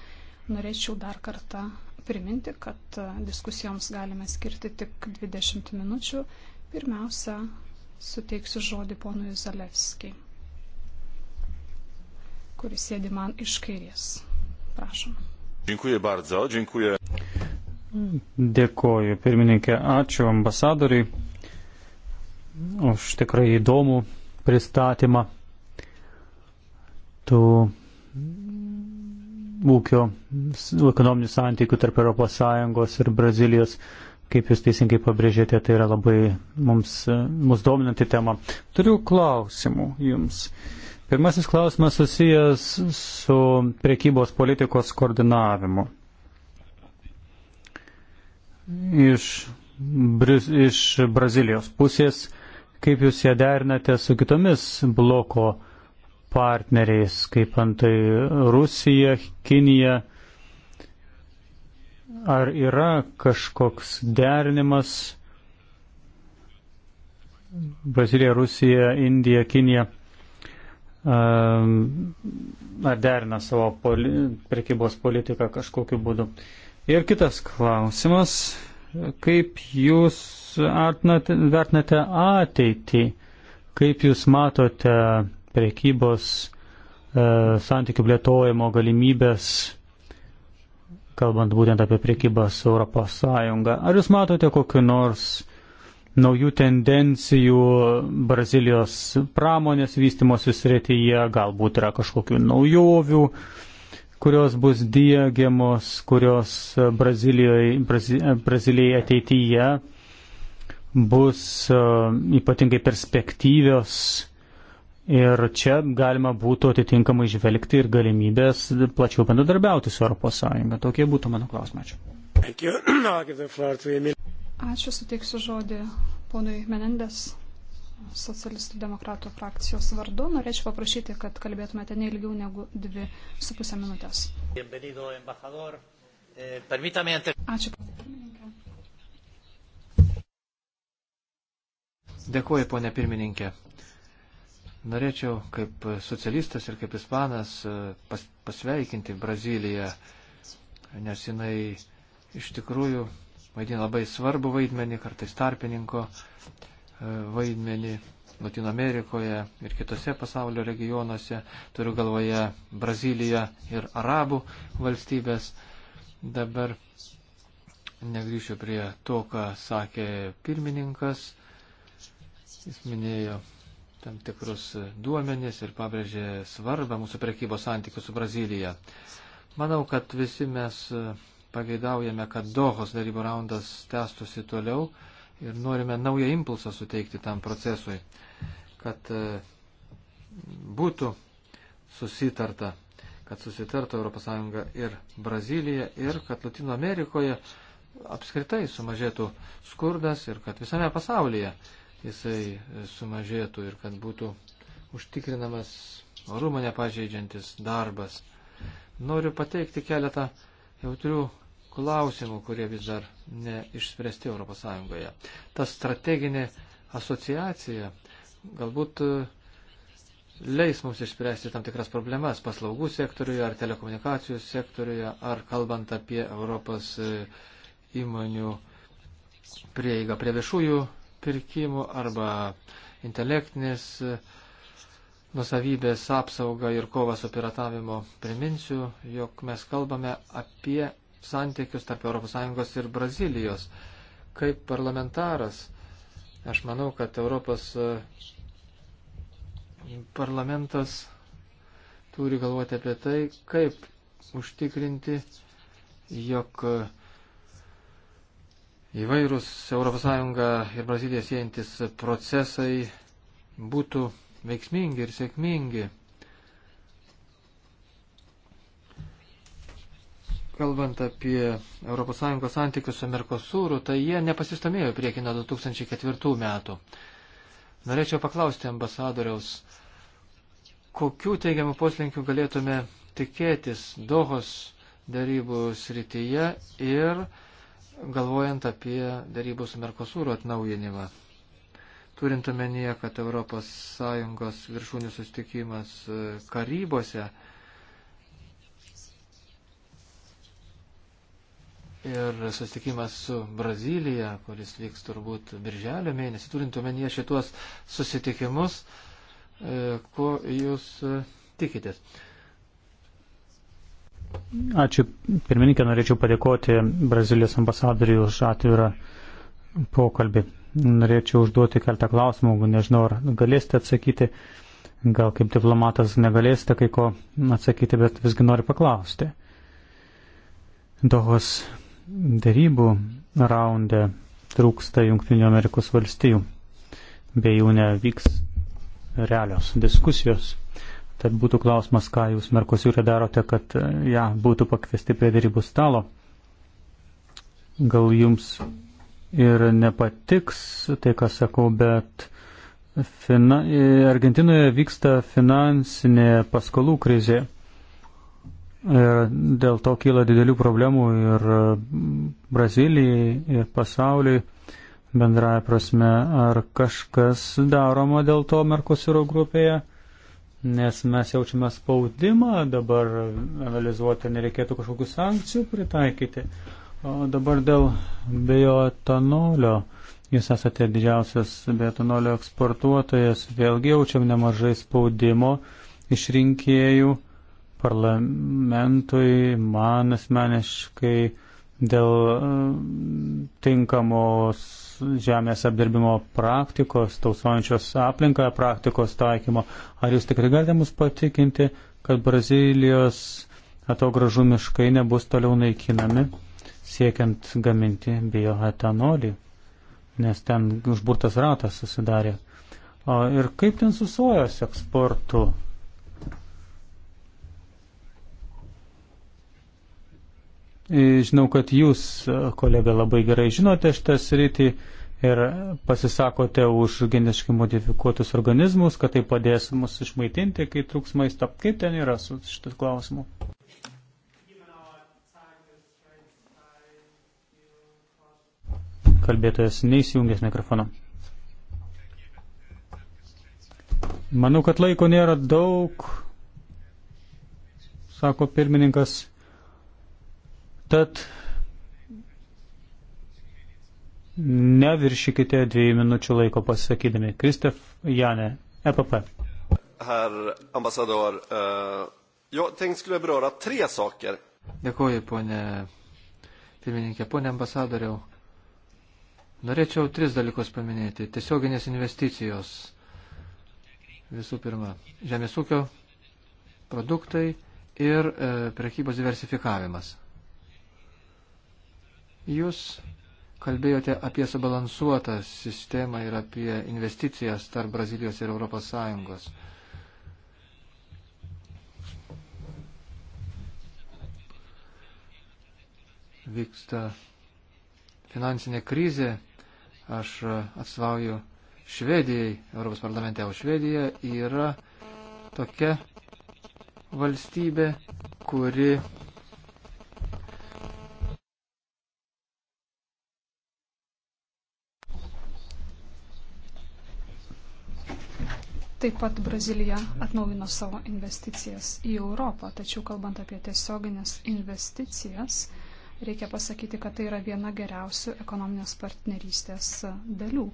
Norėčiau dar kartą priminti, kad diskusijoms galime skirti tik 20 minučių. Pirmiausia, suteiksiu žodį ponui Zalevskijai, kuris sėdi man iš kairės. Prašom. Dziękuję bardzo, dziękuję. Dėkoju, pirmininkė, ačiū ambasadoriai už tikrai įdomų pristatymą tų ūkio, ekonominių santykių tarp ES ir Brazilijos. Kaip jūs teisingai pabrėžėte, tai yra labai mums, mus dominanti tema. Turiu klausimų jums. Pirmasis klausimas susijęs su priekybos politikos koordinavimu. Iš, Briz, iš Brazilijos pusės, kaip jūs ją derinate su kitomis bloko partneriais, kaip antai Rusija, Kinija. Ar yra kažkoks derinimas Brazilija, Rusija, Indija, Kinija? Ehm, ar derina savo poli prekybos politiką kažkokiu būdu? Ir kitas klausimas, kaip jūs vertinate ateitį, kaip jūs matote prekybos, e, santykių plėtojimo galimybės, kalbant būtent apie prekybą su ES. Ar jūs matote kokiu nors naujų tendencijų Brazilijos pramonės vystimosi srityje, galbūt yra kažkokių naujovių, kurios bus diegiamos, kurios Brazilijai, Brazilijai ateityje bus e, ypatingai perspektyvios Ir čia galima būtų atitinkamai žvelgti ir galimybės plačiau bendradarbiauti su ES. Tokie būtų mano klausimai. Ačiū. Ačiū, suteiksiu žodį ponui Menendės, socialistų demokratų frakcijos vardu. Norėčiau paprašyti, kad kalbėtumėte ne ilgiau negu dvi su pusę minutės. Eh, Ačiū. Dėkuoju, ponė pirmininkė. Norėčiau kaip socialistas ir kaip ispanas e, pas, pasveikinti Braziliją, nes jinai iš tikrųjų vaidina labai svarbu vaidmenį, kartais tarpininko e, vaidmenį Latino Amerikoje ir kitose pasaulio regionuose. Turiu galvoje Braziliją ir Arabų valstybės. Dabar negryšiu prie to, ką sakė pirmininkas. Jis minėjo tam tikrus duomenis ir pabrėžė svarbą mūsų prekybos santykių su Brazilija. Manau, kad visi mes e, pageidaujame, kad Dohos darybų raundas tęstųsi toliau ir norime naują impulsą suteikti tam procesui, kad e, būtų susitarta, kad susitartų ES ir Brazilija ir kad Latino Amerikoje apskritai sumažėtų skurdas ir kad visame pasaulyje uh, jisai sumažėtų ir kad būtų užtikrinamas orumą nepažeidžiantis darbas. Noriu pateikti keletą jautrių klausimų, kurie vis dar neišspręsti ES. Ta strateginė asociacija galbūt e, leis mums išspręsti tam tikras problemas paslaugų sektoriuje ar telekomunikacijų sektoriuje, ar kalbant apie Europos e, įmonių prieigą prie viešųjų pirkimų arba intelektinės nusavybės apsaugą ir kovą su piratavimo. Priminsiu, jog mes kalbame apie santykius tarp ES ir Brazilijos. Kaip parlamentaras, aš manau, kad Europos e, parlamentas turi galvoti apie tai, kaip užtikrinti, jog e, įvairūs ES ir Brazilija siejantis procesai būtų veiksmingi ir sėkmingi. Kalbant apie ES santykius su Merkosūru, tai jie nepasistomėjo prieki nuo 2004 metų. Norėčiau paklausti ambasadoriaus, kokių teigiamų poslinkių galėtume tikėtis Dohos darybų srityje ir uh, galvojant apie darybų su Merkosūro atnaujinimą. Turint omenyje, kad ES viršūnių sustikimas e, karybose ir sustikimas su Brazilija, kuris vyks turbūt birželio mėnesį, turint omenyje šitos susitikimus, e, ko jūs e, tikitės. Ačiū. Pirmininkė, norėčiau padėkoti Brazilijos ambasadoriui už atvirą pokalbį. Norėčiau užduoti keltą klausimų, nežinau, ar galėsite atsakyti. Gal kaip diplomatas negalėsite kai ko atsakyti, bet visgi noriu paklausti. Dohos darybų raunde trūksta Junktinių Amerikos valstijų, bei jų nevyks realios diskusijos. Tad būtų klausimas, ką jūs Merkosiūrė darote, kad e, ją ja, būtų pakviesti prie dėrybų stalo. Gal jums ir nepatiks tai, ką sakau, bet fina, e, Argentinoje vyksta finansinė paskolų krizė. Ir dėl to kyla didelių problemų ir e, Brazilijai, ir pasauliui bendraja prasme. Ar kažkas daroma dėl to Merkosiūro grupėje? nes mes jaučiame spaudimą dabar analizuoti, nereikėtų kažkokių sankcijų pritaikyti. O dabar dėl bioetanolio. Jūs esate didžiausias bioetanolio eksportuotojas, vėlgi jaučiam nemažai spaudimo iš rinkėjų, parlamentui, man asmeniškai dėl e, tinkamos žemės apdirbimo praktikos, tausojančios aplinką praktikos taikymo. Ar jūs tikrai galite mus patikinti, kad Brazilijos atogražų miškai nebus toliau naikinami, siekiant gaminti bioetanolį, nes ten užburtas ratas susidarė. O ir kaip ten su sojos eksportu? E, žinau, kad jūs, e, kolega, labai gerai žinote šitą sritį ir pasisakote už geniškai modifikuotus organizmus, kad tai padės mus išmaitinti, kai trūks maisto. Kaip ten yra su šitas klausimu? Kalbėtojas neįsijungęs mikrofoną. Manau, kad laiko nėra daug, sako pirmininkas. Tad neviršykite dviejų minučių laiko pasakydami. Kristef Janė, EPP. Herr ambasador, eh, jag tänkte skulle beröra tre saker. Dėkuoju, ponė pirmininkė, ponė ambasadoriau. Norėčiau tris dalykus paminėti. Tiesioginės investicijos. Visų pirma, žemės ūkio produktai ir e, prekybos diversifikavimas. Jūs kalbėjote apie subalansuotą sistemą ir apie investicijas tarp Brazilijos ir Europos Sąjungos. Vyksta finansinė krizė. Aš atsvauju Švedijai Europos parlamente, o Švedija yra tokia valstybė, kuri Taip pat Brazilija atnaujino savo investicijas į Europą, tačiau kalbant apie tiesioginės investicijas, reikia pasakyti, kad tai yra viena geriausių ekonominės partnerystės dalių.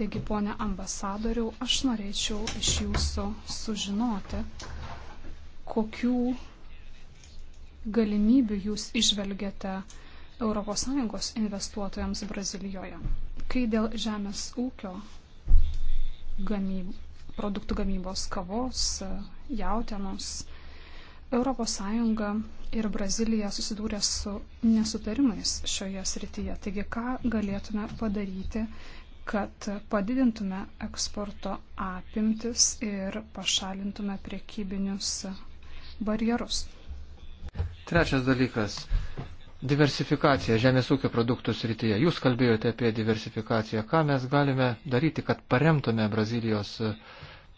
Taigi, ponė ambasadoriau, aš norėčiau iš jūsų sužinoti, kokių galimybių jūs išvelgiate ES investuotojams Brazilijoje. Kai dėl žemės ūkio gamyb, produktų gamybos kavos, jautienos. ES ir Brazilija susidūrė su nesutarimais šioje srityje. Taigi, ką galėtume padaryti, kad padidintume eksporto apimtis ir pašalintume priekybinius barjerus? Trečias dalykas diversifikacija žemės ūkio produktų srityje. Jūs kalbėjote apie diversifikaciją. Ką mes galime daryti, kad paremtume Brazilijos e,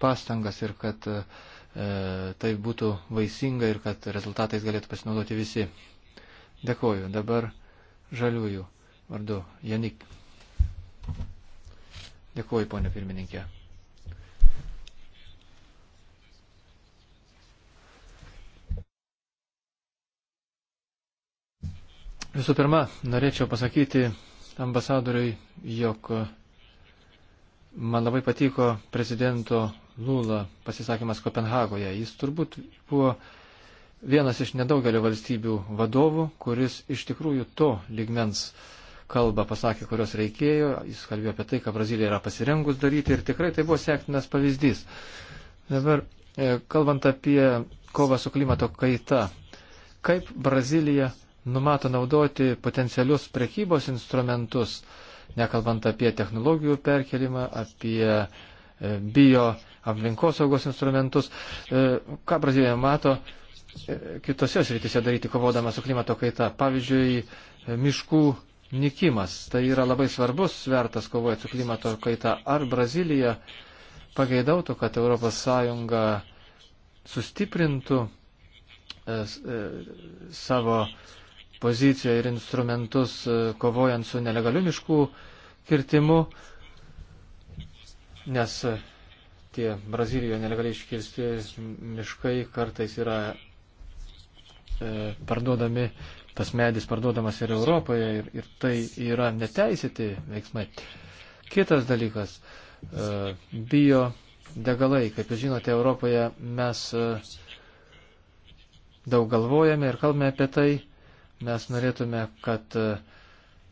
pastangas ir kad e, tai būtų vaisinga ir kad rezultatais galėtų pasinaudoti visi. Dėkoju. Dabar žaliųjų vardu Janik. Dėkoju, ponė pirmininkė. Visų pirma, norėčiau pasakyti ambasadoriui, jog man labai patiko prezidento Lula pasisakymas Kopenhagoje. Jis turbūt buvo vienas iš nedaugelio valstybių vadovų, kuris iš tikrųjų to ligmens kalbą pasakė, kurios reikėjo. Jis kalbėjo apie tai, ką Brazilija yra pasirengus daryti ir tikrai tai buvo sektinas pavyzdys. Dabar, e, kalbant apie kovą su klimato kaita, kaip Brazilija numato naudoti potencialius prekybos instrumentus, nekalbant apie technologijų perkelimą, apie e, bio aplinkosaugos instrumentus. E, ką Brazilija mato e, kitose srityse daryti, kovodama su klimato kaita? Pavyzdžiui, miškų nikimas. Tai yra labai svarbus svertas kovojant su klimato kaita. Ar Brazilija pageidautų, kad ES sustiprintų savo poziciją ir instrumentus e, kovojant su nelegaliu miškų kirtimu, nes e, tie Brazilijoje nelegaliai iškirsti miškai kartais yra e, parduodami, tas medis parduodamas ir Europoje ir, ir tai yra neteisėti veiksmai. Kitas dalykas e, - bio degalai. Kaip jūs žinote, Europoje mes e, daug galvojame ir kalbame apie tai, Mes norėtume, kad e,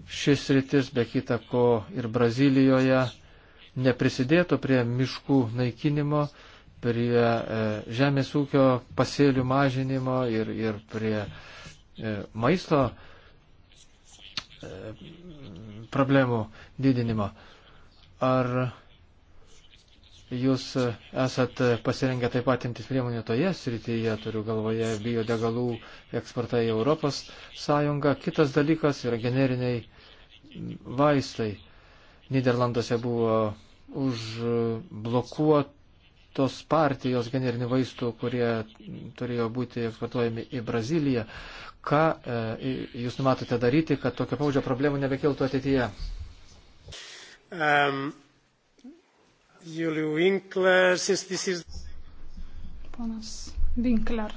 šis rytis, be kita ko, ir Brazilijoje neprisidėtų prie miškų naikinimo, prie e, žemės ūkio pasėlių mažinimo ir, ir prie e, maisto problemų didinimo. Ar Jūs esat pasirengę taip pat imtis priemonių toje srityje, turiu galvoje biodegalų eksportą į Europos Sąjungą. Kitas dalykas yra generiniai vaistai. Niderlanduose buvo užblokuotos partijos generinių vaistų, kurie turėjo būti eksportuojami į Braziliją. Ką e, jūs numatote daryti, kad tokio paudžio problemų nebekiltų ateityje? Um. Juliu Winkler, since this is... Ponas Winkler.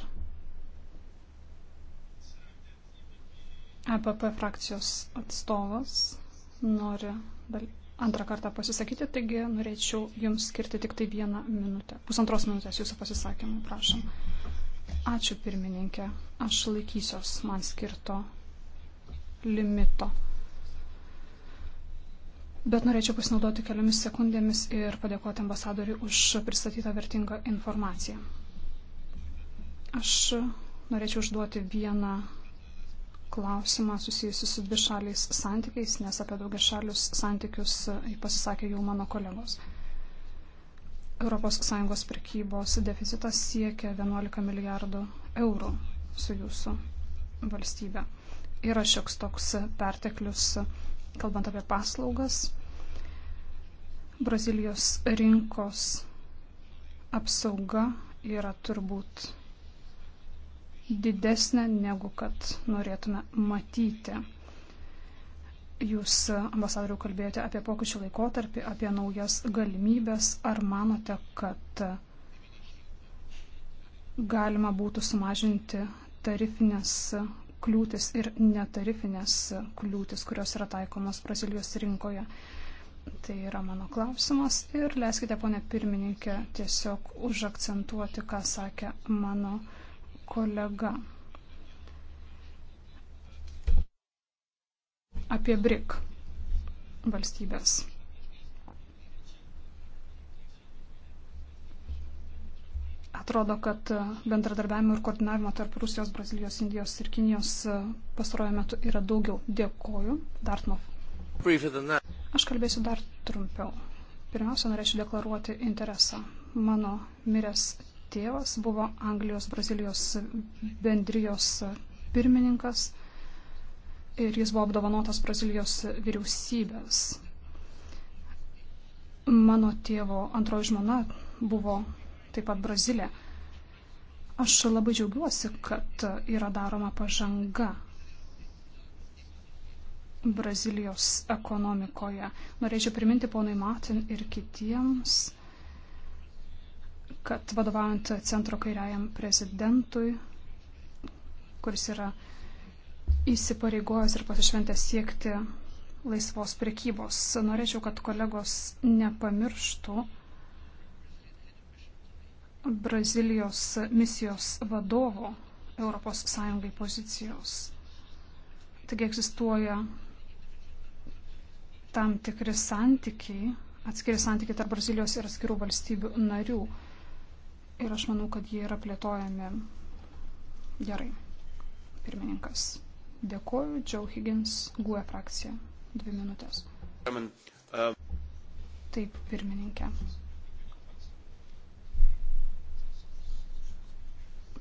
EPP frakcijos atstovas nori antrą kartą pasisakyti, taigi norėčiau Jums skirti tik tai vieną minutę. Pusantros minutės Jūsų pasisakymui, prašom. Ačiū pirmininkė, aš laikysiuos man skirto limito. Bet norėčiau pasinaudoti keliomis sekundėmis ir padėkoti ambasadoriui už pristatytą vertingą informaciją. Aš norėčiau užduoti vieną klausimą susijusi su dvišaliais santykiais, nes apie daugia šalius santykius e, pasisakė jau mano kolegos. ES prekybos deficitas siekia 11 milijardų eurų su jūsų valstybe. Yra šioks toks perteklius kalbant apie paslaugas. Brazilijos rinkos apsauga yra turbūt didesnė negu kad norėtume matyti. Jūs, ambasadoriu, kalbėjote apie pokyčių laikotarpį, apie naujas galimybės. Ar manote, kad galima būtų sumažinti tarifinės kliūtis ir netarifinės kliūtis, kurios yra taikomos Brazilijos rinkoje. Tai yra mano klausimas ir leiskite, ponė pirmininkė, tiesiog užakcentuoti, ką sakė mano kolega apie BRIC valstybės. Atrodo, kad bendradarbiavimo ir koordinavimo tarp Rusijos, Brazilijos, Indijos ir Kinijos e, pastarojo metu yra daugiau. Dėkoju. Dartmouth. Aš kalbėsiu dar trumpiau. Pirmiausia, norėčiau deklaruoti interesą. Mano miręs tėvas buvo Anglijos, Brazilijos bendrijos pirmininkas ir jis buvo apdovanotas Brazilijos vyriausybės. Mano tėvo antroji žmona buvo taip pat Brazilė. Aš labai džiaugiuosi, kad yra daroma pažanga Brazilijos ekonomikoje. Norėčiau priminti ponui Matin ir kitiems, kad vadovaujant centro kairiajam prezidentui, kuris yra įsipareigojęs ir pasišventęs siekti laisvos prekybos. Norėčiau, kad kolegos nepamirštų, Brazilijos misijos vadovo ES pozicijos. Taigi egzistuoja tam tikri santykiai, atskiri santykiai tarp Brazilijos ir atskirų valstybių narių. Ir aš manau, kad jie yra plėtojami gerai. Pirmininkas. Dėkuoju, Joe Higgins, GUE frakcija. Dvi minutės. Uh, Taip, pirmininkė.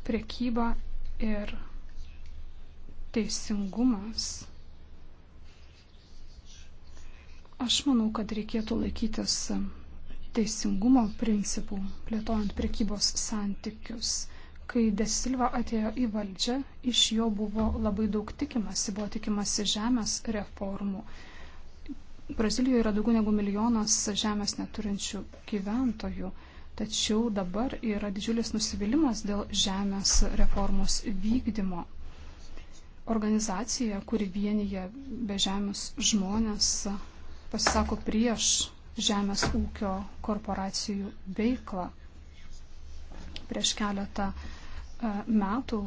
Prekyba ir teisingumas. Aš manau, kad reikėtų laikytis teisingumo principų, plėtojant prekybos santykius. Kai Desilva atėjo į valdžią, iš jo buvo labai daug tikimasi, buvo tikimasi žemės reformų. Brazilijoje yra daugiau negu milijonas žemės neturinčių gyventojų. Tačiau dabar yra didžiulis nusivylimas dėl žemės reformos vykdymo. Organizacija, kuri vienyje be žemės žmonės, pasisako prieš žemės ūkio korporacijų veiklą. Prieš keletą e, metų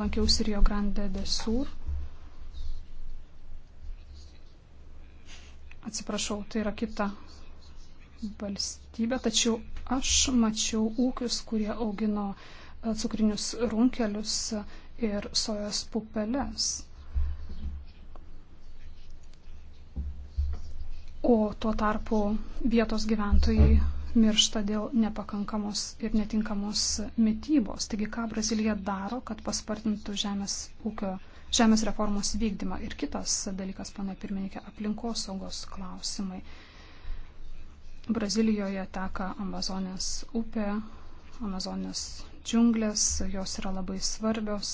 lankiausi Rio Grande de Sur. Atsiprašau, tai yra kita valstybė, tačiau Aš mačiau ūkius, kurie augino e, cukrinius runkelius ir sojos pupeles. O tuo tarpu vietos gyventojai miršta dėl nepakankamos ir netinkamos mytybos. Taigi, ką Brazilija daro, kad paspartintų žemės ūkio, žemės reformos vykdymą. Ir kitas dalykas, pana pirmininkė, aplinkosaugos klausimai. Brazilijoje teka Amazonės upė, Amazonės džiunglės, jos yra labai svarbios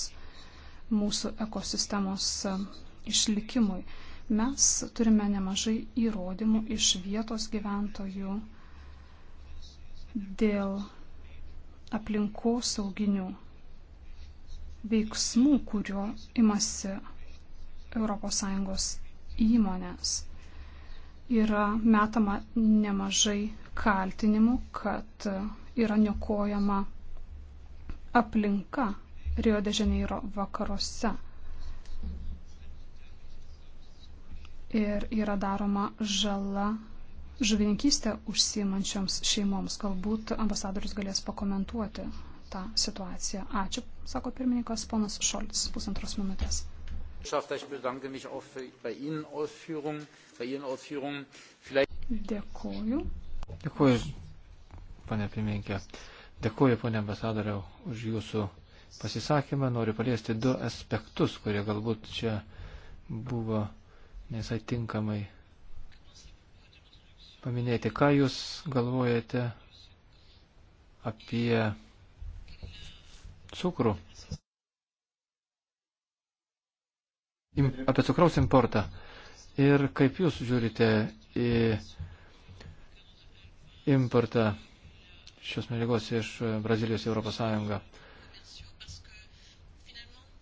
mūsų ekosistemos e, išlikimui. Mes turime nemažai įrodymų iš vietos gyventojų dėl aplinkos sauginių veiksmų, kurio imasi ES įmonės yra metama nemažai kaltinimų, kad yra niokojama aplinka Rio de Janeiro vakaruose. Ir yra daroma žala žuvininkystę užsimančioms šeimoms. Galbūt ambasadorius galės pakomentuoti tą situaciją. Ačiū, sako pirmininkas ponas Šolts, pusantros minutės. Ich bedanke mich auch für, bei Ihnen Ausführungen. Bei Ihren Ausführungen vielleicht... Dėkuoju. Dėkuoju, pane Piminkė. Dėkuoju, pane ambasadoriau, už Jūsų pasisakymą. Noriu paliesti du aspektus, kurie galbūt čia buvo nesaitinkamai paminėti. Ką Jūs galvojate apie cukrų? apie cukraus importą. Ir kaip jūs žiūrite į importą šios medžiagos iš Brazilijos į Europos Sąjungą?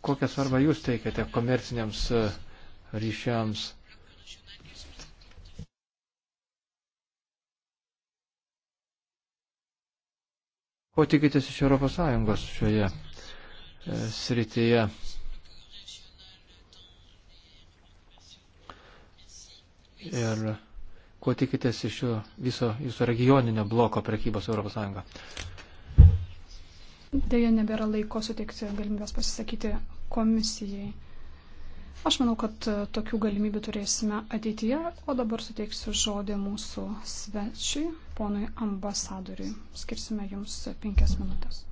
Kokią svarbą jūs teikiate komerciniams e, ryšiams? Ko tikitės iš Europos Sąjungos šioje e, srityje? ir ko tikitės iš šio viso jūsų regioninio bloko prekybos Europos Sąjunga? Deja, nebėra laiko suteikti galimybės pasisakyti komisijai. Aš manau, kad e, tokių galimybių turėsime ateityje, o dabar suteiksiu žodį mūsų svečiui, ponui ambasadoriui. Skirsime jums penkias minutės.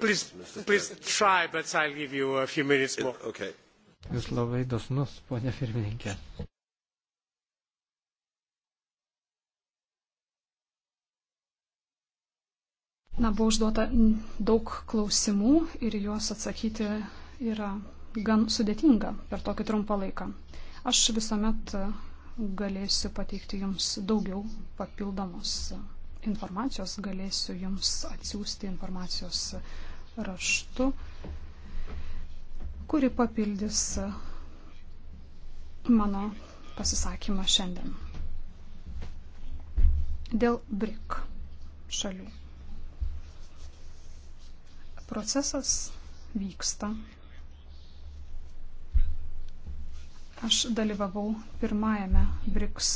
Please, please try, but I'll give you a few minutes more. Okay. Jūs labai dosnus, ponė pirmininkė. Na, buvo užduota daug klausimų ir juos atsakyti yra gan sudėtinga per tokį trumpą laiką. Aš visuomet galėsiu pateikti jums daugiau papildomos informacijos, galėsiu jums atsiųsti informacijos raštu kuri papildys uh, mano pasisakymą šiandien. Dėl BRIC šalių. Procesas vyksta. Aš dalyvavau pirmajame BRICS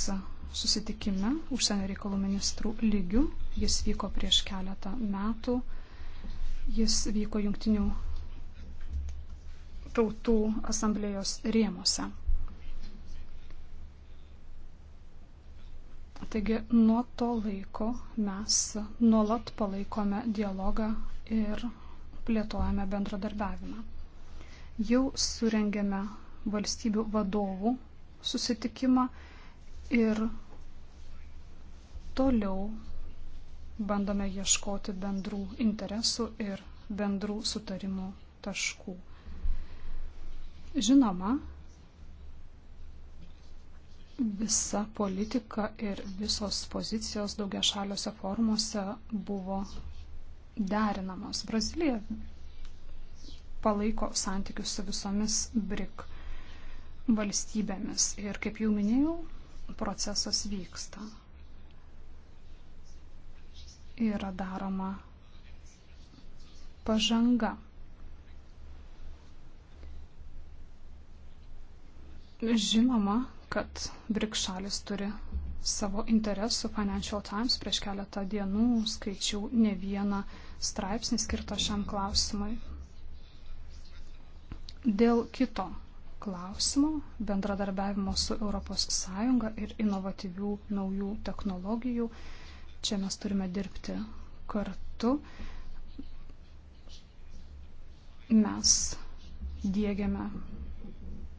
susitikime užsienio reikalų ministrų lygių. Jis vyko prieš keletą metų. Jis vyko jungtinių tautų asamblėjos rėmose. Taigi nuo to laiko mes nuolat palaikome dialogą ir plėtojame bendradarbiavimą. Jau surengėme valstybių vadovų susitikimą ir toliau bandome ieškoti bendrų interesų ir bendrų sutarimų taškų. Žinoma, visa politika ir visos pozicijos daugia šaliuose formuose buvo derinamos. Brazilija palaiko santykius su visomis BRIC valstybėmis ir, kaip jau minėjau, procesas vyksta. Yra daroma pažanga. Žinoma, kad Brikšalis turi savo interesų. Financial Times prieš keletą dienų skaičiau ne vieną straipsnį skirtą šiam klausimui. Dėl kito klausimo - bendradarbiavimo su ES ir inovatyvių naujų technologijų. Čia mes turime dirbti kartu. Mes dėgiame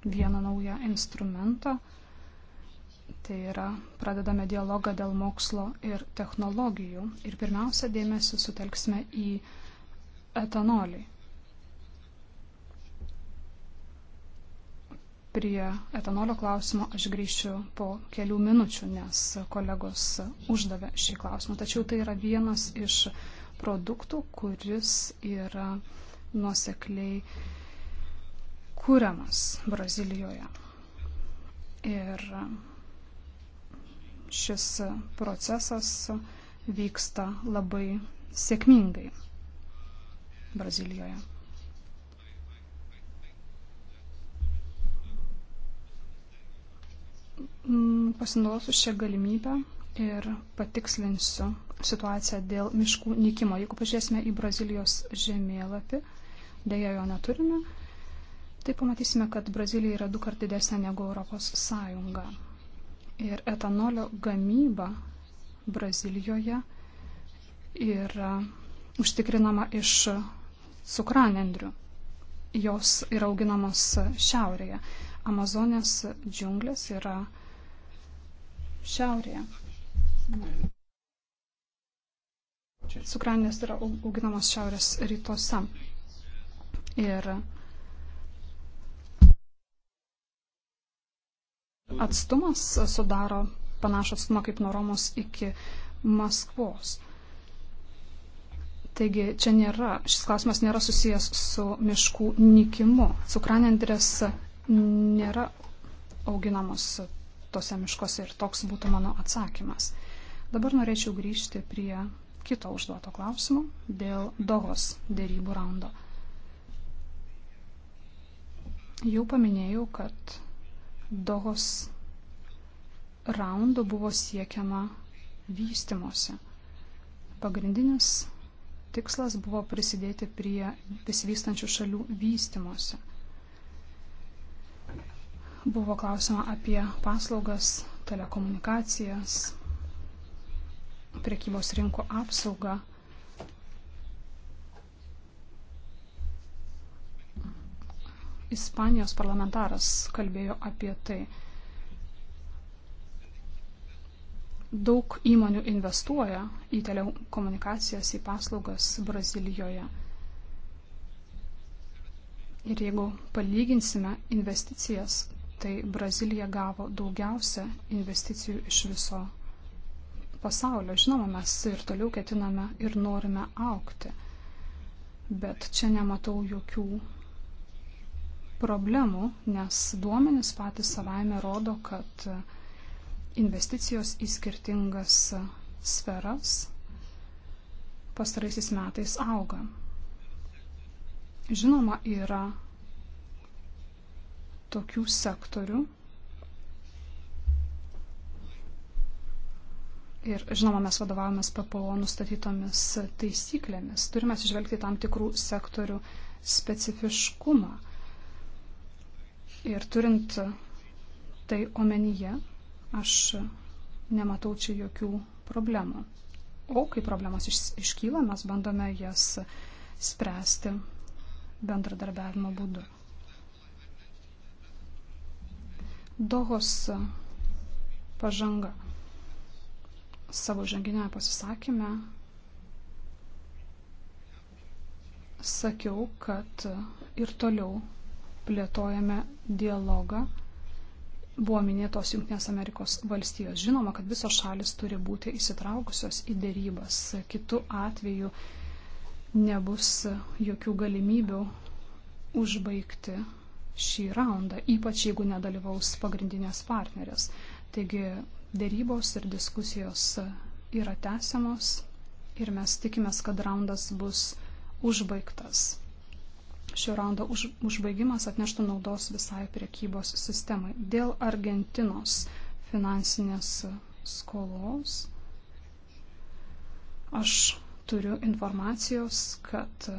vieną naują instrumentą. Tai yra, pradedame dialogą dėl mokslo ir technologijų ir pirmiausia dėmesį sutelksime į etanolį. Prie etanolio klausimo aš grįšiu po kelių minučių, nes kolegos uždavė šį klausimą. Tačiau tai yra vienas iš produktų, kuris yra nuosekliai kuriamas Brazilijoje. Ir šis procesas vyksta labai sėkmingai Brazilijoje. Mm, pasinaudosiu šią galimybę ir patikslinsiu situaciją dėl miškų nykimo. Jeigu pažiūrėsime į Brazilijos žemėlapį, dėja jo neturime, tai pamatysime, kad Brazilija yra du kart didesnė negu Europos Sąjunga. Ir etanolio gamyba Brazilijoje yra užtikrinama iš cukranendrių. Jos yra auginamos šiaurėje. Amazonės džiunglės yra šiaurėje. Cukranės yra auginamos šiaurės rytuose. Ir atstumas sudaro panašų atstumą kaip nuo Romos iki Maskvos. Taigi čia nėra, šis klausimas nėra susijęs su miškų nykimu. Cukranendrės nėra auginamos tose miškose ir toks būtų mano atsakymas. Dabar norėčiau grįžti prie kito užduoto klausimo dėl Dohos dėrybų raundo. Jau paminėjau, kad Dohos raundų buvo siekiama vystimosi. Pagrindinis tikslas buvo prisidėti prie besivystančių šalių vystimosi. Buvo klausima apie paslaugas, telekomunikacijas, priekybos rinkų apsaugą. Ispanijos parlamentaras kalbėjo apie tai. Daug įmonių investuoja į telekomunikacijas, į paslaugas Brazilijoje. Ir jeigu palyginsime investicijas, tai Brazilija gavo daugiausia investicijų iš viso pasaulio. Žinoma, mes ir toliau ketiname ir norime aukti. Bet čia nematau jokių problemų, nes duomenys patys savaime rodo, kad investicijos į skirtingas sferas pastaraisiais metais auga. Žinoma, yra tokių sektorių. Ir žinoma, mes vadovavomės PPO nustatytomis taisyklėmis. Turime atsižvelgti tam tikrų sektorių specifiškumą. Ir turint tai omenyje, aš nematau čia jokių problemų. O kai problemos iš, iškyla, mes bandome jas spręsti bendradarbiavimo būdu. Dohos pažanga. Savo žanginėje pasisakymę sakiau, kad ir toliau plėtojame dialogą. Buvo minėtos Junktinės Amerikos valstijos. Žinoma, kad visos šalis turi būti įsitraukusios į dėrybas. Kitu atveju nebus jokių galimybių užbaigti šį raundą, ypač jeigu nedalyvaus pagrindinės partnerės. Taigi dėrybos ir diskusijos yra tęsiamos ir mes tikimės, kad raundas bus užbaigtas šio raundo už, užbaigimas atneštų naudos visai priekybos sistemai. Dėl Argentinos finansinės skolos aš turiu informacijos, kad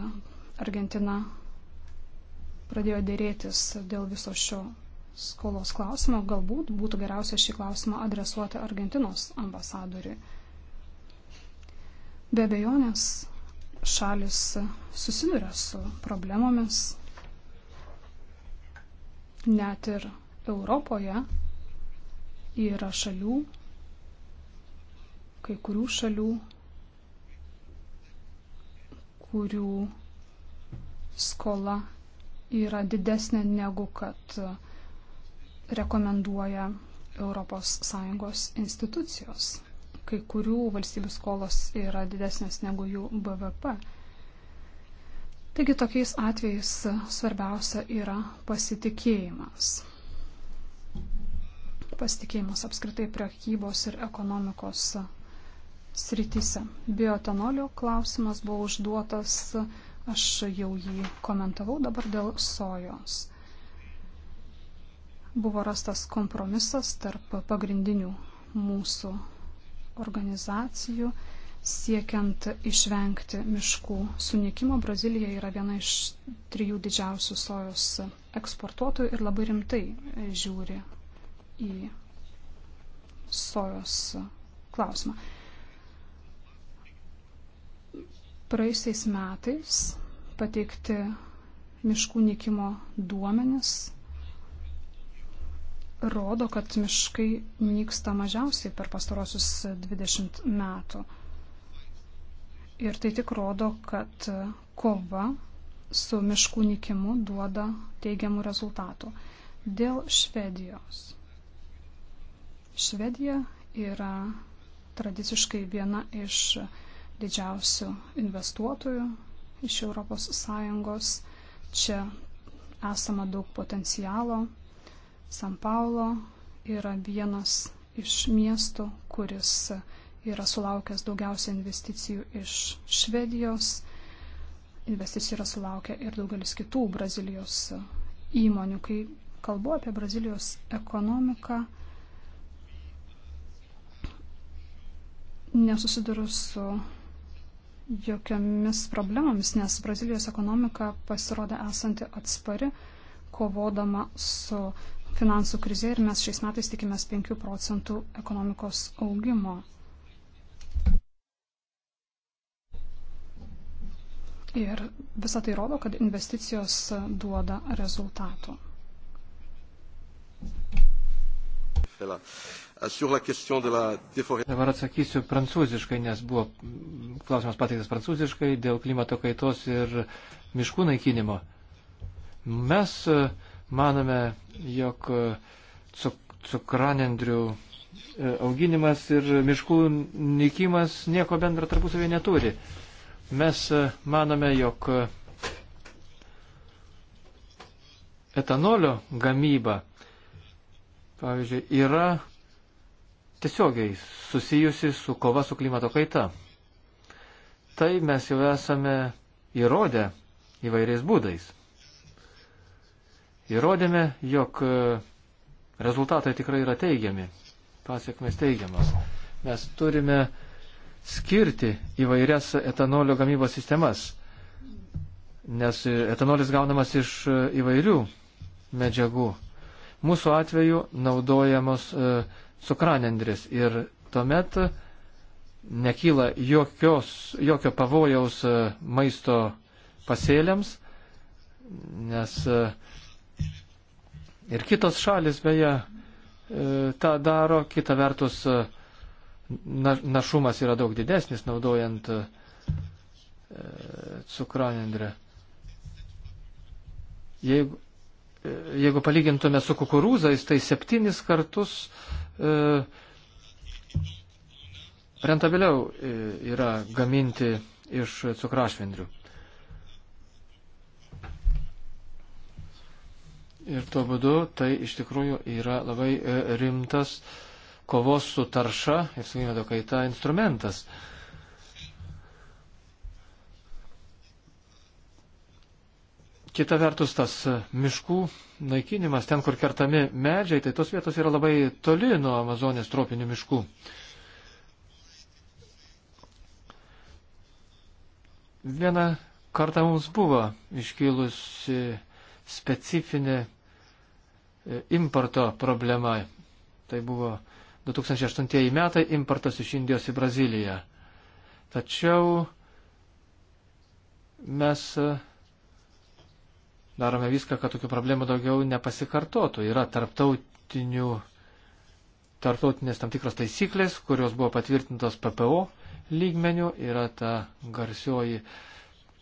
Argentina pradėjo dėrėtis dėl viso šio skolos klausimo. Galbūt būtų geriausia šį klausimą adresuoti Argentinos ambasadoriui. Be abejonės šalis susiduria su problemomis. Net ir Europoje yra šalių, kai kurių šalių, kurių skola yra didesnė negu kad rekomenduoja ES institucijos kai kurių valstybių skolos yra didesnės negu jų BVP. Taigi tokiais atvejais svarbiausia yra pasitikėjimas. Pasitikėjimas apskritai priekybos ir ekonomikos srityse. Biotenolio klausimas buvo užduotas, aš jau jį komentavau dabar dėl sojos buvo rastas kompromisas tarp pagrindinių mūsų organizacijų siekiant išvengti miškų sunikimo. Brazilija yra viena iš trijų didžiausių sojos eksportuotojų ir labai rimtai žiūri į sojos klausimą. Praeisiais metais pateikti miškų nikimo duomenis rodo, kad miškai nyksta mažiausiai per pastarosius 20 metų. Ir tai tik rodo, kad kova su miškų nikimu duoda teigiamų rezultatų. Dėl Švedijos. Švedija yra tradiciškai viena iš didžiausių investuotojų iš ES. Čia esama daug potencialo San Paulo yra vienas iš miestų, kuris yra sulaukęs daugiausia investicijų iš Švedijos. Investicijų yra sulaukę ir daugelis kitų Brazilijos įmonių. Kai kalbu apie Brazilijos ekonomiką, nesusiduriu su jokiamis problemomis, nes Brazilijos ekonomika pasirodė esanti atspari, kovodama su finansų krizė ir mes šiais metais tikimės 5 procentų ekonomikos augimo. Ir visą tai rodo, kad investicijos duoda rezultatų. Dabar atsakysiu prancūziškai, nes buvo klausimas pateiktas prancūziškai dėl klimato kaitos ir miškų naikinimo. Mes uh, Manome, jog e, cukranendrių e, auginimas ir miškų nikimas nieko bendro tarpusavėje neturi. Mes e, manome, jog etanolio gamyba, pavyzdžiui, yra tiesiogiai susijusi su kova su klimato kaita. Tai mes jau esame įrodę įvairiais būdais. Įrodėme, jog e, rezultatai tikrai yra teigiami, pasiekmes teigiamas. Mes turime skirti įvairias etanolio gamybos sistemas, nes etanolis gaunamas iš e, įvairių medžiagų. Mūsų atveju naudojamos e, cukranendrės ir tuomet nekyla jokios, jokio pavojaus maisto pasėliams, nes Ir kitos šalis beje e, tą daro, kita vertus e, našumas yra daug didesnis naudojant e, cukranendrę. Jeigu, jeigu palygintume su kukurūzais, tai septynis kartus e, rentabiliau yra gaminti iš cukrašvendrių. Ir tuo būdu tai iš tikrųjų yra labai e, rimtas kovos su tarša ir su klimato kaita instrumentas. Kita vertus, tas e, miškų naikinimas, ten kur kertami medžiai, tai tos vietos yra labai toli nuo Amazonės tropinių miškų. Vieną kartą mums buvo iškilusi specifinė e, importo problema. Tai buvo 2008 metai importas iš Indijos į Braziliją. Tačiau mes e, darome viską, kad tokių problemų daugiau nepasikartotų. Yra tarptautinių, tarptautinės tam tikros taisyklės, kurios buvo patvirtintos PPO lygmenių, yra ta garsioji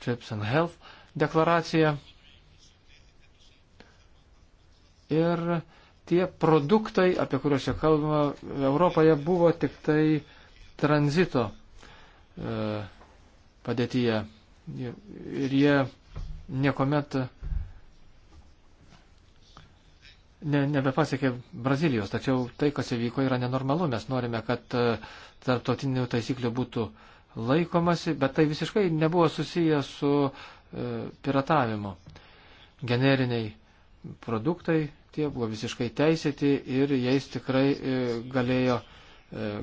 Trips and Health deklaracija, ir tie produktai, apie kuriuos čia kalbama, Europoje buvo tik tai tranzito e, padėtyje. Ir jie niekuomet ne, nebepasiekė Brazilijos. Tačiau tai, kas įvyko, yra nenormalu. Mes norime, kad e, tarptautinių taisyklių būtų laikomasi, bet tai visiškai nebuvo susiję su e, piratavimu. Generiniai produktai Tie buvo visiškai teisėti ir jais tikrai e, galėjo e,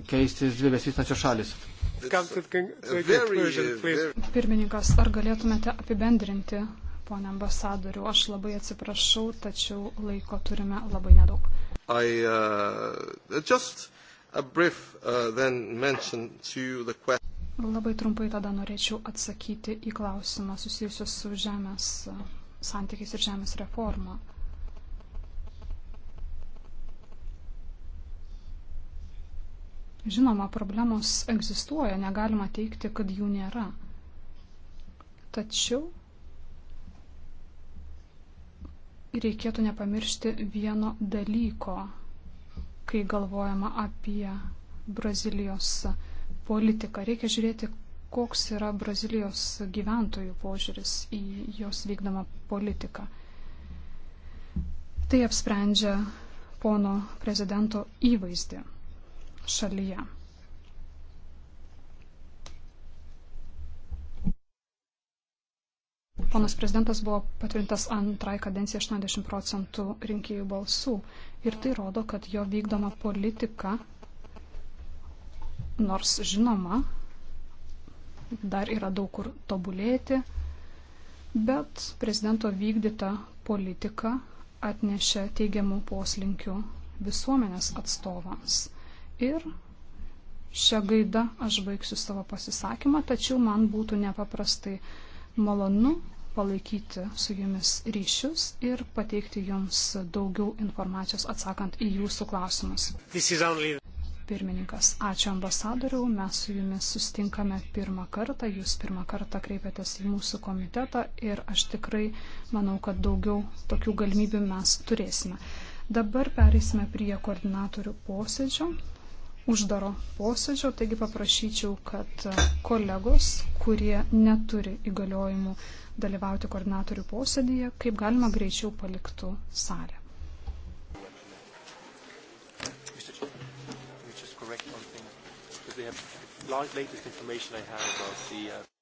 keistis dvi besistančios šalis. Uh, Pirmininkas, ar galėtumėte apibendrinti, ponė ambasadoriu, aš labai atsiprašau, tačiau laiko turime labai nedaug. I, uh, just a brief, uh, then mention to the question. Labai trumpai tada norėčiau atsakyti į klausimą susijusius su žemės santykiais ir žemės reforma. Žinoma, problemos egzistuoja, negalima teikti, kad jų nėra. Tačiau reikėtų nepamiršti vieno dalyko, kai galvojama apie Brazilijos politiką. Reikia žiūrėti, koks yra Brazilijos gyventojų požiūris į jos vykdomą politiką. Tai apsprendžia pono prezidento įvaizdį šalyje. Ponas prezidentas buvo patvirtintas antrai kadencijai 80 procentų rinkėjų balsų ir tai rodo, kad jo vykdoma politika, nors žinoma, dar yra daug kur tobulėti, bet prezidento vykdyta politika atnešė teigiamų poslinkių visuomenės atstovams. Ir šią gaidą aš baigsiu savo pasisakymą, tačiau man būtų nepaprastai malonu palaikyti su jumis ryšius ir pateikti jums daugiau informacijos atsakant į jūsų klausimus. Pirmininkas, ačiū ambasadoriau, mes su jumis sustinkame pirmą kartą, jūs pirmą kartą kreipiatės į mūsų komitetą ir aš tikrai manau, kad daugiau tokių galimybių mes turėsime. Dabar pereisime prie koordinatorių posėdžio uždaro posėdžio, taigi paprašyčiau, kad kolegos, kurie neturi įgaliojimų dalyvauti koordinatorių posėdėje, kaip galima greičiau paliktų salę. The latest information I have about the uh,